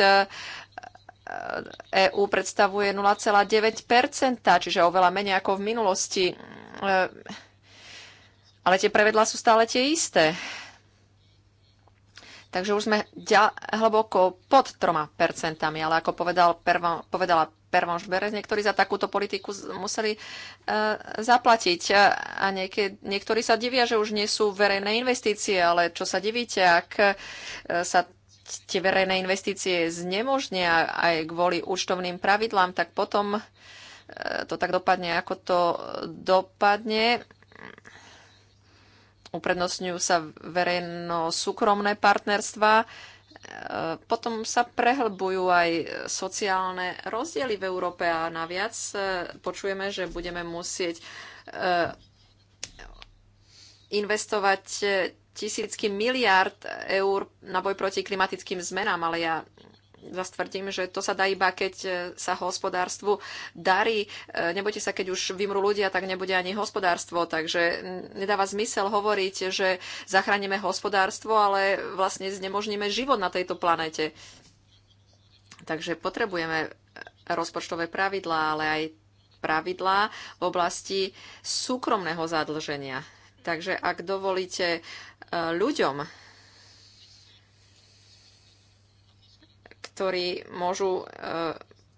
A: EÚ e predstavuje 0,9 čiže oveľa menej ako v minulosti. Ale tie prevedla sú stále tie isté. Takže už sme hlboko pod troma percentami, ale ako povedal Perva, povedala Pervanš Berez, niektorí za takúto politiku museli uh, zaplatiť e, a niekedy, niektorí sa divia, že už nie sú verejné investície, ale čo sa divíte, ak e, sa tie verejné investície znemožnia aj kvôli účtovným pravidlám, tak potom to tak dopadne, ako to dopadne uprednostňujú sa verejno-súkromné partnerstva, e, potom sa prehlbujú aj sociálne rozdiely v Európe a naviac e, počujeme, že budeme musieť e, investovať tisícky miliard eur na boj proti klimatickým zmenám, ale ja zastvrdím, tvrdím, že to sa dá iba, keď e, sa hospodárstvu darí. E, nebojte sa, keď už vymru ľudia, tak nebude ani hospodárstvo. Takže nedáva zmysel hovoriť, že zachránime hospodárstvo, ale vlastne znemožníme život na tejto planete. Takže potrebujeme e, rozpočtové pravidlá, ale aj pravidlá v oblasti súkromného zadlženia. Takže ak dovolíte ľuďom ktorí môžu e,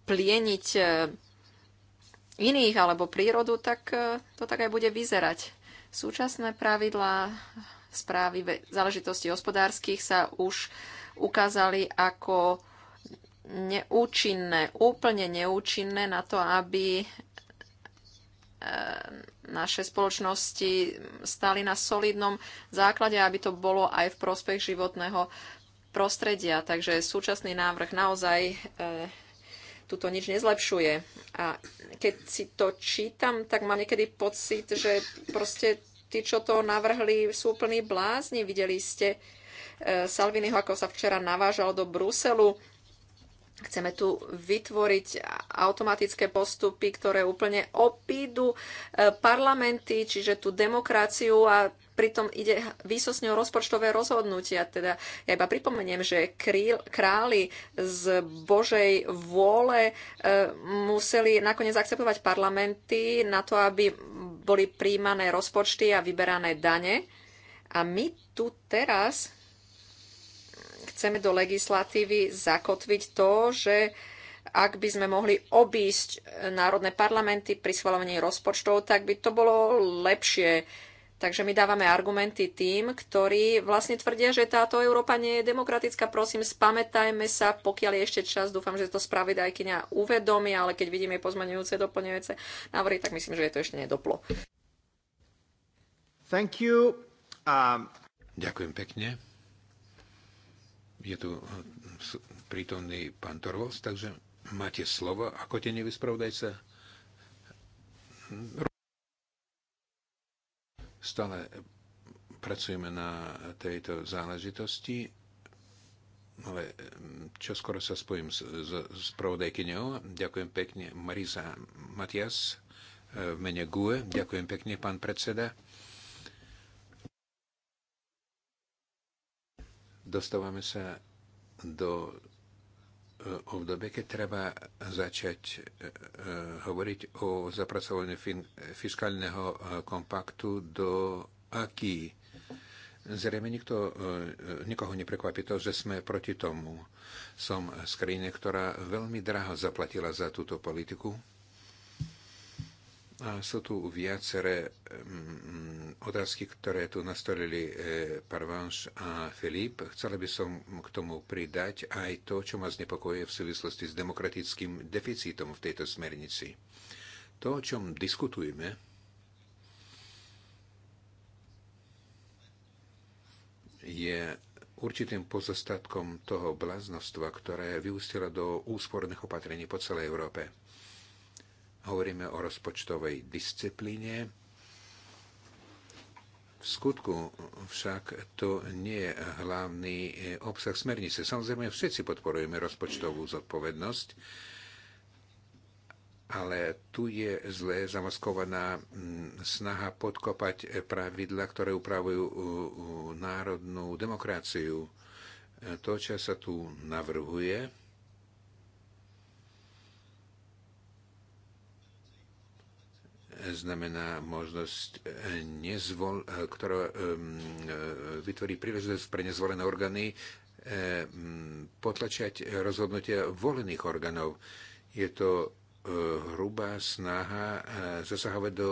A: plieniť e, iných alebo prírodu, tak e, to tak aj bude vyzerať. Súčasné pravidlá správy záležitosti hospodárskych sa už ukázali ako neúčinné, úplne neúčinné na to, aby naše spoločnosti stali na solidnom základe, aby to bolo aj v prospech životného prostredia. Takže súčasný návrh naozaj e, tuto nič nezlepšuje. A keď si to čítam, tak mám niekedy pocit, že proste tí, čo to navrhli, sú úplní blázni. Videli ste e, Salviniho, ako sa včera navážal do Bruselu. Chceme tu vytvoriť automatické postupy, ktoré úplne opídu eh, parlamenty, čiže tú demokraciu a pritom ide výsosne o rozpočtové rozhodnutia. Teda ja iba pripomeniem, že králi z Božej vôle e, museli nakoniec akceptovať parlamenty na to, aby boli príjmané rozpočty a vyberané dane. A my tu teraz chceme do legislatívy zakotviť to, že ak by sme mohli obísť národné parlamenty pri schvalovaní rozpočtov, tak by to bolo lepšie Takže my dávame argumenty tým, ktorí vlastne tvrdia, že táto Európa nie je demokratická. Prosím, spamätajme sa, pokiaľ je ešte čas. Dúfam, že to kňa uvedomí, ale keď vidíme pozmaňujúce, doplňujúce návrhy, tak myslím, že je to ešte nedoplo.
C: Thank you. Um... Ďakujem pekne. Je tu uh, prítomný pán Torvos, takže máte slovo ako tie spravodajca. Stále pracujeme na tejto záležitosti, ale mm, čo skoro sa spojím s, s, s pravodajkyňou. Ďakujem pekne Marisa Matias e, v mene GUE. Ďakujem pekne, pán predseda. Dostávame sa do obdobie, keď treba začať e, e, hovoriť o zapracovaní fiskálneho e, kompaktu do aký. Zrejme nikto, nikoho neprekvapí to, že sme proti tomu. Som z krajiny, ktorá veľmi draho zaplatila za túto politiku a sú tu viaceré mm, otázky, ktoré tu nastolili e, Parvanš a Filip. Chcela by som k tomu pridať aj to, čo ma znepokojuje v súvislosti s demokratickým deficitom v tejto smernici. To, o čom diskutujeme, je určitým pozostatkom toho bláznostva, ktoré vyústilo do úsporných opatrení po celej Európe Hovoríme o rozpočtovej disciplíne. V skutku však to nie je hlavný e, obsah smernice. Samozrejme, všetci podporujeme rozpočtovú zodpovednosť, ale tu je zle zamaskovaná mm, snaha podkopať e, pravidla, ktoré upravujú národnú demokraciu. E, to, čo sa tu navrhuje, znamená možnosť, eh, nezvol, eh, ktorá eh, mm, vytvorí príležitosť pre nezvolené orgány mm, potlačať rozhodnutia volených orgánov. Je to hrubá snaha zasahovať do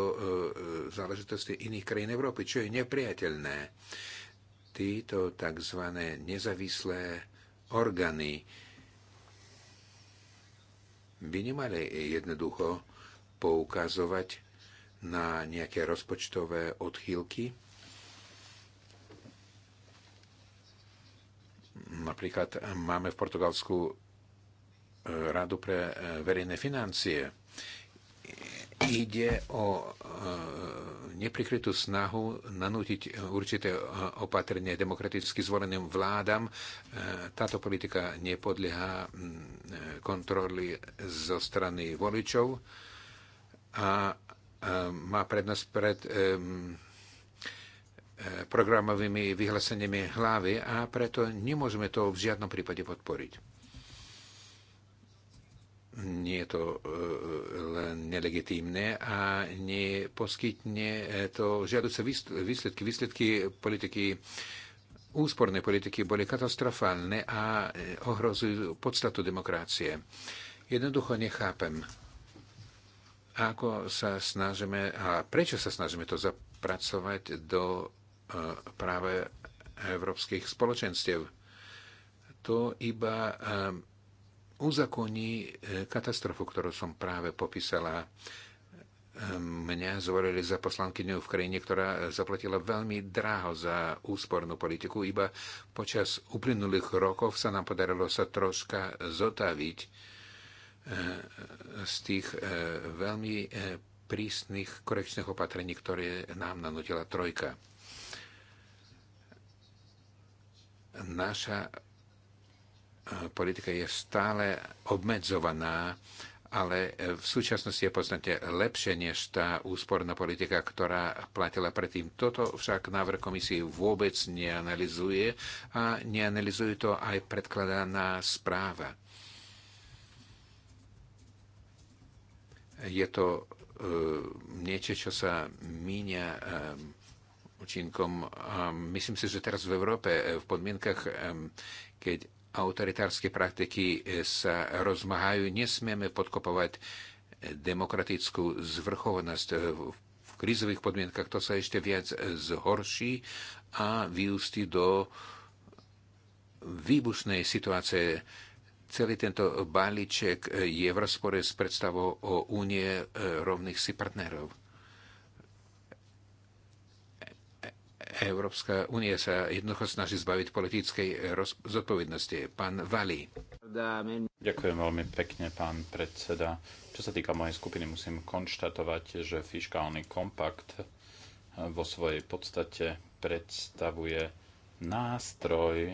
C: záležitosti iných krajín Európy, čo je nepriateľné. Títo tzv. nezávislé orgány by nemali jednoducho poukazovať na nejaké rozpočtové odchýlky. Napríklad máme v Portugalsku e, Radu pre e, verejné financie. Ide o e, neprikrytú snahu nanútiť určité opatrenie demokraticky zvoleným vládam. Táto politika nepodlieha kontroly zo strany voličov a Ehm, má prednosť pred ehm, eh, programovými vyhláseniami hlavy a preto nemôžeme to v žiadnom prípade podporiť. Nie je to eh, len nelegitímne a neposkytne eh, to žiaduce výsledky. Výsledky politiky úsporné politiky boli katastrofálne a ohrozujú podstatu demokracie. Jednoducho nechápem, ako sa snažíme a prečo sa snažíme to zapracovať do e, práve európskych spoločenstiev. To iba e, uzakoní e, katastrofu, ktorú som práve popísala. Mňa zvolili za poslankyňu v krajine, ktorá zaplatila veľmi dráho za úspornú politiku. Iba počas uplynulých rokov sa nám podarilo sa troška zotaviť Eh, z tých eh, veľmi eh, prísnych korekčných opatrení, ktoré nám nanotila trojka. Naša politika je stále obmedzovaná, ale v súčasnosti je v podstate lepšie než tá úsporná politika, ktorá platila predtým. Toto však návrh komisie vôbec neanalizuje a neanalizuje to aj predkladaná správa. Je to eh, niečo, čo sa míňa eh, účinkom. A myslím si, že teraz v Európe eh, v podmienkach, keď autoritárske praktiky sa rozmahajú, nesmieme podkopovať demokratickú zvrchovanosť v krízových podmienkach. To sa ešte viac zhorší a vyústi do výbušnej situácie Celý tento balíček je v rozpore s predstavou o únie e, rovných si partnerov. E, e, Európska únia sa jednoducho snaží zbaviť politickej
B: zodpovednosti. Pán Vali. Ďakujem veľmi pekne, pán predseda. Čo sa týka mojej skupiny, musím konštatovať, že fiskálny kompakt vo svojej podstate predstavuje nástroj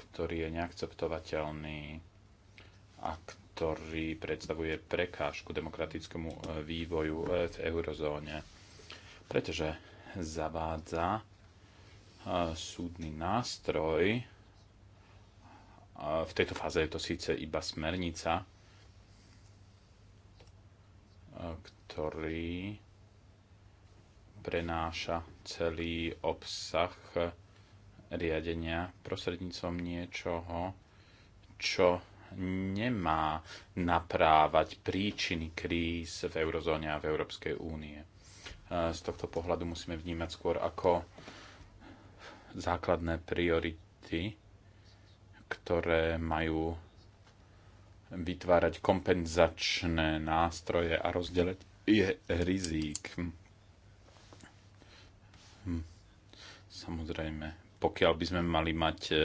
B: ktorý je neakceptovateľný a ktorý predstavuje prekážku demokratickému e, vývoju e, v eurozóne, pretože zavádza e, súdny nástroj. V tejto fáze je to síce iba smernica, ktorý prenáša celý obsah riadenia prostrednícom niečoho, čo nemá naprávať príčiny kríz v eurozóne a v Európskej únie. E, z tohto pohľadu musíme vnímať skôr ako základné priority, ktoré majú vytvárať kompenzačné nástroje a rozdeleť je rizík. Hm. Hm. Samozrejme, pokiaľ by sme mali mať e,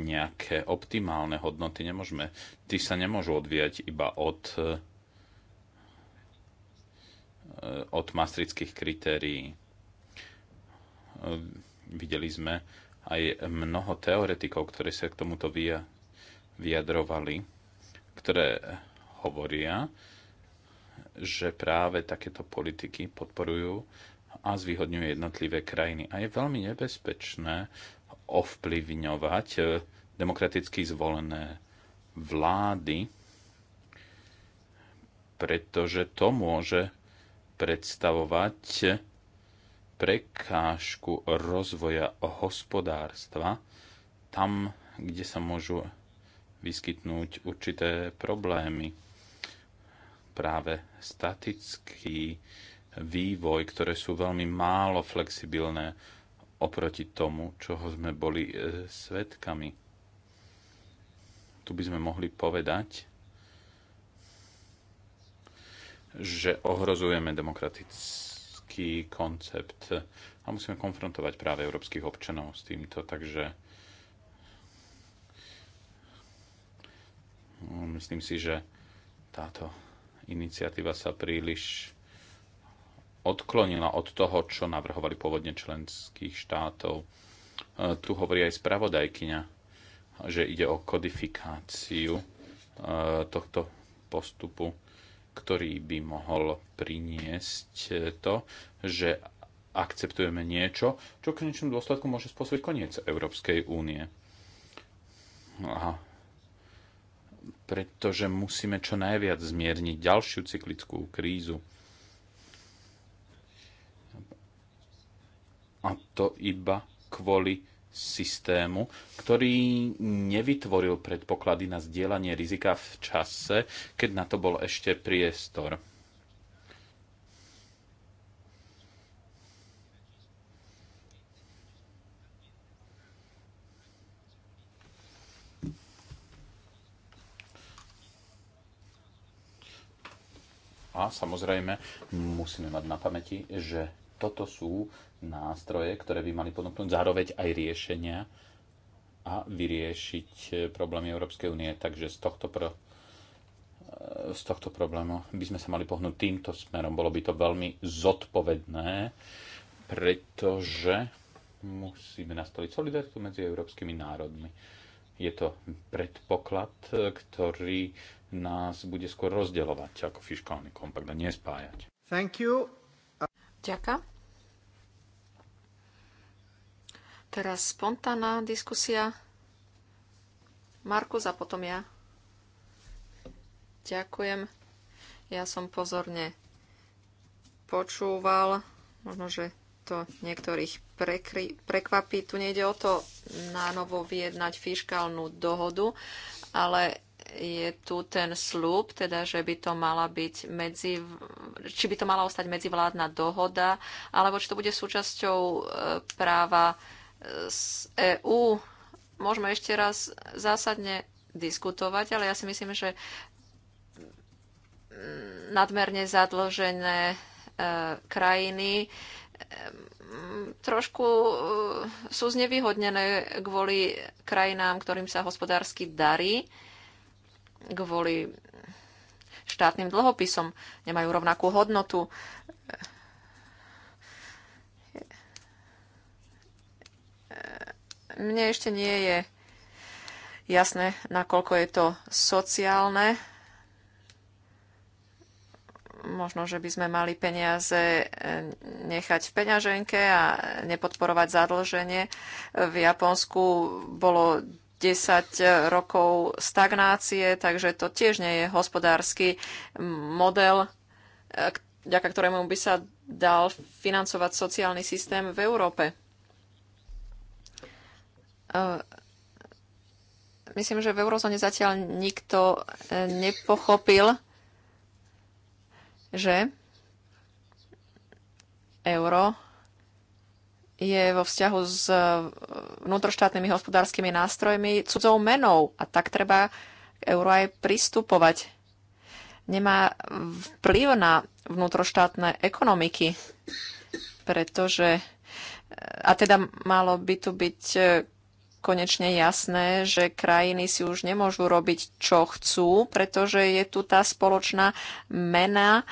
B: nejaké optimálne hodnoty, nemôžeme, Ty sa nemôžu odvíjať iba od, e, e, od mastrických kritérií. Videli sme aj mnoho teoretikov, ktorí sa k tomuto vyjadrovali, ktoré hovoria, že práve takéto politiky podporujú a zvýhodňuje jednotlivé krajiny. A je veľmi nebezpečné ovplyvňovať e, demokraticky zvolené vlády, pretože to môže predstavovať prekážku rozvoja hospodárstva tam, kde sa môžu vyskytnúť určité problémy. Práve statický vývoj, ktoré sú veľmi málo flexibilné oproti tomu, čoho sme boli e, svetkami. Tu by sme mohli povedať, že ohrozujeme demokratický koncept a musíme konfrontovať práve európskych občanov s týmto, takže myslím si, že táto iniciatíva sa príliš odklonila od toho, čo navrhovali pôvodne členských štátov. E, tu hovorí aj spravodajkyňa, že ide o kodifikáciu e, tohto postupu, ktorý by mohol priniesť to, že akceptujeme niečo, čo v konečnom dôsledku môže spôsobiť koniec Európskej únie. Aha. Pretože musíme čo najviac zmierniť ďalšiu cyklickú krízu A to iba kvôli systému, ktorý nevytvoril predpoklady na zdieľanie rizika v čase, keď na to bol ešte priestor. A samozrejme musíme mať na pamäti, že toto sú nástroje, ktoré by mali ponúknuť zároveň aj riešenia a vyriešiť eh, problémy Európskej únie. Takže z tohto, pro, eh, z tohto problému by sme sa mali pohnúť týmto smerom. Bolo by to veľmi zodpovedné, pretože musíme nastaviť solidaritu medzi európskymi národmi. Je to predpoklad, eh, ktorý nás bude skôr rozdeľovať ako fiskálny kompakt a nespájať.
A: Thank you. Ďakujem. Teraz spontánna diskusia. Markus a potom ja. Ďakujem. Ja som pozorne počúval. Možno, že to niektorých prekry, prekvapí. Tu nejde o to na novo vyjednať fiškálnu dohodu, ale je tu ten slúb, teda, že by to mala byť medzi, či by to mala ostať medzivládna dohoda, alebo či to bude súčasťou e, práva z EÚ môžeme ešte raz zásadne diskutovať, ale ja si myslím, že nadmerne zadložené e, krajiny e, trošku e, sú znevýhodnené kvôli krajinám, ktorým sa hospodársky darí, kvôli štátnym dlhopisom, nemajú rovnakú hodnotu. Mne ešte nie je jasné, nakoľko je to sociálne. Možno, že by sme mali peniaze eh, nechať v peňaženke a nepodporovať zadlženie. V Japonsku bolo 10 eh, rokov stagnácie, takže to tiež nie je hospodársky mm, model, eh, ďaká ktorému by sa dal financovať sociálny systém v Európe. Eh, myslím, že v eurozóne zatiaľ nikto eh, nepochopil, že euro je vo vzťahu s eh, vnútroštátnymi hospodárskymi nástrojmi cudzou menou a tak treba k euro aj pristupovať. Nemá vplyv na vnútroštátne ekonomiky, pretože a teda malo by tu byť konečne jasné, že krajiny si už nemôžu robiť, čo chcú, pretože je tu tá spoločná mena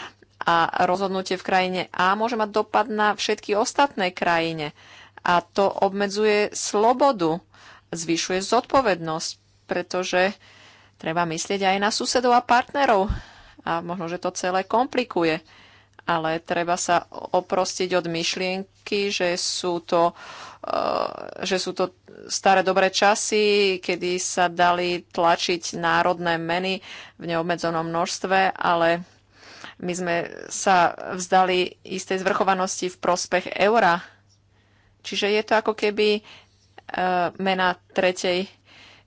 A: a rozhodnutie v krajine A môže mať dopad na všetky ostatné krajine. A to obmedzuje slobodu, zvyšuje zodpovednosť, pretože treba myslieť aj na susedov a partnerov. A možno, že to celé komplikuje. Ale treba sa oprostiť od myšlienky, že sú to uh, Eh, že sú to staré dobré časy, kedy sa dali tlačiť národné meny v neobmedzenom množstve, ale my sme sa vzdali istej zvrchovanosti v prospech eura. Čiže je to ako keby eh, mena tretej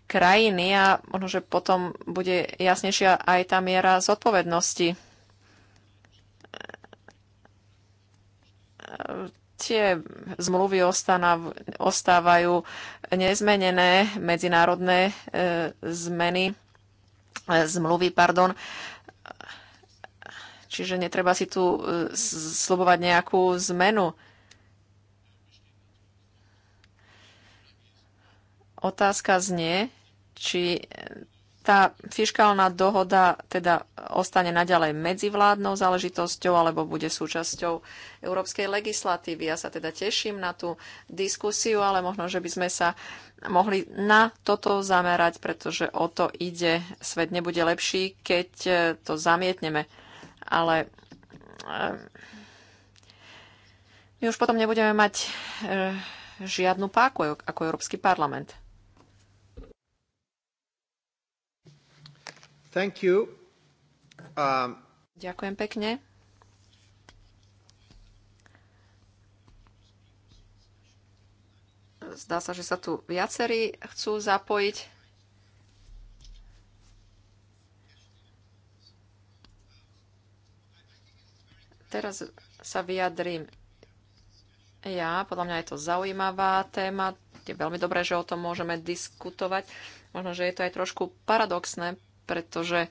A: krajiny a možno, že potom bude jasnejšia aj tá miera zodpovednosti eh, tie zmluvy ostávajú nezmenené, medzinárodné e, zmeny, e, zmluvy, pardon. Čiže netreba si tu e, slobovať nejakú zmenu. Otázka znie, či tá fiškálna dohoda teda ostane naďalej medzivládnou záležitosťou alebo bude súčasťou európskej legislatívy. Ja sa teda teším na tú diskusiu, ale možno, že by sme sa mohli na toto zamerať, pretože o to ide. Svet nebude lepší, keď e, to zamietneme. Ale e, my už potom nebudeme mať e, žiadnu páku ako Európsky parlament. Um, Ďakujem pekne. Zdá sa, že sa tu viacerí chcú zapojiť. Teraz sa vyjadrím ja. Podľa mňa je to zaujímavá téma. Je veľmi dobré, že o tom môžeme diskutovať. Možno, že je to aj trošku paradoxné, pretože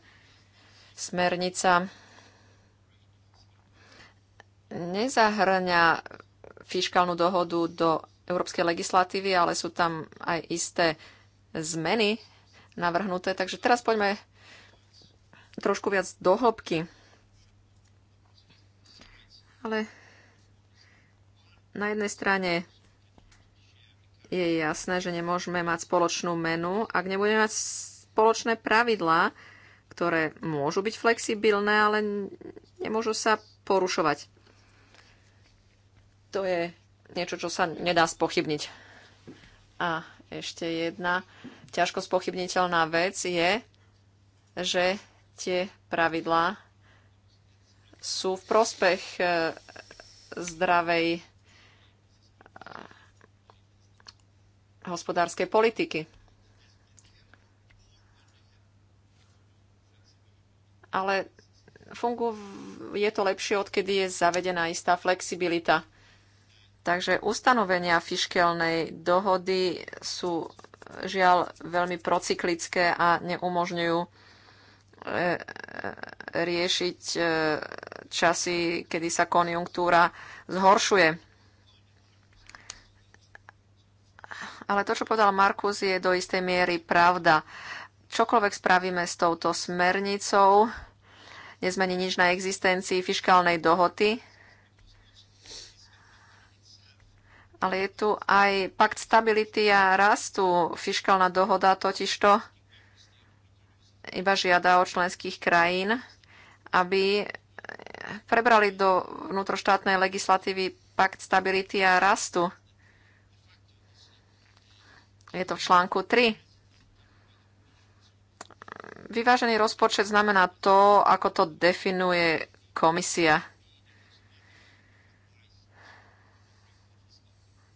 A: smernica nezahrňa fiškálnu dohodu do európskej legislatívy, ale sú tam aj isté zmeny navrhnuté. Takže teraz poďme trošku viac do hĺbky. Ale na jednej strane je jasné, že nemôžeme mať spoločnú menu, ak nebudeme mať spoločné pravidlá, ktoré môžu byť flexibilné, ale nemôžu sa porušovať. To je niečo, čo sa nedá spochybniť. A ešte jedna ťažko spochybniteľná vec je, že tie pravidlá sú v prospech e, zdravej e, hospodárskej politiky. ale fungu, je to lepšie, odkedy je zavedená istá flexibilita. Takže ustanovenia fiškelnej dohody sú žiaľ veľmi procyklické a neumožňujú e, e, riešiť e, časy, kedy sa konjunktúra zhoršuje. Ale to, čo povedal Markus, je do istej miery pravda čokoľvek spravíme s touto smernicou, nezmení nič na existencii fiskálnej dohody, ale je tu aj pakt stability a rastu. Fiškálna dohoda totižto iba žiada od členských krajín, aby prebrali do vnútroštátnej legislatívy pakt stability a rastu. Je to v článku 3 vyvážený rozpočet znamená to, ako to definuje komisia.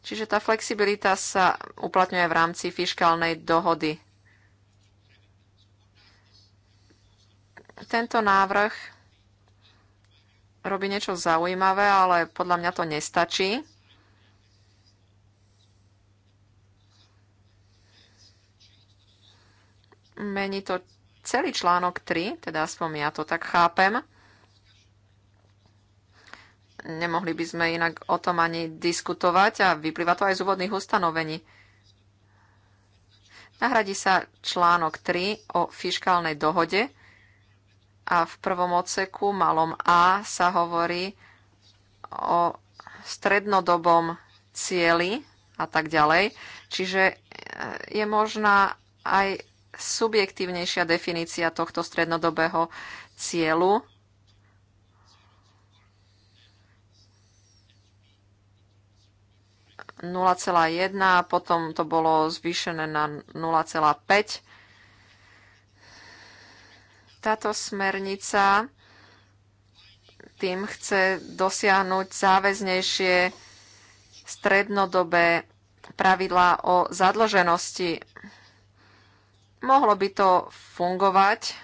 A: Čiže tá flexibilita sa uplatňuje v rámci fiškálnej dohody. Tento návrh robí niečo zaujímavé, ale podľa mňa to nestačí. Mení to celý článok 3, teda aspoň ja to tak chápem. Nemohli by sme inak o tom ani diskutovať a vyplýva to aj z úvodných ustanovení. Nahradí sa článok 3 o fiškálnej dohode a v prvom odseku malom A sa hovorí o strednodobom cieli a tak ďalej. Čiže e, je možná aj subjektívnejšia definícia tohto strednodobého cieľu. a potom to bolo zvýšené na 0,5. Táto smernica tým chce dosiahnuť záväznejšie strednodobé pravidlá o zadlženosti Mohlo by to fungovať.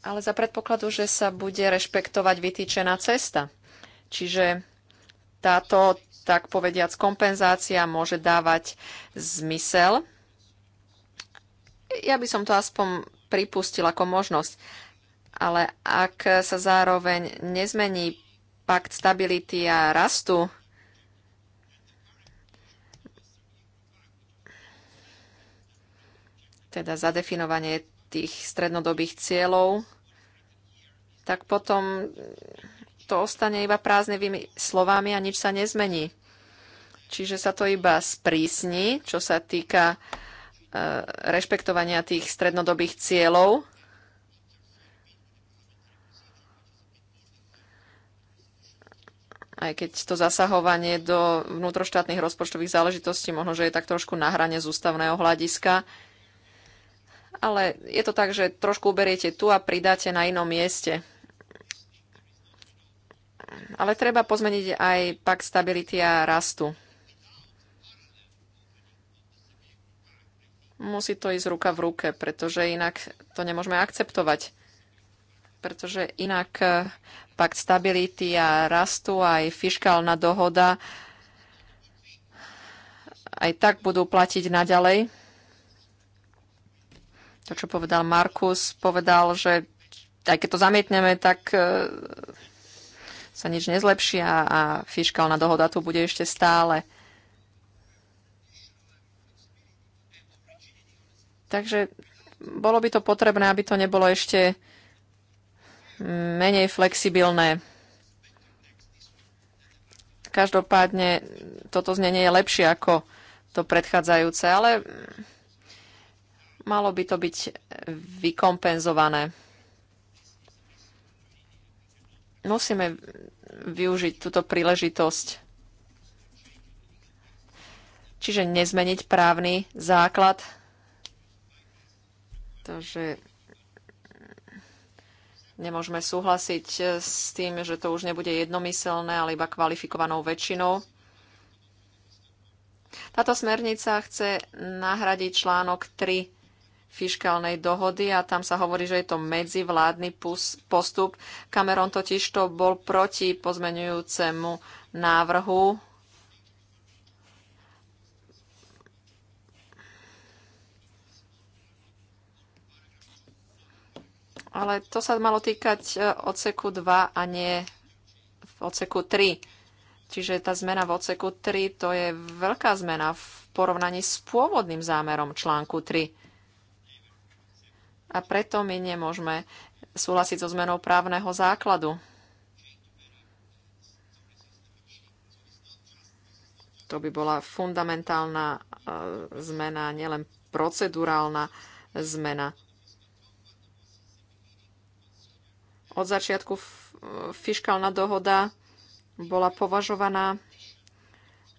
A: Ale za predpokladu, že sa bude rešpektovať vytýčená cesta. Čiže táto, tak povediac, kompenzácia môže dávať zmysel. Ja by som to aspoň pripustil ako možnosť. Ale ak sa zároveň nezmení pakt stability a rastu, teda zadefinovanie tých strednodobých cieľov, tak potom to ostane iba prázdnymi slovami a nič sa nezmení. Čiže sa to iba sprísni, čo sa týka e, rešpektovania tých strednodobých cieľov. Aj keď to zasahovanie do vnútroštátnych rozpočtových záležitostí možno, že je tak trošku na hrane z ústavného hľadiska, ale je to tak, že trošku uberiete tu a pridáte na inom mieste. Ale treba pozmeniť aj pak stability a rastu. Musí to ísť ruka v ruke, pretože inak to nemôžeme akceptovať. Pretože inak eh, pakt stability a rastu aj fiškálna dohoda aj tak budú platiť naďalej to, čo povedal Markus, povedal, že aj keď to zamietneme, tak e, sa nič nezlepšia a fiskálna dohoda tu bude ešte stále. Takže bolo by to potrebné, aby to nebolo ešte menej flexibilné. Každopádne toto znenie je lepšie ako to predchádzajúce, ale Malo by to byť vykompenzované. Musíme využiť túto príležitosť. Čiže nezmeniť právny základ. Takže nemôžeme súhlasiť s tým, že to už nebude jednomyselné, ale iba kvalifikovanou väčšinou. Táto smernica chce nahradiť článok 3 fiškálnej dohody a tam sa hovorí, že je to medzivládny postup. Cameron totiž to bol proti pozmenujúcemu návrhu. Ale to sa malo týkať e, odseku 2 a nie v odseku 3. Čiže tá zmena v odseku 3 to je veľká zmena v porovnaní s pôvodným zámerom článku 3 a preto my nemôžeme súhlasiť so zmenou právneho základu. To by bola fundamentálna e, zmena, nielen procedurálna zmena. Od začiatku fiskálna dohoda bola považovaná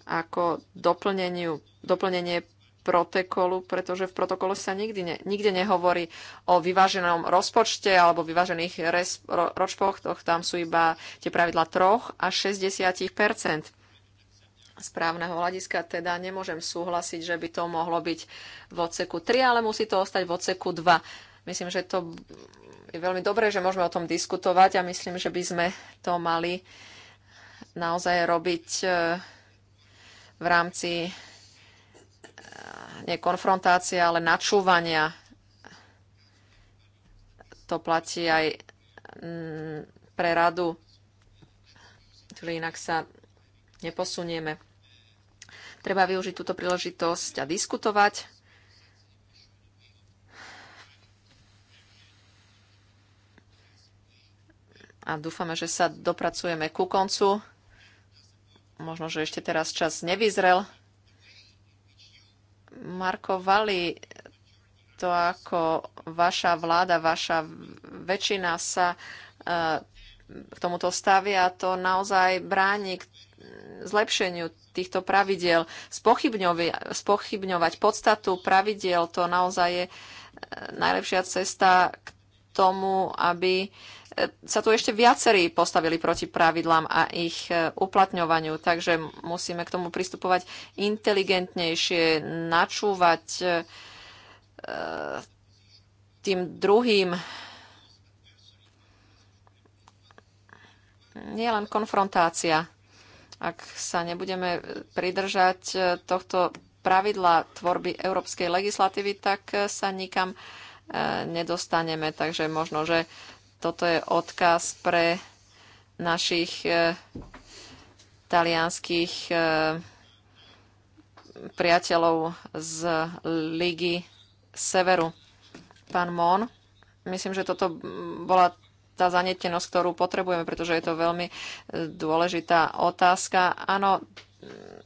A: ako doplnenie protokolu, pretože v protokole sa nikdy ne, nikde nehovorí o vyváženom rozpočte alebo vyvážených res, ro, ročpoch, toch, tam sú iba tie pravidla 3 a 60 správneho hľadiska teda nemôžem súhlasiť, že by to mohlo byť v odseku 3, ale musí to ostať v odseku 2. Myslím, že to je veľmi dobré, že môžeme o tom diskutovať a myslím, že by sme to mali naozaj robiť eh, v rámci nie konfrontácia, ale načúvania. To platí aj mm, pre radu, že inak sa neposunieme. Treba využiť túto príležitosť a diskutovať. A dúfame, že sa dopracujeme ku koncu. Možno, že ešte teraz čas nevyzrel markovali to, ako vaša vláda, vaša väčšina sa eh, k tomuto stavia, to naozaj bráni k zlepšeniu týchto pravidiel. Spochybňovať podstatu pravidiel, to naozaj je eh, najlepšia cesta k tomu, aby uh, sa tu ešte viacerí postavili proti pravidlám a ich e, uplatňovaniu, takže musíme k tomu pristupovať inteligentnejšie, načúvať e, tým druhým nie len konfrontácia. Ak sa nebudeme pridržať e, tohto pravidla tvorby európskej legislatívy, tak sa nikam nedostaneme. Takže možno, že toto je odkaz pre našich e, talianských e, priateľov z Ligy Severu. Pán Mon, myslím, že toto bola tá zanetenosť, ktorú potrebujeme, pretože je to veľmi e, dôležitá otázka. Áno,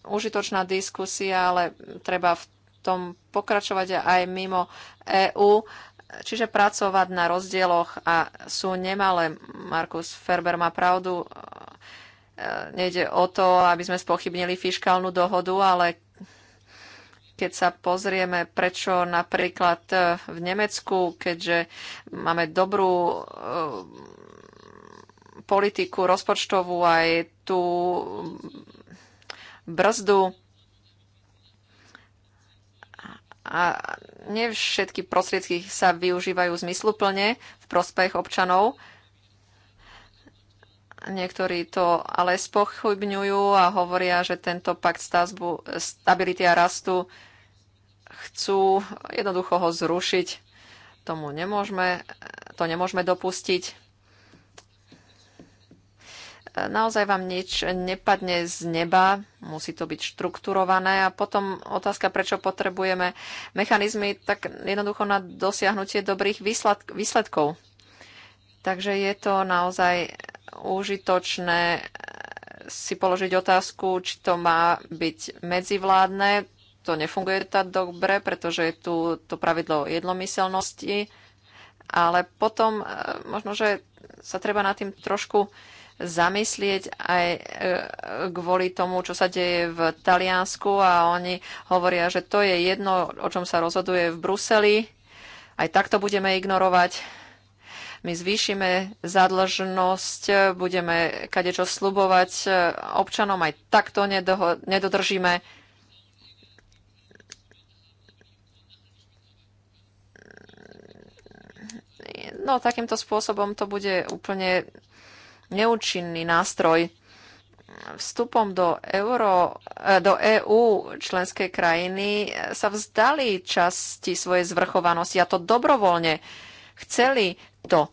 A: užitočná diskusia, ale treba v tom pokračovať aj mimo EÚ. Čiže pracovať na rozdieloch a sú nemalé. Markus Ferber má pravdu. E, nejde o to, aby sme spochybnili fiskálnu dohodu, ale keď sa pozrieme, prečo napríklad e, v Nemecku, keďže máme dobrú e, politiku rozpočtovú aj tú brzdu, a nie všetky prostriedky sa využívajú zmysluplne v prospech občanov. Niektorí to ale spochybňujú a hovoria, že tento pakt stazbu, stability a rastu chcú jednoducho ho zrušiť. Tomu nemôžeme, to nemôžeme dopustiť naozaj vám nič nepadne z neba, musí to byť štrukturované a potom otázka, prečo potrebujeme mechanizmy, tak jednoducho na dosiahnutie dobrých výsledkov. Takže je to naozaj užitočné eh, si položiť otázku, či to má byť medzivládne. To nefunguje tak dobre, pretože je tu to pravidlo jednomyselnosti, ale potom eh, možno, že sa treba na tým trošku zamyslieť aj e, kvôli tomu, čo sa deje v Taliansku a oni hovoria, že to je jedno, o čom sa rozhoduje v Bruseli. Aj takto budeme ignorovať. My zvýšime zadlženosť, budeme kadečo slubovať e, občanom, aj takto nedodržíme. No, takýmto spôsobom to bude úplne neúčinný nástroj. Vstupom do, euro, eh, do EU členské krajiny eh, sa vzdali časti svojej zvrchovanosti a to dobrovoľne. Chceli to,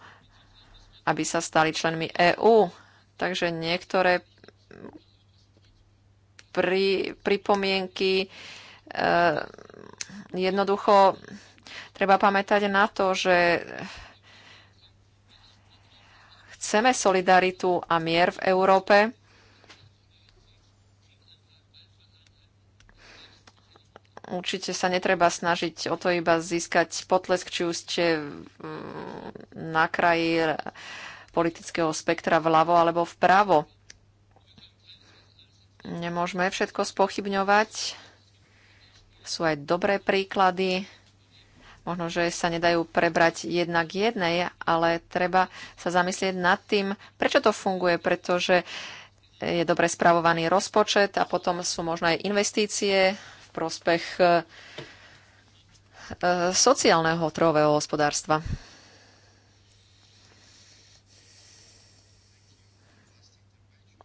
A: aby sa stali členmi EÚ. Takže niektoré pri, pripomienky. E, jednoducho treba pamätať na to, že Chceme solidaritu a mier v Európe. Určite sa netreba snažiť o to iba získať potlesk, či už ste mm, na kraji politického spektra vľavo alebo vpravo. Nemôžeme všetko spochybňovať. Sú aj dobré príklady. Možno, že sa nedajú prebrať jednak jednej, ale treba sa zamyslieť nad tým, prečo to funguje, pretože je dobre spravovaný rozpočet a potom sú možno aj investície v prospech e, sociálneho trhového hospodárstva.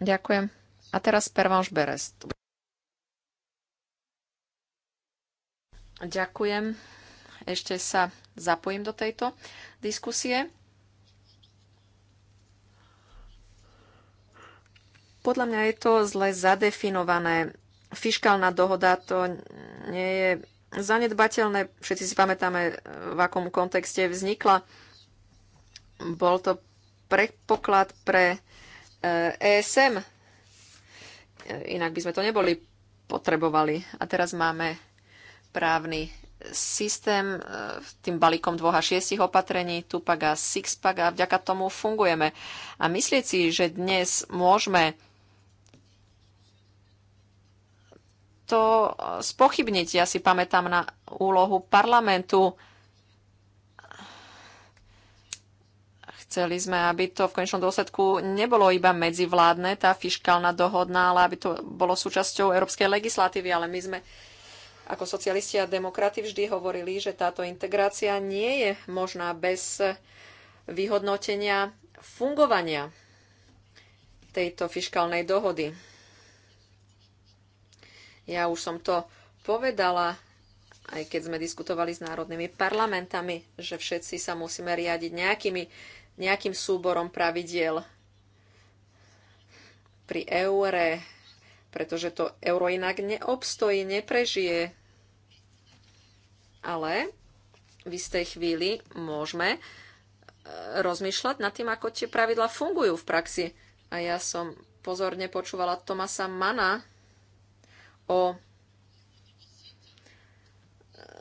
A: Ďakujem. A teraz Pervanš Berest. Ďakujem. Ešte sa zapojím do tejto diskusie. Podľa mňa je to zle zadefinované. Fiškálna dohoda to nie je zanedbateľné. Všetci si pamätáme, v akom kontexte vznikla. Bol to predpoklad pre ESM. E Inak by sme to neboli potrebovali. A teraz máme právny systém e, tým balíkom dvoch a šiestich opatrení, Tupac a Sixpack a vďaka tomu fungujeme. A myslieť si, že dnes môžeme to e, spochybniť. Ja si pamätám na úlohu parlamentu. Chceli sme, aby to v konečnom dôsledku nebolo iba medzivládne, tá fiskálna dohodná, ale aby to bolo súčasťou európskej legislatívy, ale my sme ako socialisti a demokrati vždy hovorili, že táto integrácia nie je možná bez vyhodnotenia fungovania tejto fiškálnej dohody. Ja už som to povedala, aj keď sme diskutovali s národnými parlamentami, že všetci sa musíme riadiť nejakými, nejakým súborom pravidiel pri eure, pretože to euro inak neobstojí, neprežije. Ale v istej chvíli môžeme e, rozmýšľať nad tým, ako tie pravidla fungujú v praxi. A ja som pozorne počúvala Tomasa Mana o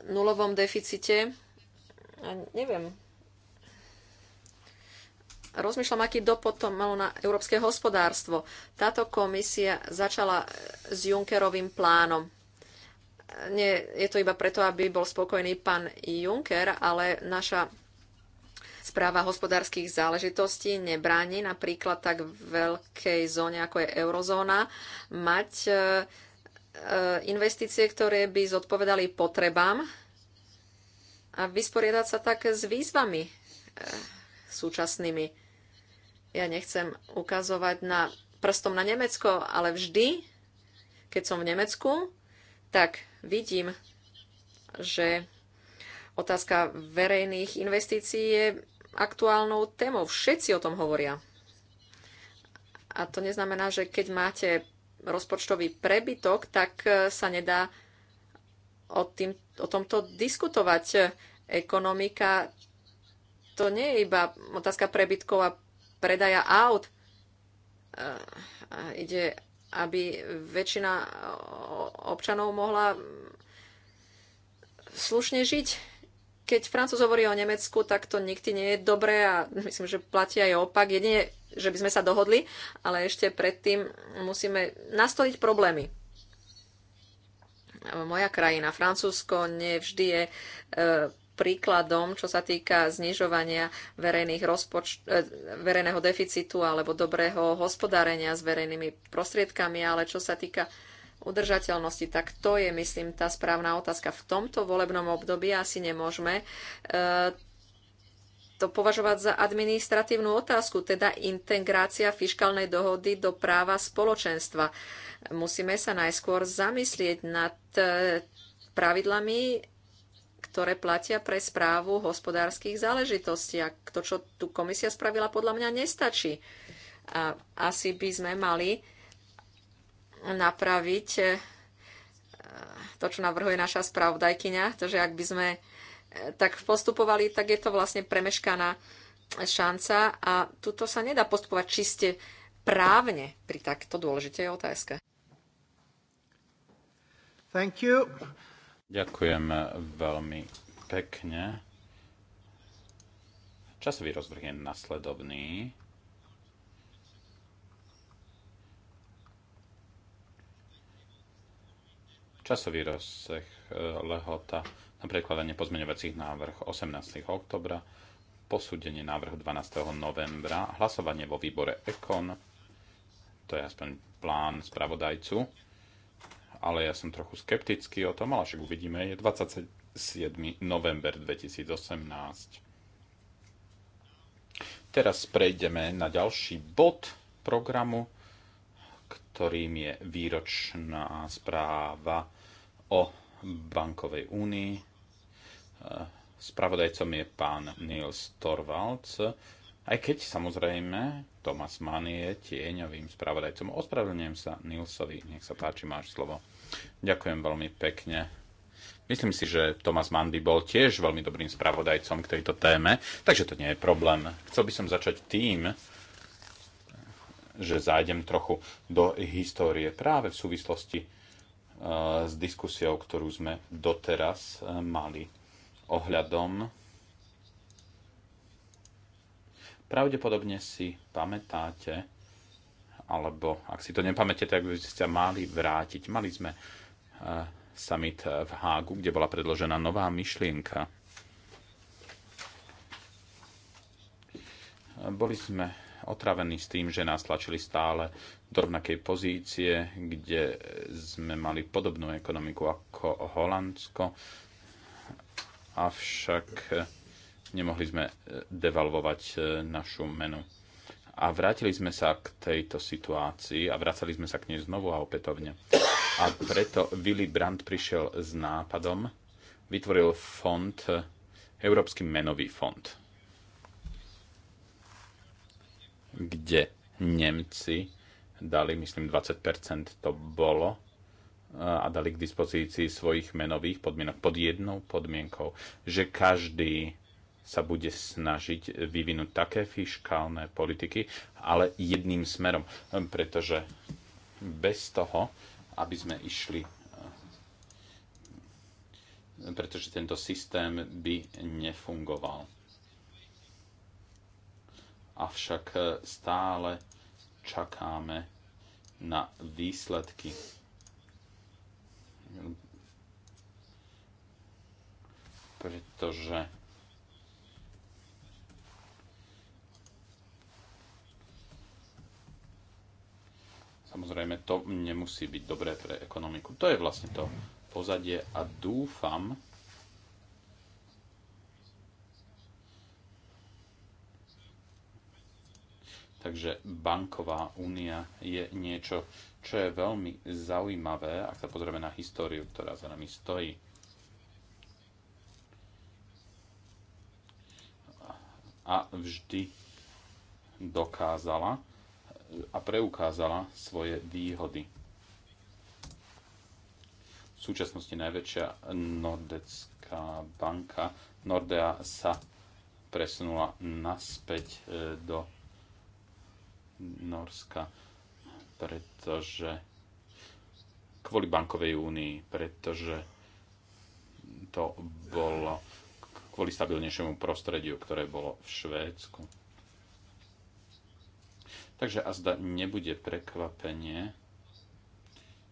A: nulovom deficite. A neviem, rozmýšľam, aký dopad to malo na európske hospodárstvo. Táto komisia začala s Junckerovým plánom. Nie, je to iba preto, aby bol spokojný pán Juncker, ale naša správa hospodárskych záležitostí nebráni napríklad tak veľkej zóne, ako je eurozóna, mať e, e, investície, ktoré by zodpovedali potrebám a vysporiadať sa tak s výzvami e, súčasnými. Ja nechcem ukazovať na prstom na Nemecko, ale vždy, keď som v Nemecku, tak vidím, že otázka verejných investícií je aktuálnou témou. Všetci o tom hovoria. A to neznamená, že keď máte rozpočtový prebytok, tak e, sa nedá o, tým, o tomto diskutovať. Ekonomika to nie je iba otázka prebytkov a predaja aut. E, ide, aby väčšina občanov mohla slušne žiť. Keď Francúz hovorí o Nemecku, tak to nikdy nie je dobré a myslím, že platí aj opak. Jedine, že by sme sa dohodli, ale ešte predtým musíme nastoliť problémy moja krajina, Francúzsko, nevždy je e, príkladom, čo sa týka znižovania verejných rozpoč- e, verejného deficitu alebo dobrého hospodárenia s verejnými prostriedkami, ale čo sa týka udržateľnosti, tak to je, myslím, tá správna otázka. V tomto volebnom období asi nemôžeme e, to považovať za administratívnu otázku, teda integrácia fiškálnej dohody do práva spoločenstva. Musíme sa najskôr zamyslieť nad e, pravidlami ktoré platia pre správu hospodárskych záležitostí. A to, čo tu komisia spravila, podľa mňa nestačí. A asi by sme mali napraviť eh, to, čo navrhuje naša spravodajkyňa, to, že ak by sme eh, tak postupovali, tak je to vlastne premeškaná šanca a tuto sa nedá postupovať čiste právne pri takto dôležitej otázke.
D: Thank you.
B: Ďakujem veľmi pekne. Časový rozvrh je nasledovný. Časový rozseh eh, lehota na prekladanie pozmeňovacích návrh 18. oktobra, posúdenie návrhu 12. novembra, hlasovanie vo výbore EKON, to je aspoň plán spravodajcu, ale ja som trochu skeptický o tom, ale však uvidíme, je 27. november 2018. Teraz prejdeme na ďalší bod programu, ktorým je výročná správa o bankovej únii. Spravodajcom je pán Nils Torvalds, aj keď samozrejme Thomas Mann je tieňovým spravodajcom. Ospravedlňujem sa Nilsovi, nech sa páči, máš slovo. Ďakujem veľmi pekne. Myslím si, že Thomas Mann by bol tiež veľmi dobrým spravodajcom k tejto téme, takže to nie je problém. Chcel by som začať tým, že zájdem trochu do histórie práve v súvislosti eh, s diskusiou, ktorú sme doteraz eh, mali ohľadom. Pravdepodobne si pamätáte, alebo ak si to nepamätáte, tak by ste sa mali vrátiť. Mali sme eh, summit eh, v Hágu, kde bola predložená nová myšlienka. Boli sme otravení s tým, že nás tlačili stále do rovnakej pozície, kde sme mali podobnú ekonomiku ako Holandsko, avšak nemohli sme eh, devalvovať našu menu a vrátili sme sa k tejto situácii a vracali sme sa k nej znovu a opätovne. A preto Willy Brandt prišiel s nápadom, vytvoril fond, Európsky menový fond, kde Nemci dali, myslím, 20% to bolo, a dali k dispozícii svojich menových podmienok pod jednou podmienkou, že každý sa bude snažiť vyvinúť také fiškálne politiky, ale jedným smerom, pretože bez toho, aby sme išli pretože tento systém by nefungoval. Avšak stále čakáme na výsledky pretože Samozrejme, to nemusí byť dobré pre ekonomiku. To je vlastne to pozadie a dúfam, Takže banková únia je niečo, čo je veľmi zaujímavé, ak sa pozrieme na históriu, ktorá za nami stojí. A vždy dokázala a preukázala svoje výhody. V súčasnosti najväčšia nordecká banka Nordea sa presunula naspäť e, do Norska, pretože kvôli bankovej únii, pretože to bolo kvôli stabilnejšiemu prostrediu, ktoré bolo v Švédsku. Takže azda nebude prekvapenie,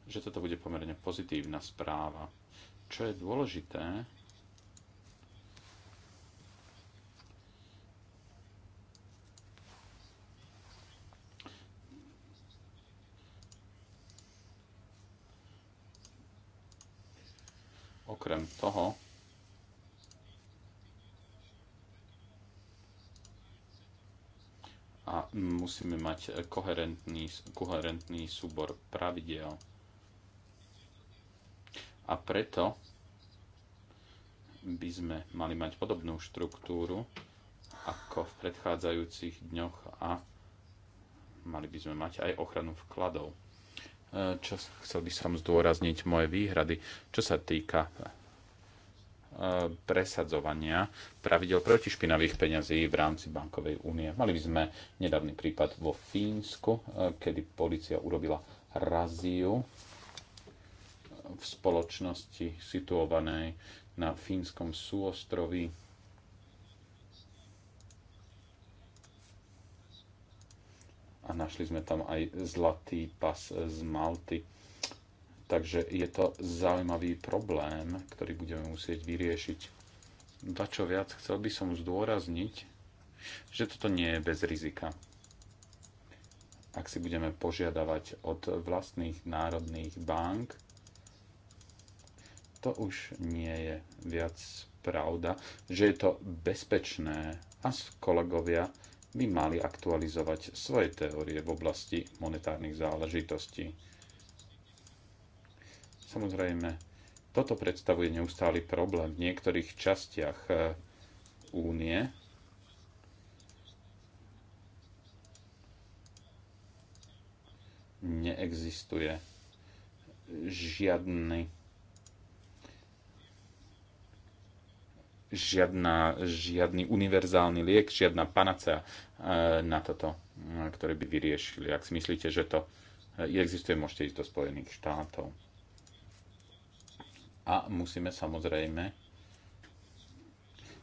B: že toto bude pomerne pozitívna správa. Čo je dôležité, okrem toho, musíme mať koherentný, koherentný súbor pravidel. A preto by sme mali mať podobnú štruktúru ako v predchádzajúcich dňoch a mali by sme mať aj ochranu vkladov. E, čo chcel by som zdôrazniť moje výhrady, čo sa týka presadzovania pravidel proti špinavých peňazí v rámci bankovej únie. Mali by sme nedávny prípad vo Fínsku, e, kedy policia urobila raziu v spoločnosti situovanej na fínskom súostrovi. A našli sme tam aj zlatý pas z Malty Takže je to zaujímavý problém, ktorý budeme musieť vyriešiť. Za čo viac, chcel by som zdôrazniť, že toto nie je bez rizika. Ak si budeme požiadavať od vlastných národných bank, to už nie je viac pravda, že je to bezpečné a kolegovia by mali aktualizovať svoje teórie v oblasti monetárnych záležitostí Samozrejme, toto predstavuje neustály problém v niektorých častiach e, únie. Neexistuje žiadny žiadna, žiadny univerzálny liek, žiadna panacea e, na toto, e, ktoré by vyriešili. Ak si myslíte, že to existuje, môžete ísť do Spojených štátov a musíme samozrejme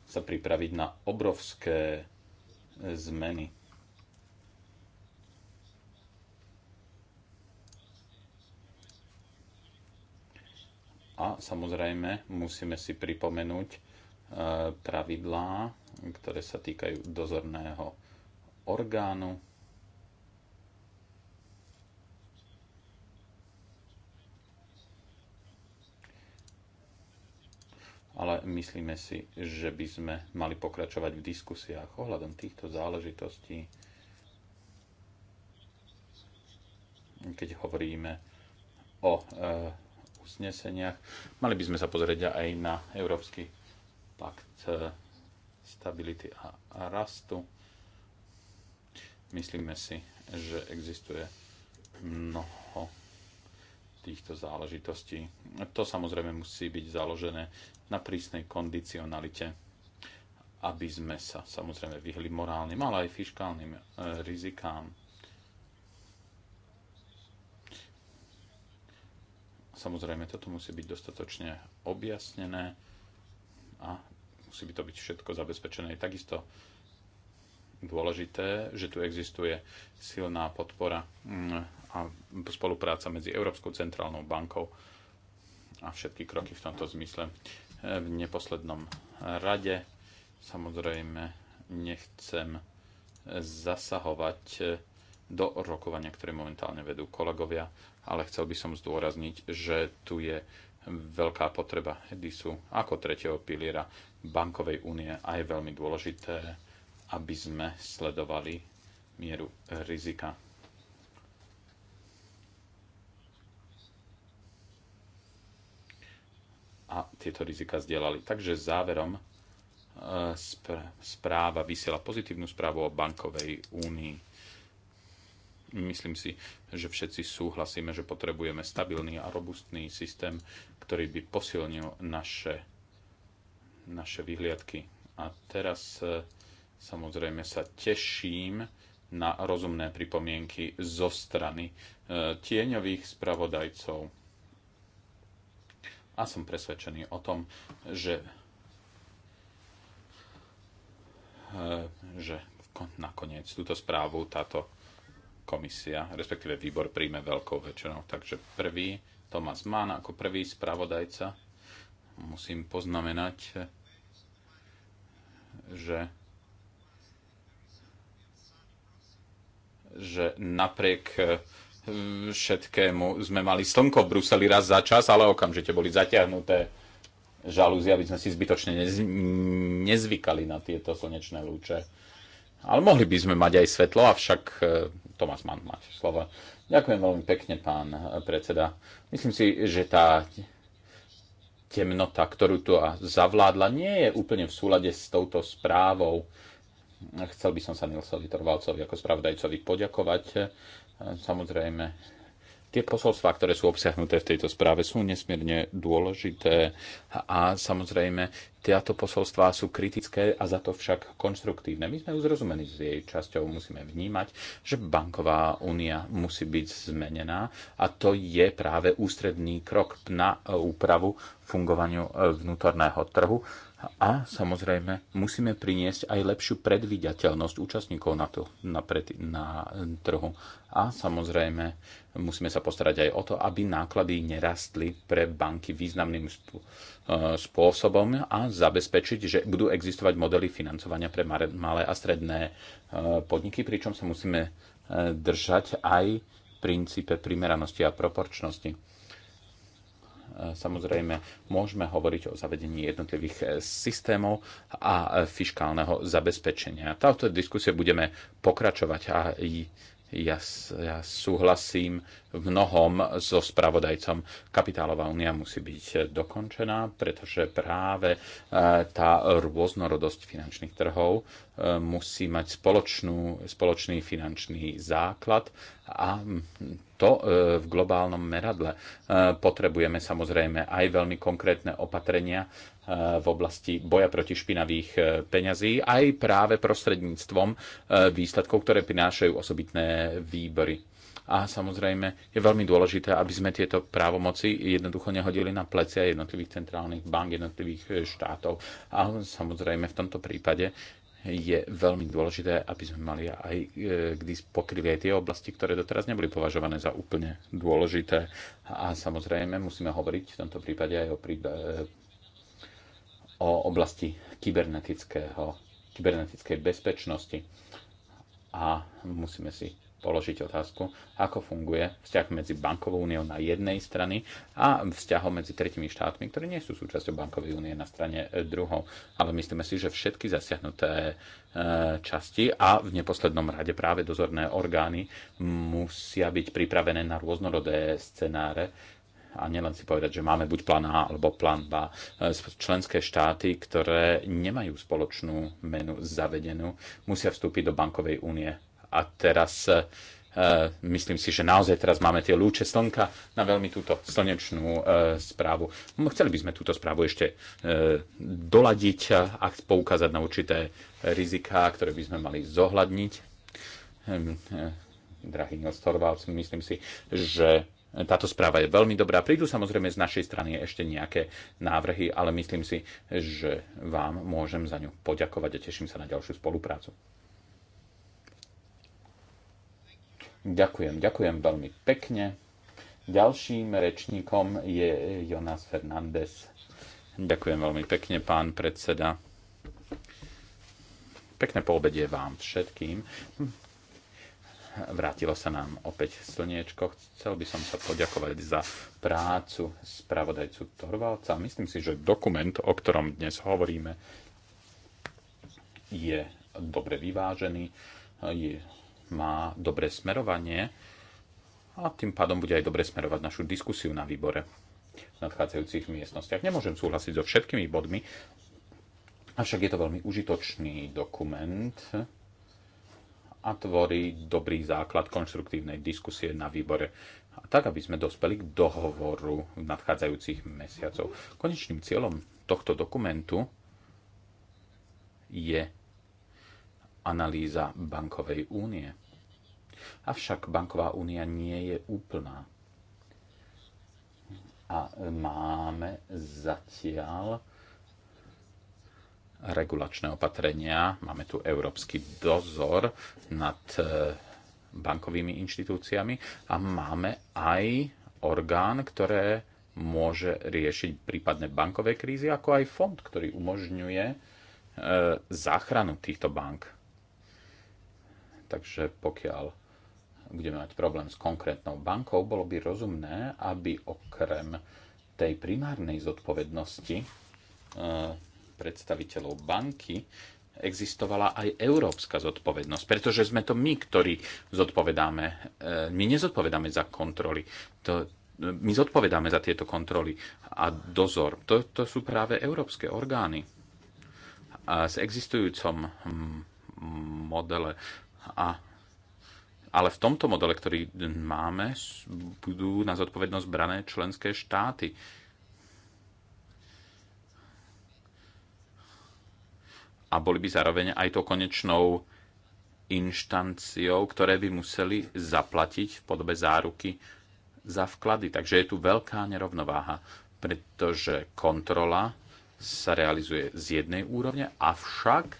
B: sa pripraviť na obrovské zmeny. A samozrejme musíme si pripomenúť e, pravidlá, ktoré sa týkajú dozorného orgánu ale myslíme si, že by sme mali pokračovať v diskusiách ohľadom týchto záležitostí, keď hovoríme o e, eh, usneseniach. Mali by sme sa pozrieť aj na Európsky pakt eh, stability a, a rastu. Myslíme si, že existuje mnoho týchto záležitostí. To samozrejme musí byť založené na prísnej kondicionalite, aby sme sa samozrejme vyhli morálnym, ale aj fiskálnym eh, rizikám. Samozrejme, toto musí byť dostatočne objasnené a musí by to byť všetko zabezpečené. Takisto dôležité, že tu existuje silná podpora mm, a spolupráca medzi Európskou centrálnou bankou a všetky kroky v tomto zmysle v neposlednom rade. Samozrejme, nechcem zasahovať e, do rokovania, ktoré momentálne vedú kolegovia, ale chcel by som zdôrazniť, že tu je veľká potreba Edisu ako tretieho piliera bankovej únie a je veľmi dôležité, aby sme sledovali mieru rizika a tieto rizika zdieľali. Takže záverom eh, správa vysiela pozitívnu správu o bankovej únii. Myslím si, že všetci súhlasíme, že potrebujeme stabilný a robustný systém, ktorý by posilnil naše, naše vyhliadky. A teraz eh, samozrejme sa teším na rozumné pripomienky zo strany eh, tieňových spravodajcov a som presvedčený o tom, že, eh, že nakoniec túto správu táto komisia, respektíve výbor príjme veľkou väčšinou. Takže prvý, Thomas Mann ako prvý spravodajca, musím poznamenať, že že napriek eh, všetkému. Sme mali slnko v Bruseli raz za čas, ale okamžite boli zatiahnuté žalúzy, aby sme si zbytočne nez, nezvykali na tieto slnečné lúče. Ale mohli by sme mať aj svetlo, avšak e, Tomás Mann má slova. Ďakujem veľmi pekne, pán e, predseda. Myslím si, že tá temnota, ktorú tu zavládla, nie je úplne v súlade s touto správou. Chcel by som sa Nilsovi Torvalcovi ako spravodajcovi poďakovať Samozrejme, tie posolstvá, ktoré sú obsiahnuté v tejto správe, sú nesmierne dôležité a samozrejme tieto posolstvá sú kritické a za to však konštruktívne. My sme uzrozumení s jej časťou, musíme vnímať, že banková únia musí byť zmenená a to je práve ústredný krok na úpravu fungovaniu vnútorného trhu a samozrejme musíme priniesť aj lepšiu predvidateľnosť účastníkov na, to, na, pred, na eh, trhu. A samozrejme musíme sa postarať aj o to, aby náklady nerastli pre banky významným eh, spôsobom a zabezpečiť, že budú existovať modely financovania pre malé a stredné eh, podniky, pričom sa musíme držať aj princípe primeranosti a proporčnosti Samozrejme, môžeme hovoriť o zavedení jednotlivých e, systémov a e, fiskálneho zabezpečenia. Táto diskusie budeme pokračovať a ja, ja súhlasím v mnohom so spravodajcom. Kapitálová únia musí byť e, dokončená, pretože práve tá rôznorodosť finančných trhov musí mať spoločnú, spoločný finančný základ a to e, v globálnom meradle. E, potrebujeme samozrejme aj veľmi konkrétne opatrenia e, v oblasti boja proti špinavých peňazí, aj práve prostredníctvom výsledkov, ktoré prinášajú osobitné výbory. A samozrejme je veľmi dôležité, aby sme tieto právomoci jednoducho nehodili na plecia jednotlivých centrálnych bank, jednotlivých štátov. A samozrejme v tomto prípade je veľmi dôležité, aby sme mali aj e, k pokryli aj tie oblasti, ktoré doteraz neboli považované za úplne dôležité. A samozrejme musíme hovoriť v tomto prípade aj o, príbe, o oblasti kybernetickej bezpečnosti. A musíme si položiť otázku, ako funguje vzťah medzi bankovou úniou na jednej strany a vzťahom medzi tretimi štátmi, ktoré nie sú súčasťou bankovej únie na strane e, druhou. Ale myslíme si, že všetky zasiahnuté e, časti a v neposlednom rade práve dozorné orgány musia byť pripravené na rôznorodé scenáre, a nielen si povedať, že máme buď plán A alebo plán B. E, členské štáty, ktoré nemajú spoločnú menu zavedenú, musia vstúpiť do bankovej únie a teraz e, e, myslím si, že naozaj teraz máme tie lúče slnka na veľmi túto slnečnú e, správu. No, chceli by sme túto správu ešte doladiť a poukázať na určité riziká, ktoré by sme mali zohľadniť. Ehm, drahý Nils Torvalds, myslím si, že táto správa je veľmi dobrá. Prídu samozrejme z našej strany ešte nejaké návrhy, ale myslím si, že vám môžem za ňu poďakovať a teším sa na ďalšiu spoluprácu. Ďakujem, ďakujem veľmi pekne. Ďalším rečníkom je Jonas Fernández. Ďakujem veľmi pekne, pán predseda. Pekné poobedie vám všetkým. Vrátilo sa nám opäť slniečko. Chcel by som sa poďakovať za prácu spravodajcu Torvalca. Myslím si, že dokument, o ktorom dnes hovoríme, je dobre vyvážený. Je má dobré smerovanie a tým pádom bude aj dobre smerovať našu diskusiu na výbore v nadchádzajúcich miestnostiach. Nemôžem súhlasiť so všetkými bodmi, avšak je to veľmi užitočný dokument a tvorí dobrý základ konštruktívnej diskusie na výbore, tak aby sme dospeli k dohovoru v nadchádzajúcich mesiacov. Konečným cieľom tohto dokumentu je analýza bankovej únie. Avšak banková únia nie je úplná. A máme zatiaľ regulačné opatrenia, máme tu európsky dozor nad e, bankovými inštitúciami a máme aj orgán, ktoré môže riešiť prípadné bankové krízy, ako aj fond, ktorý umožňuje e, záchranu týchto bank. Takže pokiaľ budeme mať problém s konkrétnou bankou, bolo by rozumné, aby okrem tej primárnej zodpovednosti e, predstaviteľov banky existovala aj európska zodpovednosť, pretože sme to my, ktorí zodpovedáme. E, my nezodpovedáme za kontroly. To, e, my zodpovedáme za tieto kontroly a dozor. To, to sú práve európske orgány. A s existujúcom hm, modele a, ale v tomto modele, ktorý máme, budú na zodpovednosť brané členské štáty. A boli by zároveň aj to konečnou inštanciou, ktoré by museli zaplatiť v podobe záruky za vklady. Takže je tu veľká nerovnováha, pretože kontrola sa realizuje z jednej úrovne, avšak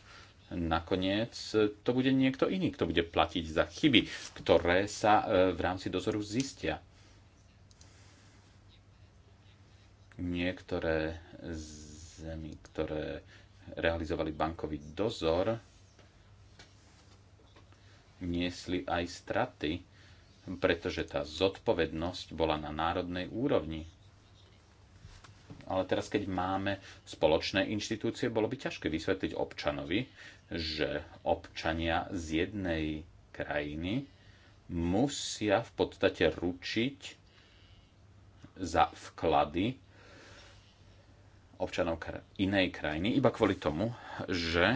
B: nakoniec e, to bude niekto iný, kto bude platiť za chyby, ktoré sa e, v rámci dozoru zistia. Niektoré zemi, ktoré realizovali bankový dozor, niesli aj straty, pretože tá zodpovednosť bola na národnej úrovni ale teraz keď máme spoločné inštitúcie, bolo by ťažké vysvetliť občanovi, že občania z jednej krajiny musia v podstate ručiť za vklady občanov inej krajiny iba kvôli tomu, že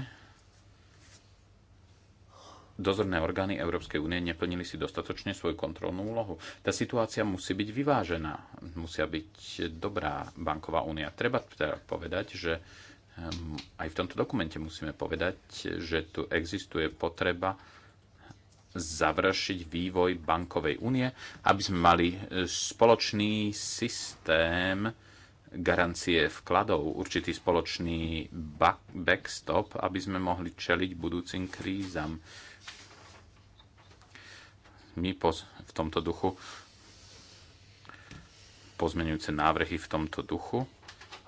B: dozorné orgány Európskej únie neplnili si dostatočne svoju kontrolnú úlohu. Tá situácia musí byť vyvážená, musia byť dobrá banková únia. Treba teda povedať, že ehm, aj v tomto dokumente musíme povedať, že tu existuje potreba završiť vývoj bankovej únie, aby sme mali e, spoločný systém garancie vkladov, určitý spoločný backstop, aby sme mohli čeliť budúcim krízam my v tomto duchu pozmenujúce návrhy v tomto duchu,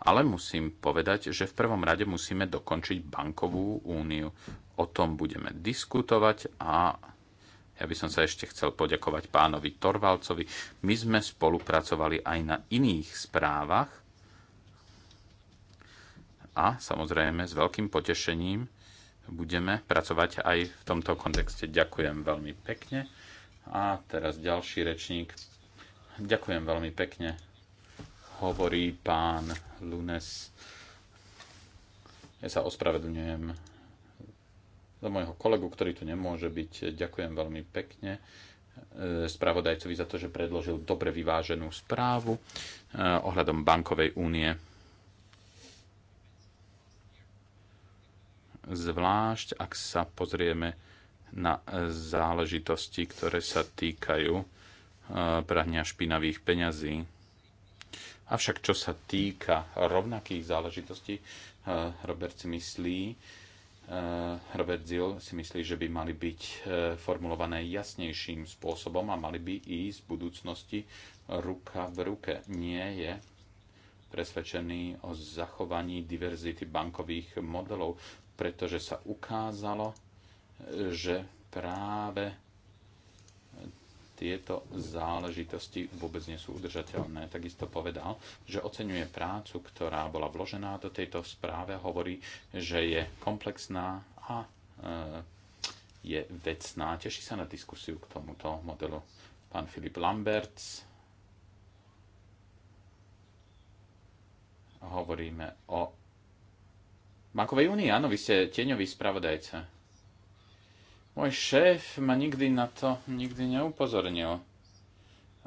B: ale musím povedať, že v prvom rade musíme dokončiť bankovú úniu. O tom budeme diskutovať a ja by som sa ešte chcel poďakovať pánovi Torvalcovi. My sme spolupracovali aj na iných správach a samozrejme s veľkým potešením budeme pracovať aj v tomto kontexte. Ďakujem veľmi pekne. A teraz ďalší rečník. Ďakujem veľmi pekne. Hovorí pán Lunes. Ja sa ospravedlňujem za môjho kolegu, ktorý tu nemôže byť. Ďakujem veľmi pekne e, spravodajcovi za to, že predložil dobre vyváženú správu e, ohľadom bankovej únie. Zvlášť, ak sa pozrieme na e, záležitosti, ktoré sa týkajú e, prania špinavých peňazí. Avšak čo sa týka rovnakých záležitostí, e, Robert si myslí, Robert Zil si myslí, že by mali byť formulované jasnejším spôsobom a mali by ísť v budúcnosti ruka v ruke. Nie je presvedčený o zachovaní diverzity bankových modelov, pretože sa ukázalo, že práve tieto záležitosti vôbec nie sú udržateľné. Takisto povedal, že oceňuje prácu, ktorá bola vložená do tejto správe, hovorí, že je komplexná a e, je vecná. Teší sa na diskusiu k tomuto modelu. Pán Filip Lamberts. Hovoríme o Bankovej únii. Áno, vy ste tieňový spravodajca. Môj šéf ma nikdy na to nikdy neupozornil.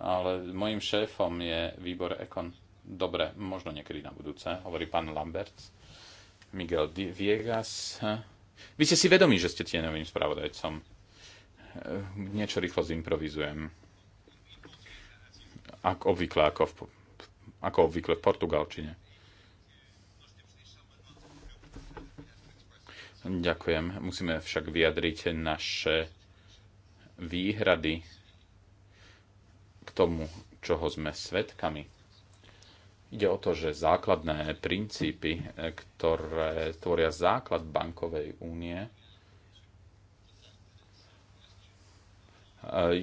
B: Ale môjim šéfom je výbor Ekon. Dobre, možno niekedy na budúce, hovorí pán Lambert. Miguel Viegas. Vy ste si vedomí, že ste tieňovým spravodajcom. Niečo rýchlo zimprovizujem. Ako obvykle, ako v, ako obvykle v Portugalčine. Ďakujem. Musíme však vyjadriť naše výhrady k tomu, čoho sme svetkami. Ide o to, že základné princípy, ktoré tvoria základ bankovej únie, e,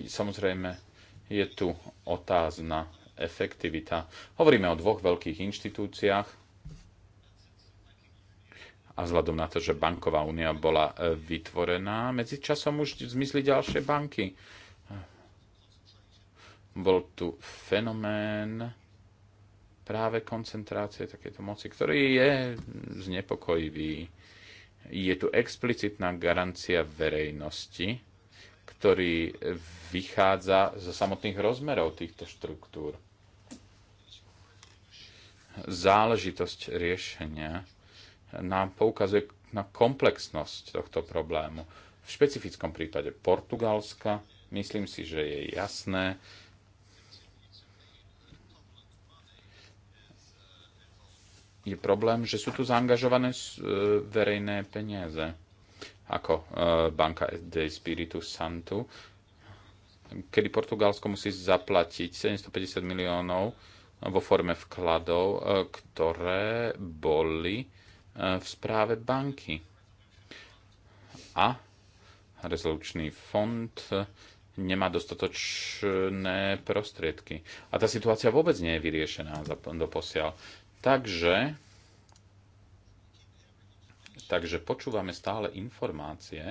B: samozrejme je tu otázna efektivita. Hovoríme o dvoch veľkých inštitúciách, a vzhľadom na to, že banková únia bola e, vytvorená, medzičasom už zmizli ďalšie banky. Bol tu fenomén práve koncentrácie takéto moci, ktorý je znepokojivý. Je tu explicitná garancia verejnosti, ktorý vychádza zo samotných rozmerov týchto štruktúr. Záležitosť riešenia nám poukazuje na komplexnosť tohto problému. V špecifickom prípade Portugalska myslím si, že je jasné, je problém, že sú tu zaangažované e, verejné peniaze, ako e, banka de Spiritu Santu, kedy Portugalsko musí zaplatiť 750 miliónov vo forme vkladov, e, ktoré boli v správe banky. A rezolučný fond nemá dostatočné prostriedky. A tá situácia vôbec nie je vyriešená do posiaľ. Takže, takže počúvame stále informácie,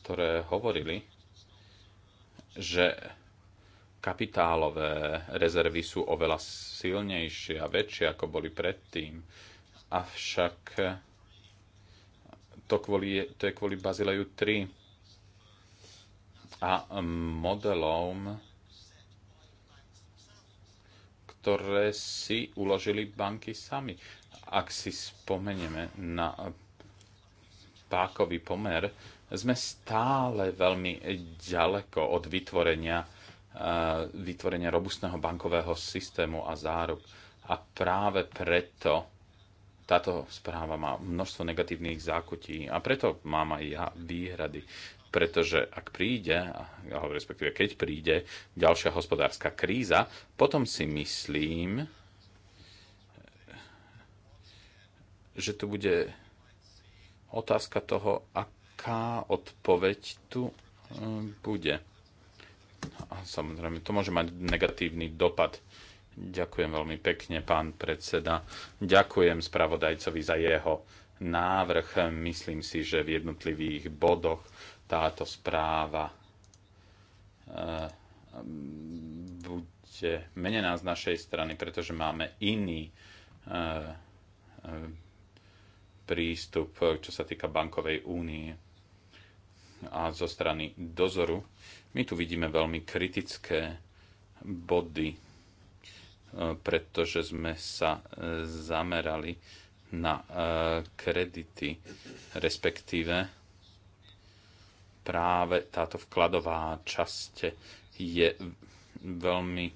B: ktoré hovorili, že kapitálové rezervy sú oveľa silnejšie a väčšie, ako boli predtým Avšak to, kvôli, to je kvôli Bazileju 3 a modelom, ktoré si uložili banky sami. Ak si spomenieme na pákový pomer, sme stále veľmi ďaleko od vytvorenia, eh, vytvorenia robustného bankového systému a záruk. A práve preto táto správa má množstvo negatívnych zákutí a preto mám aj ja výhrady pretože ak príde, alebo respektíve keď príde ďalšia hospodárska kríza, potom si myslím, že tu bude otázka toho, aká odpoveď tu eh, bude. A samozrejme, to môže mať negatívny dopad Ďakujem veľmi pekne, pán predseda. Ďakujem spravodajcovi za jeho návrh. Myslím si, že v jednotlivých bodoch táto správa eh, bude menená z našej strany, pretože máme iný eh, prístup, čo sa týka bankovej únie a zo strany dozoru. My tu vidíme veľmi kritické body pretože sme sa e, zamerali na e, kredity, respektíve práve táto vkladová časť je veľmi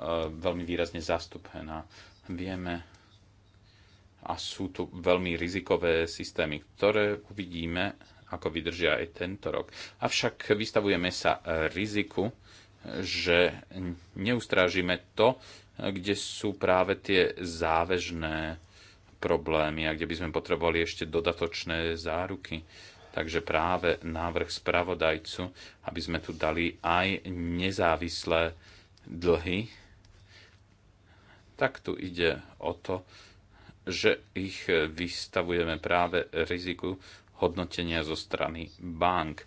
B: e, veľmi výrazne zastúpená. Vieme, a sú tu veľmi rizikové systémy, ktoré uvidíme, ako vydržia aj tento rok. Avšak vystavujeme sa riziku, že neustrážime to, kde sú práve tie závežné problémy a kde by sme potrebovali ešte dodatočné záruky. Takže práve návrh spravodajcu, aby sme tu dali aj nezávislé dlhy, tak tu ide o to, že ich vystavujeme práve riziku hodnotenia zo strany bank.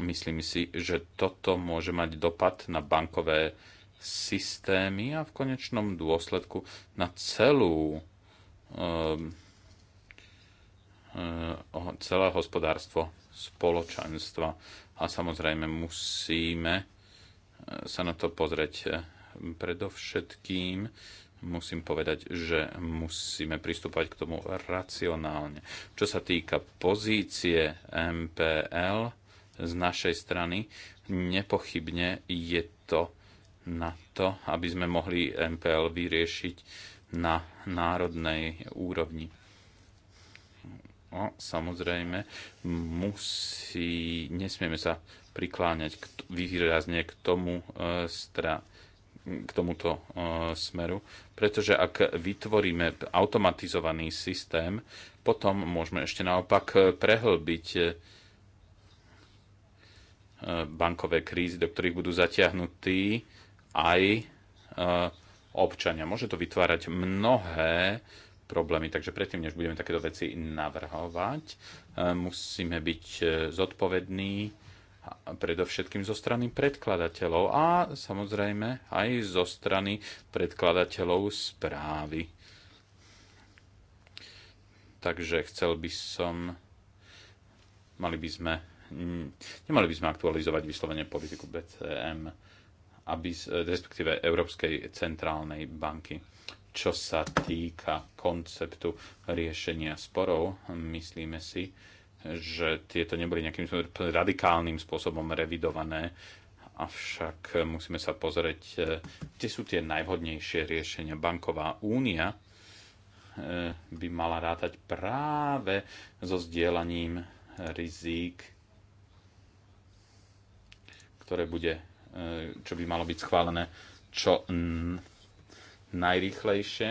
B: Myslím si, že toto môže mať dopad na bankové systémy a v konečnom dôsledku na celú ehm, eh, celé hospodárstvo spoločenstva. A samozrejme musíme eh, sa na to pozrieť eh, predovšetkým. Musím povedať, že musíme pristúpať k tomu racionálne. Čo sa týka pozície MPL, z našej strany. Nepochybne je to na to, aby sme mohli MPL vyriešiť na národnej úrovni. No, samozrejme, musí, nesmieme sa prikláňať k, výrazne k tomu e, stra, k tomuto e, smeru, pretože ak vytvoríme automatizovaný systém, potom môžeme ešte naopak e, prehlbiť e, bankové krízy, do ktorých budú zatiahnutí aj e, občania. Môže to vytvárať mnohé problémy, takže predtým, než budeme takéto veci navrhovať, e, musíme byť e, zodpovední predovšetkým zo strany predkladateľov a samozrejme aj zo strany predkladateľov správy. Takže chcel by som, mali by sme Mm. nemali by sme aktualizovať vyslovene politiku BCM, aby, respektíve Európskej centrálnej banky. Čo sa týka konceptu riešenia sporov, myslíme si, že tieto neboli nejakým radikálnym spôsobom revidované, avšak musíme sa pozrieť, e, kde sú tie najvhodnejšie riešenia. Banková únia e, by mala rátať práve so zdieľaním rizík ktoré bude, e, čo by malo byť schválené čo najrychlejšie.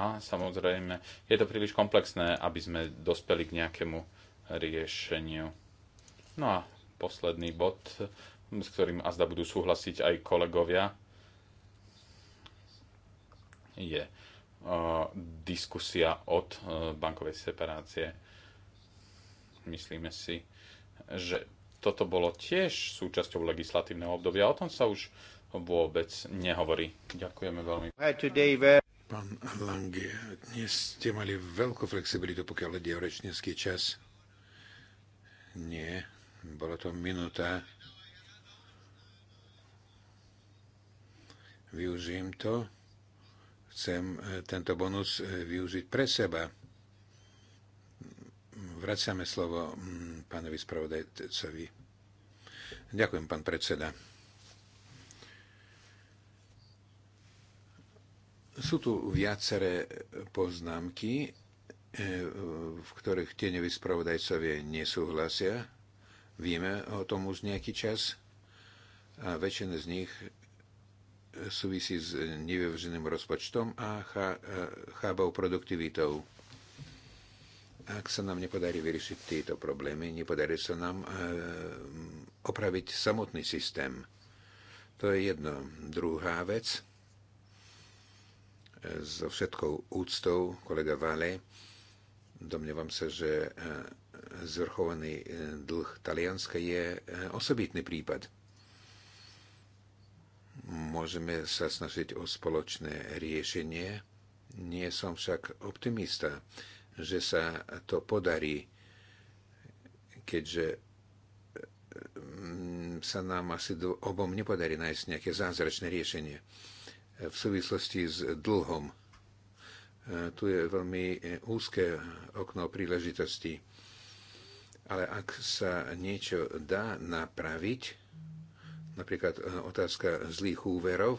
B: A samozrejme, je to príliš komplexné, aby sme dospeli k nejakému riešeniu. No a posledný bod, s ktorým azda budú súhlasiť aj kolegovia, je e, diskusia od e, bankovej separácie. Myslíme si, že toto bolo tiež súčasťou legislatívneho obdobia. O tom sa už vôbec nehovorí. Ďakujeme veľmi.
C: Pán Lange, dnes ste mali veľkú flexibilitu, pokiaľ ide o rečnícky čas. Nie, bola to minúta. Využijem to. Chcem eh, tento bonus eh, využiť pre seba Vraciame slovo mm, pánovi spravodajcovi. Ďakujem, pán predseda. Sú tu viaceré poznámky, e, v ktorých tieňoví spravodajcovia nesúhlasia. Vieme o tom už nejaký čas a väčšina z nich súvisí s nevyvrženým rozpočtom a e, chábou produktivitou ak sa nám nepodarí vyriešiť tieto problémy, nepodarí sa nám e, opraviť samotný systém. To je jedno. Druhá vec, eh, so všetkou úctou, kolega Vale, domnievam sa, že eh, zvrchovaný dlh Talianska je osobitný prípad. Môžeme sa snažiť o spoločné riešenie. Nie som však optimista že sa to podarí, keďže mm, sa nám asi obom nepodarí nájsť nejaké zázračné riešenie v súvislosti s dlhom. E, tu je veľmi e, úzke okno príležitosti. Ale ak sa niečo dá napraviť, napríklad e, otázka zlých úverov,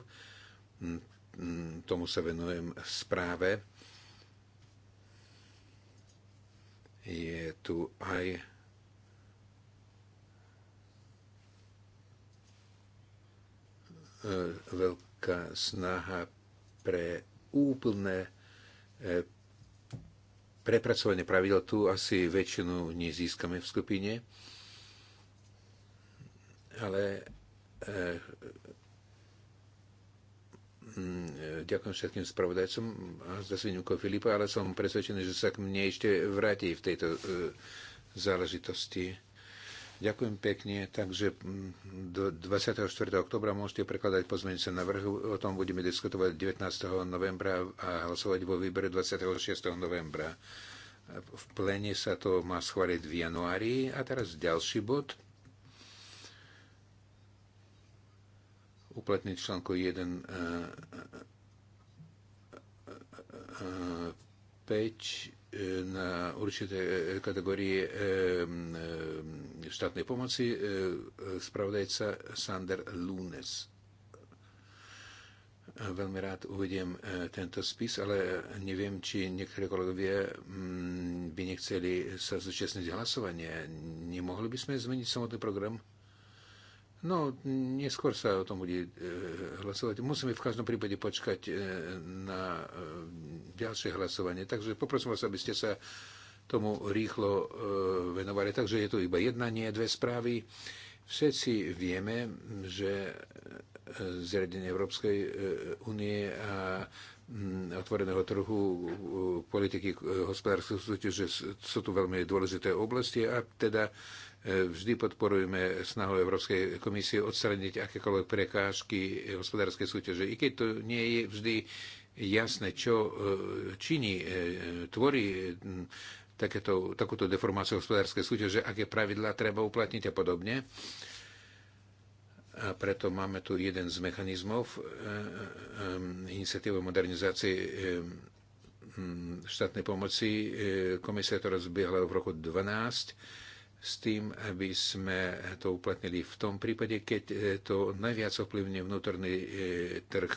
C: tomu sa venujem v správe, je tu aj veľká snaha pre úplné e, prepracovanie pravidel. Tu asi väčšinu nezískame v skupine, ale e, Mm, e, ďakujem všetkým spravodajcom za svinúko Filipa, ale som presvedčený, že sa k mne ešte vráti v tejto e, záležitosti. Ďakujem pekne. Takže mm, do 24. oktobra môžete prekladať na návrhy. O tom budeme diskutovať 19. novembra a hlasovať vo výbere 26. novembra. V plene sa to má schváliť v januári. A teraz ďalší bod. uplatniť článku 1 5 e, e, e, na určité kategórie štátnej pomoci spravodajca Sander Lunes. Veľmi rád uvediem tento spis, ale neviem, či niektorí kolegovia mm, by nechceli sa zúčastniť hlasovania. Nemohli by sme zmeniť samotný program? No, neskôr sa o tom bude e, hlasovať. Musíme v každom prípade počkať e, na e, ďalšie hlasovanie. Takže poprosím vás, aby ste sa tomu rýchlo venovali. Takže je to iba jedna, nie dve správy. Všetci vieme, že zriadenie Európskej únie a mm, otvoreného trhu politiky hospodárskej súťaže sú tu veľmi dôležité oblasti a teda E, vždy podporujeme snahu Európskej komisie odstraniť akékoľvek prekážky hospodárskej súťaže. I keď to nie je vždy jasné, čo e, činí, e, tvorí takéto, takúto deformáciu hospodárskej súťaže, aké pravidlá treba uplatniť a podobne. A preto máme tu jeden z mechanizmov iniciatívy modernizácie štátnej pomoci. Komisia to rozbiehla v roku 2012 s tým, aby sme to uplatnili v tom prípade, keď e, to najviac ovplyvňuje vnútorný e, trh.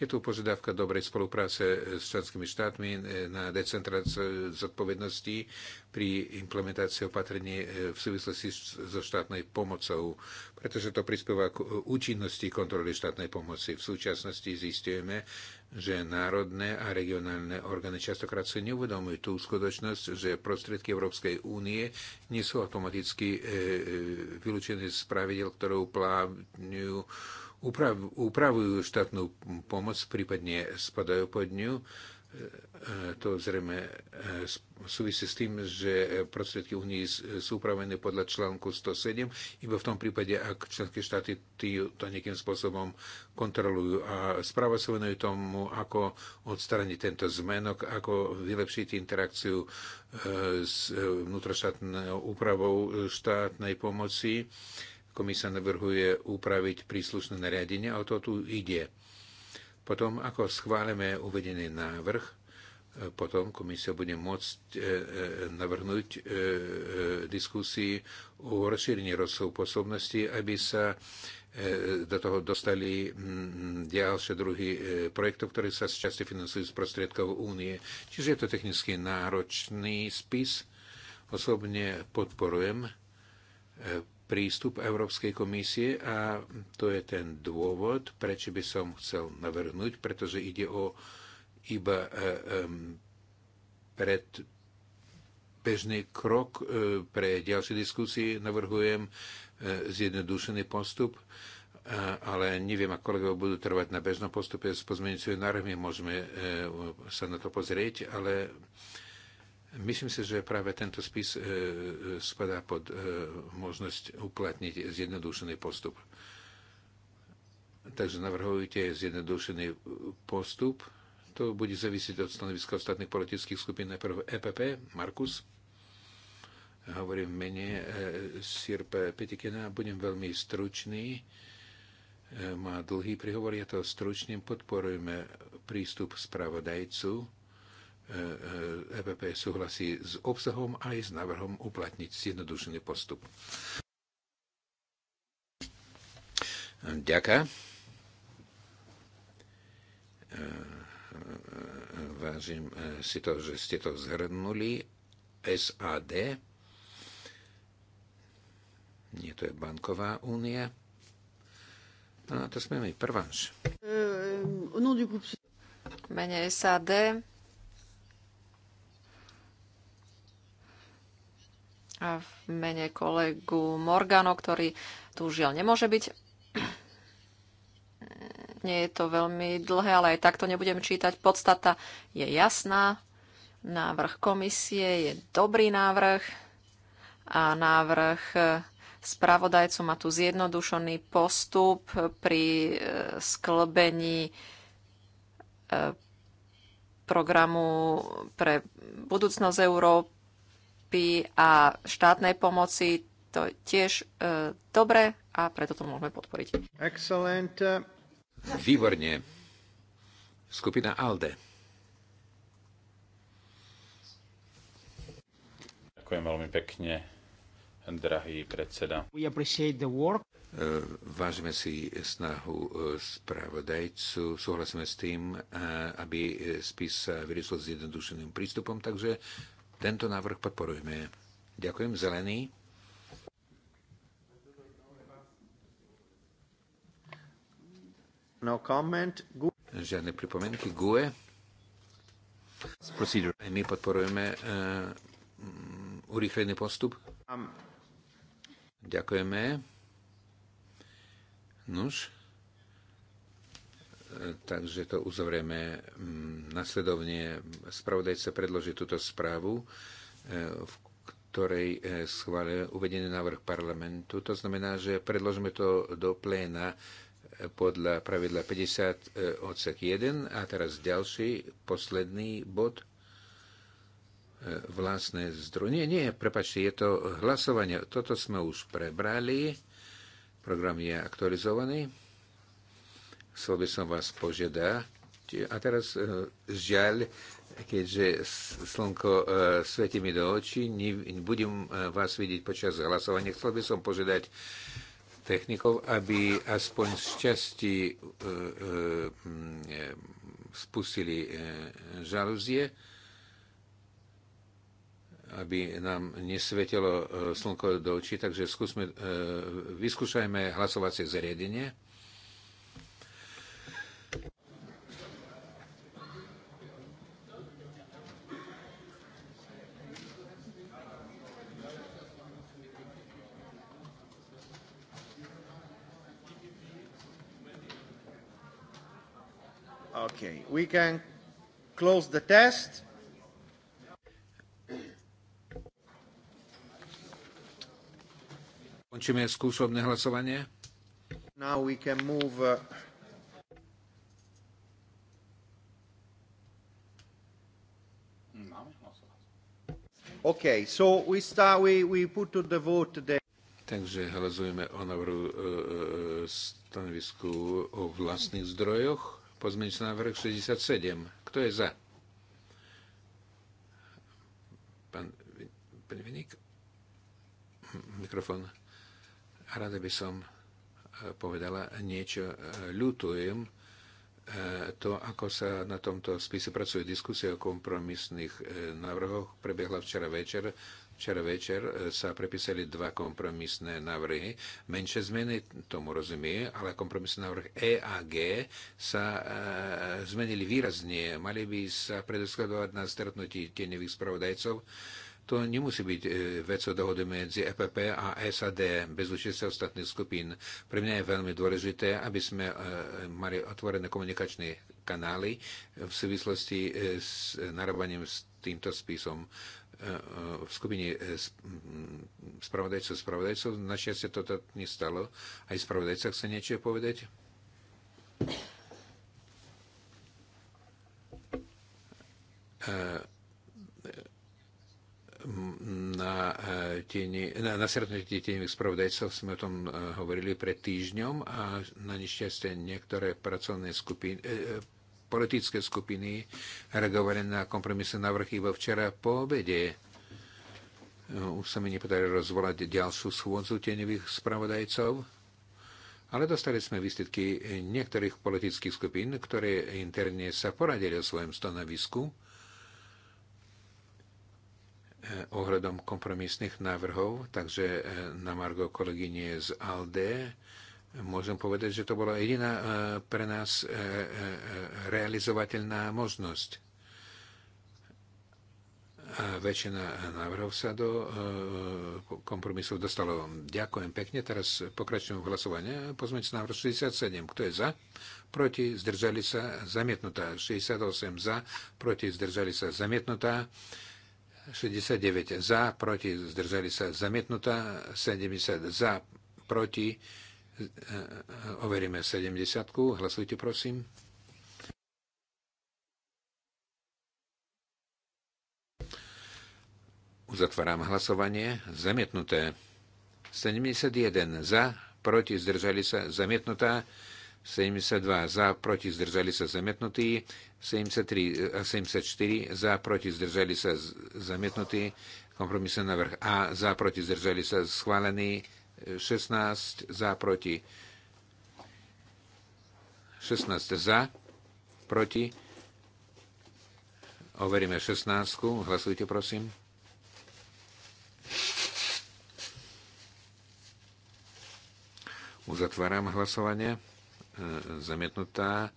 C: Je tu požiadavka dobrej spolupráce e, s členskými štátmi na decentráciu zodpovedností pri implementácii opatrení v súvislosti so štátnej pomocou, pretože to prispieva k účinnosti kontroly štátnej pomoci. V súčasnosti zistujeme, že národné a regionálne orgány častokrát si neuvedomujú tú skutočnosť, že prostriedky Európskej únie nie sú automaticky e, e vylúčené z pravidel, ktoré uplávňujú, uprav, upravujú štátnu pomoc, prípadne spadajú pod ňu. E, E, to zrejme e, súvisí s tým, že prostriedky únie sú upravené podľa článku 107, iba v tom prípade, ak členské štáty to nejakým spôsobom kontrolujú. A správa sa venuje tomu, ako odstrániť tento zmenok, ako vylepšiť interakciu e, s vnútroštátnou úpravou štátnej pomoci. Komisia navrhuje upraviť príslušné nariadenie a o to tu ide potom, ako schválime uvedený návrh, e, potom komisia bude môcť e, e, navrhnúť diskusii o rozšírení rozsahu pôsobnosti, aby sa do toho dostali mm, ďalšie druhy projektov, ktoré sa z časti financujú z prostriedkov únie. Čiže je to technicky náročný spis. Osobne podporujem prístup Európskej komisie a to je ten dôvod, prečo by som chcel navrhnúť, pretože ide o iba e, pred bežný krok e, pre ďalšie diskusie. Navrhujem e, zjednodušený postup, ale neviem, ako kolegovia budú trvať na bežnom postupe s pozmeňujúcimi návrhmi. Môžeme sa na to pozrieť, ale Myslím si, že práve tento spis e, e, spadá pod e, možnosť uplatniť zjednodušený postup. Takže navrhujete zjednodušený postup. To bude závisieť od stanoviska ostatných politických skupín. Najprv EPP, Markus. Hovorím v mene Sirpe Petikena. Budem veľmi stručný. Má dlhý prihovor. Ja to stručne podporujeme prístup spravodajcu EPP súhlasí s obsahom aj s návrhom uplatniť zjednodušený postup. Ďaká. E, e, e, vážim si to, že ste to zhrnuli. SAD. Nie, to je banková únia. No, to sme my, prváš.
A: Mene SAD v mene kolegu Morgano, ktorý tu žiaľ nemôže byť. [CLEARS THROAT] Nie je to veľmi dlhé, ale aj takto nebudem čítať. Podstata je jasná. Návrh komisie je dobrý návrh a návrh e, spravodajcu má tu zjednodušený postup pri e, sklbení e, programu pre budúcnosť Európy Európy a štátnej pomoci. To je tiež e, dobre a preto to môžeme podporiť.
C: Excellent. Výborne. Skupina ALDE.
B: Ďakujem veľmi pekne, drahý predseda.
D: We the work.
B: E, vážime
C: si snahu e, spravodajcu, súhlasíme s tým, e, aby spis sa vyriešil s jednodušeným prístupom, takže tento návrh podporujeme. Ďakujem, zelený. No comment. Žiadne pripomienky. GUE. My podporujeme uh, urýchlený postup. Ďakujeme. Nuž takže to uzavrieme mm, nasledovne. Spravodajca predloží túto správu, e, v ktorej e, schválil uvedený návrh parlamentu. To znamená, že predložíme to do pléna e, podľa pravidla 50 odsek 1 a teraz ďalší, posledný bod vlastné zdroje. Nie, nie, prepačte, je to hlasovanie. Toto sme už prebrali. Program je aktualizovaný. Chcel by som vás požiadať. A teraz eh, žiaľ, keďže slnko eh, svieti mi do očí, budem eh, vás vidieť počas hlasovania. Chcel by som požiadať technikov, aby aspoň z časti spustili žalúzie, aby nám nesvetelo slnko do očí, takže skúsme, vyskúšajme hlasovacie zariadenie.
D: Okay, we can close the test.
C: Končíme skúsobné hlasovanie. Now we can move uh, Okay, so we start, we, we put to the vote the... Takže hlasujeme o návrhu e, e, e stanovisku o vlastných zdrojoch. Pozmeňujúci návrh 67. Kto je za? Pán Vynik. Mikrofón. Rada by som eh, povedala niečo. Eh, ľutujem eh, to, ako sa na tomto spise pracuje. Diskusia o kompromisných návrhoch prebiehla včera večer Včera večer e, sa prepísali dva kompromisné návrhy. Menšie zmeny, tomu rozumie, ale kompromisný návrh E a G sa e, zmenili výrazne. Mali by sa predoskladovať na stretnutí tieňových spravodajcov. To nemusí byť e, vec vecou dohody medzi EPP a SAD bez účasti ostatných skupín. Pre mňa je veľmi dôležité, aby sme e, mali otvorené komunikačné kanály v súvislosti e, s narábaním s týmto spisom v skupine eh, spravodajcov spravodajcov. Našťastie toto nestalo. Aj spravodajca chce niečo povedať? Eh, na, eh, tieni, na, na spravodajcov sme o tom hovorili pred týždňom a na nešťastie niektoré pracovné skupiny, politické skupiny reagovali na kompromisné návrhy iba včera po obede. No, už sa mi nepodarilo rozvolať ďalšiu schôdzu tenevých spravodajcov, ale dostali sme výsledky niektorých politických skupín, ktoré interne sa poradili o svojom stanovisku eh, ohľadom kompromisných návrhov, takže eh, na Margo kolegyne z ALDE Môžem povedať, že to bola jediná e, pre nás e, e, realizovateľná možnosť. A väčšina návrhov sa do kompromisov dostalo. Ďakujem pekne. Teraz pokračujem v hlasovaní. Pozmeňte návrh 67. Kto je za? Proti? Zdržali sa? Zamietnutá. 68 za. Proti? Zdržali sa? Zamietnutá. 69 za. Proti? Zdržali sa? Zamietnutá. 70 za. Proti? Eh, eh, overíme 70. Hlasujte, prosím. Uzatváram hlasovanie. Zamietnuté. 71 za, proti, zdržali sa, zamietnutá. 72 za, proti, zdržali sa, zamietnutí. 73 a 74 za, proti, zdržali sa, zamietnutí. Kompromisný návrh A, za, proti, zdržali sa, schválený. 16 za, proti. 16 za, proti. Overíme 16. Hlasujte, prosím. Uzatváram hlasovanie. E, zamietnutá.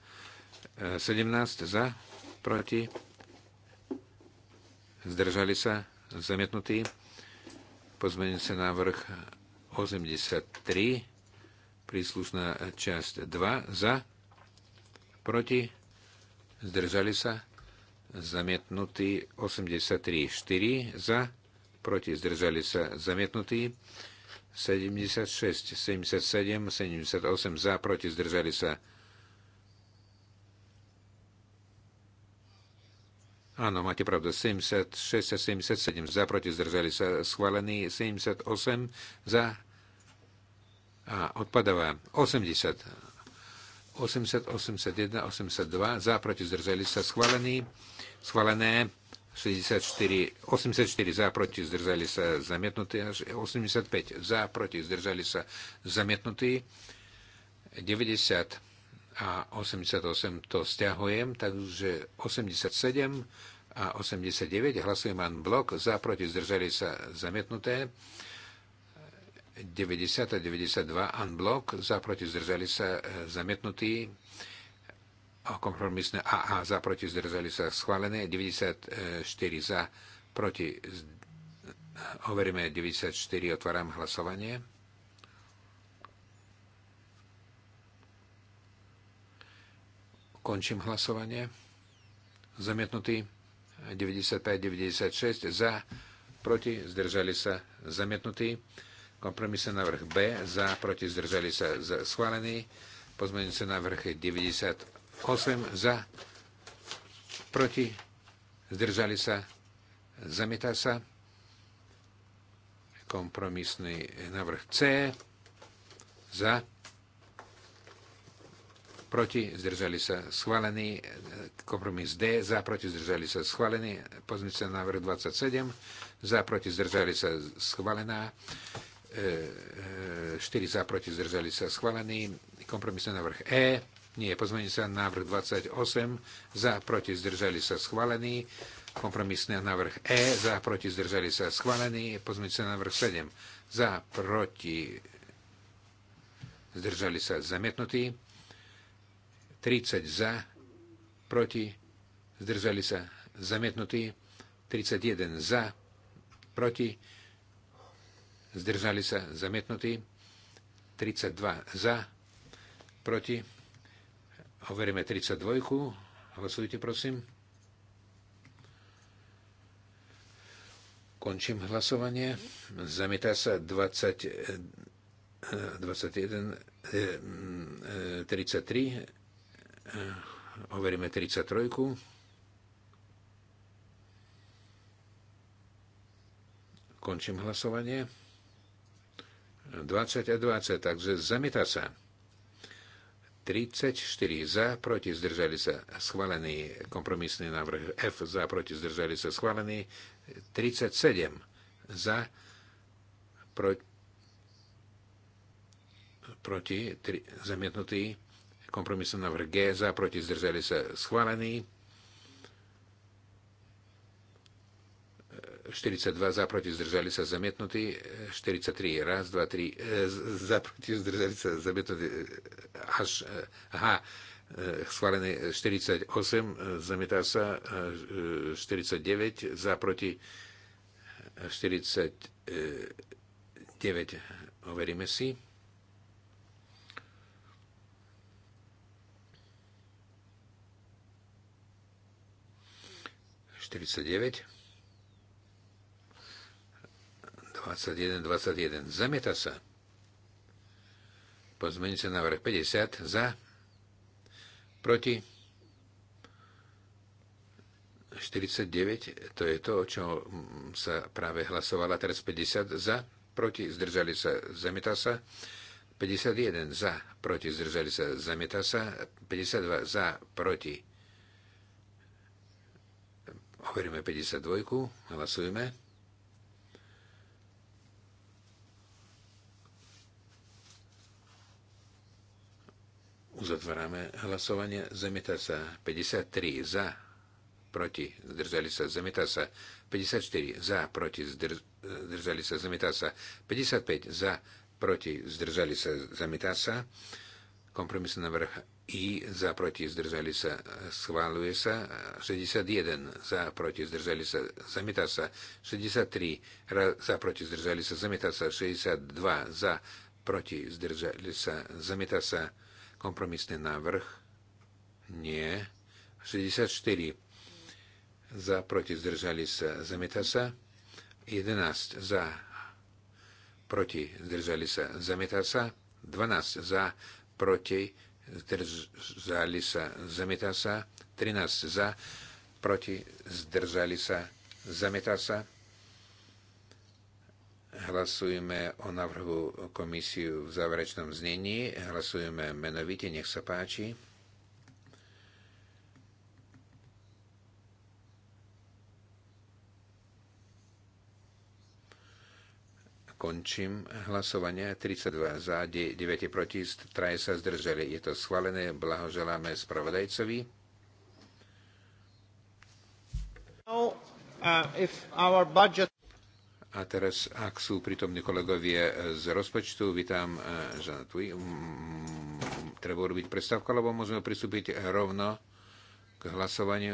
C: 17 e, za, proti. Zdržali sa. Zamietnutý. Pozmením sa návrh 83, príslušná časť 2, za, proti, zdržali sa, zamietnutý 83, 4, za, proti, zdržali sa, zamietnutý 76, 77, 78, za, proti, zdržali sa. Áno, máte pravdu, 76 a 77 za, proti, zdržali sa, schválený 78 za, a odpadáva 80 80, 81, 82, za, proti, zdrzeli sa, schválený, schválené, 64, 84 za, proti, zdržali sa, zamietnutí, 85 za, proti, zdržali sa, zamietnutí, 90 a 88 to stiahujem, takže 87 a 89 hlasujem an blok, za, proti, zdržali sa, zamietnuté, 90 a 92 unblock, zaproti zdržali sa e, zamietnutí, a kompromisné AA zaproti zdržali sa schválené, 94 za proti overíme 94, otváram hlasovanie. Končím hlasovanie. Zamietnutý 95-96 za, proti, zdržali sa zamietnutý. Kompromisný návrh B za, proti zdržali sa za schválený. pozmeňujúce návrh 98 za, proti zdržali sa, zamieta sa. Kompromisný návrh C za, proti, zdržali sa schválený, kompromis D, za, proti, zdržali sa schválený, pozmeňujúce návrh 27, za, proti, zdržali sa schválená, 4 za, proti, zdržali sa schválený. Kompromisný návrh E. Nie, pozmení sa návrh 28 za, proti, zdržali sa schválený. Kompromisný návrh E za, proti, zdržali sa schválený. Pozmení sa návrh 7 za, proti, zdržali sa zamietnutí. 30 za, proti, zdržali sa zamietnutí. 31 za, proti, zdržali sa zamietnutí, 32 za, proti, hovoríme 32, hlasujte prosím. Končím hlasovanie. Zamieta sa 20, 21, 33. hovoríme 33. Končím hlasovanie. 20 a 20, takže zamieta sa. 34 za, proti zdržali sa schválený kompromisný návrh F, za, proti zdržali sa schválený 37 za, pro, proti tri, zamietnutý kompromisný návrh G, za, proti zdržali sa schválený 42 za proti zdržali sa zamietnutí, 43 raz, 2, 3 e, za proti zdržali sa zamietnutí, až, e, aha, e, schválené 48, e, zamietá sa e, 49 za proti 49, e, overíme si. Štyridsaťdeväť. 21, 21. Zamieta sa. sa návrh 50 za, proti 49, to je to, o čom sa práve hlasovala, teraz 50 za, proti, zdržali sa, zamieta sa, 51 za, proti, zdržali sa, zamieta sa, 52 za, proti, Hovoríme 52, hlasujeme. Uzatvárame hlasovanie. Zemita sa 53 za, proti, zdržali sa, Zemita sa 54 za, proti, zdržali sa, Zemita sa 55 za, proti, zdržali sa, Zemita sa. Kompromisný návrh I za, proti, zdržali sa, schváluje sa. 61 za, proti, zdržali sa, Zemita sa. 63 ra, za, proti, zdržali sa, Zemita sa. 62 za, proti, zdržali sa, Zemita sa. Kompromisný návrh? Nie. 64 za, proti, zdržali sa, zamieta sa. 11 za, proti, zdržali sa, zamieta sa. 12 za, proti, zdržali sa, zamieta sa. 13 za, proti, zdržali sa, zamieta sa. Hlasujeme o návrhu komisiu v záverečnom znení. Hlasujeme menovite, nech sa páči. Končím hlasovanie. 32 za, 9 proti, 3 sa zdržali. Je to schválené. Blahoželáme spravodajcovi. No, uh, budget... A teraz, ak sú prítomní kolegovie z rozpočtu, vítam eh, Žana Tui. Mm, mm, treba urobiť predstavku, alebo môžeme pristúpiť rovno k hlasovaniu.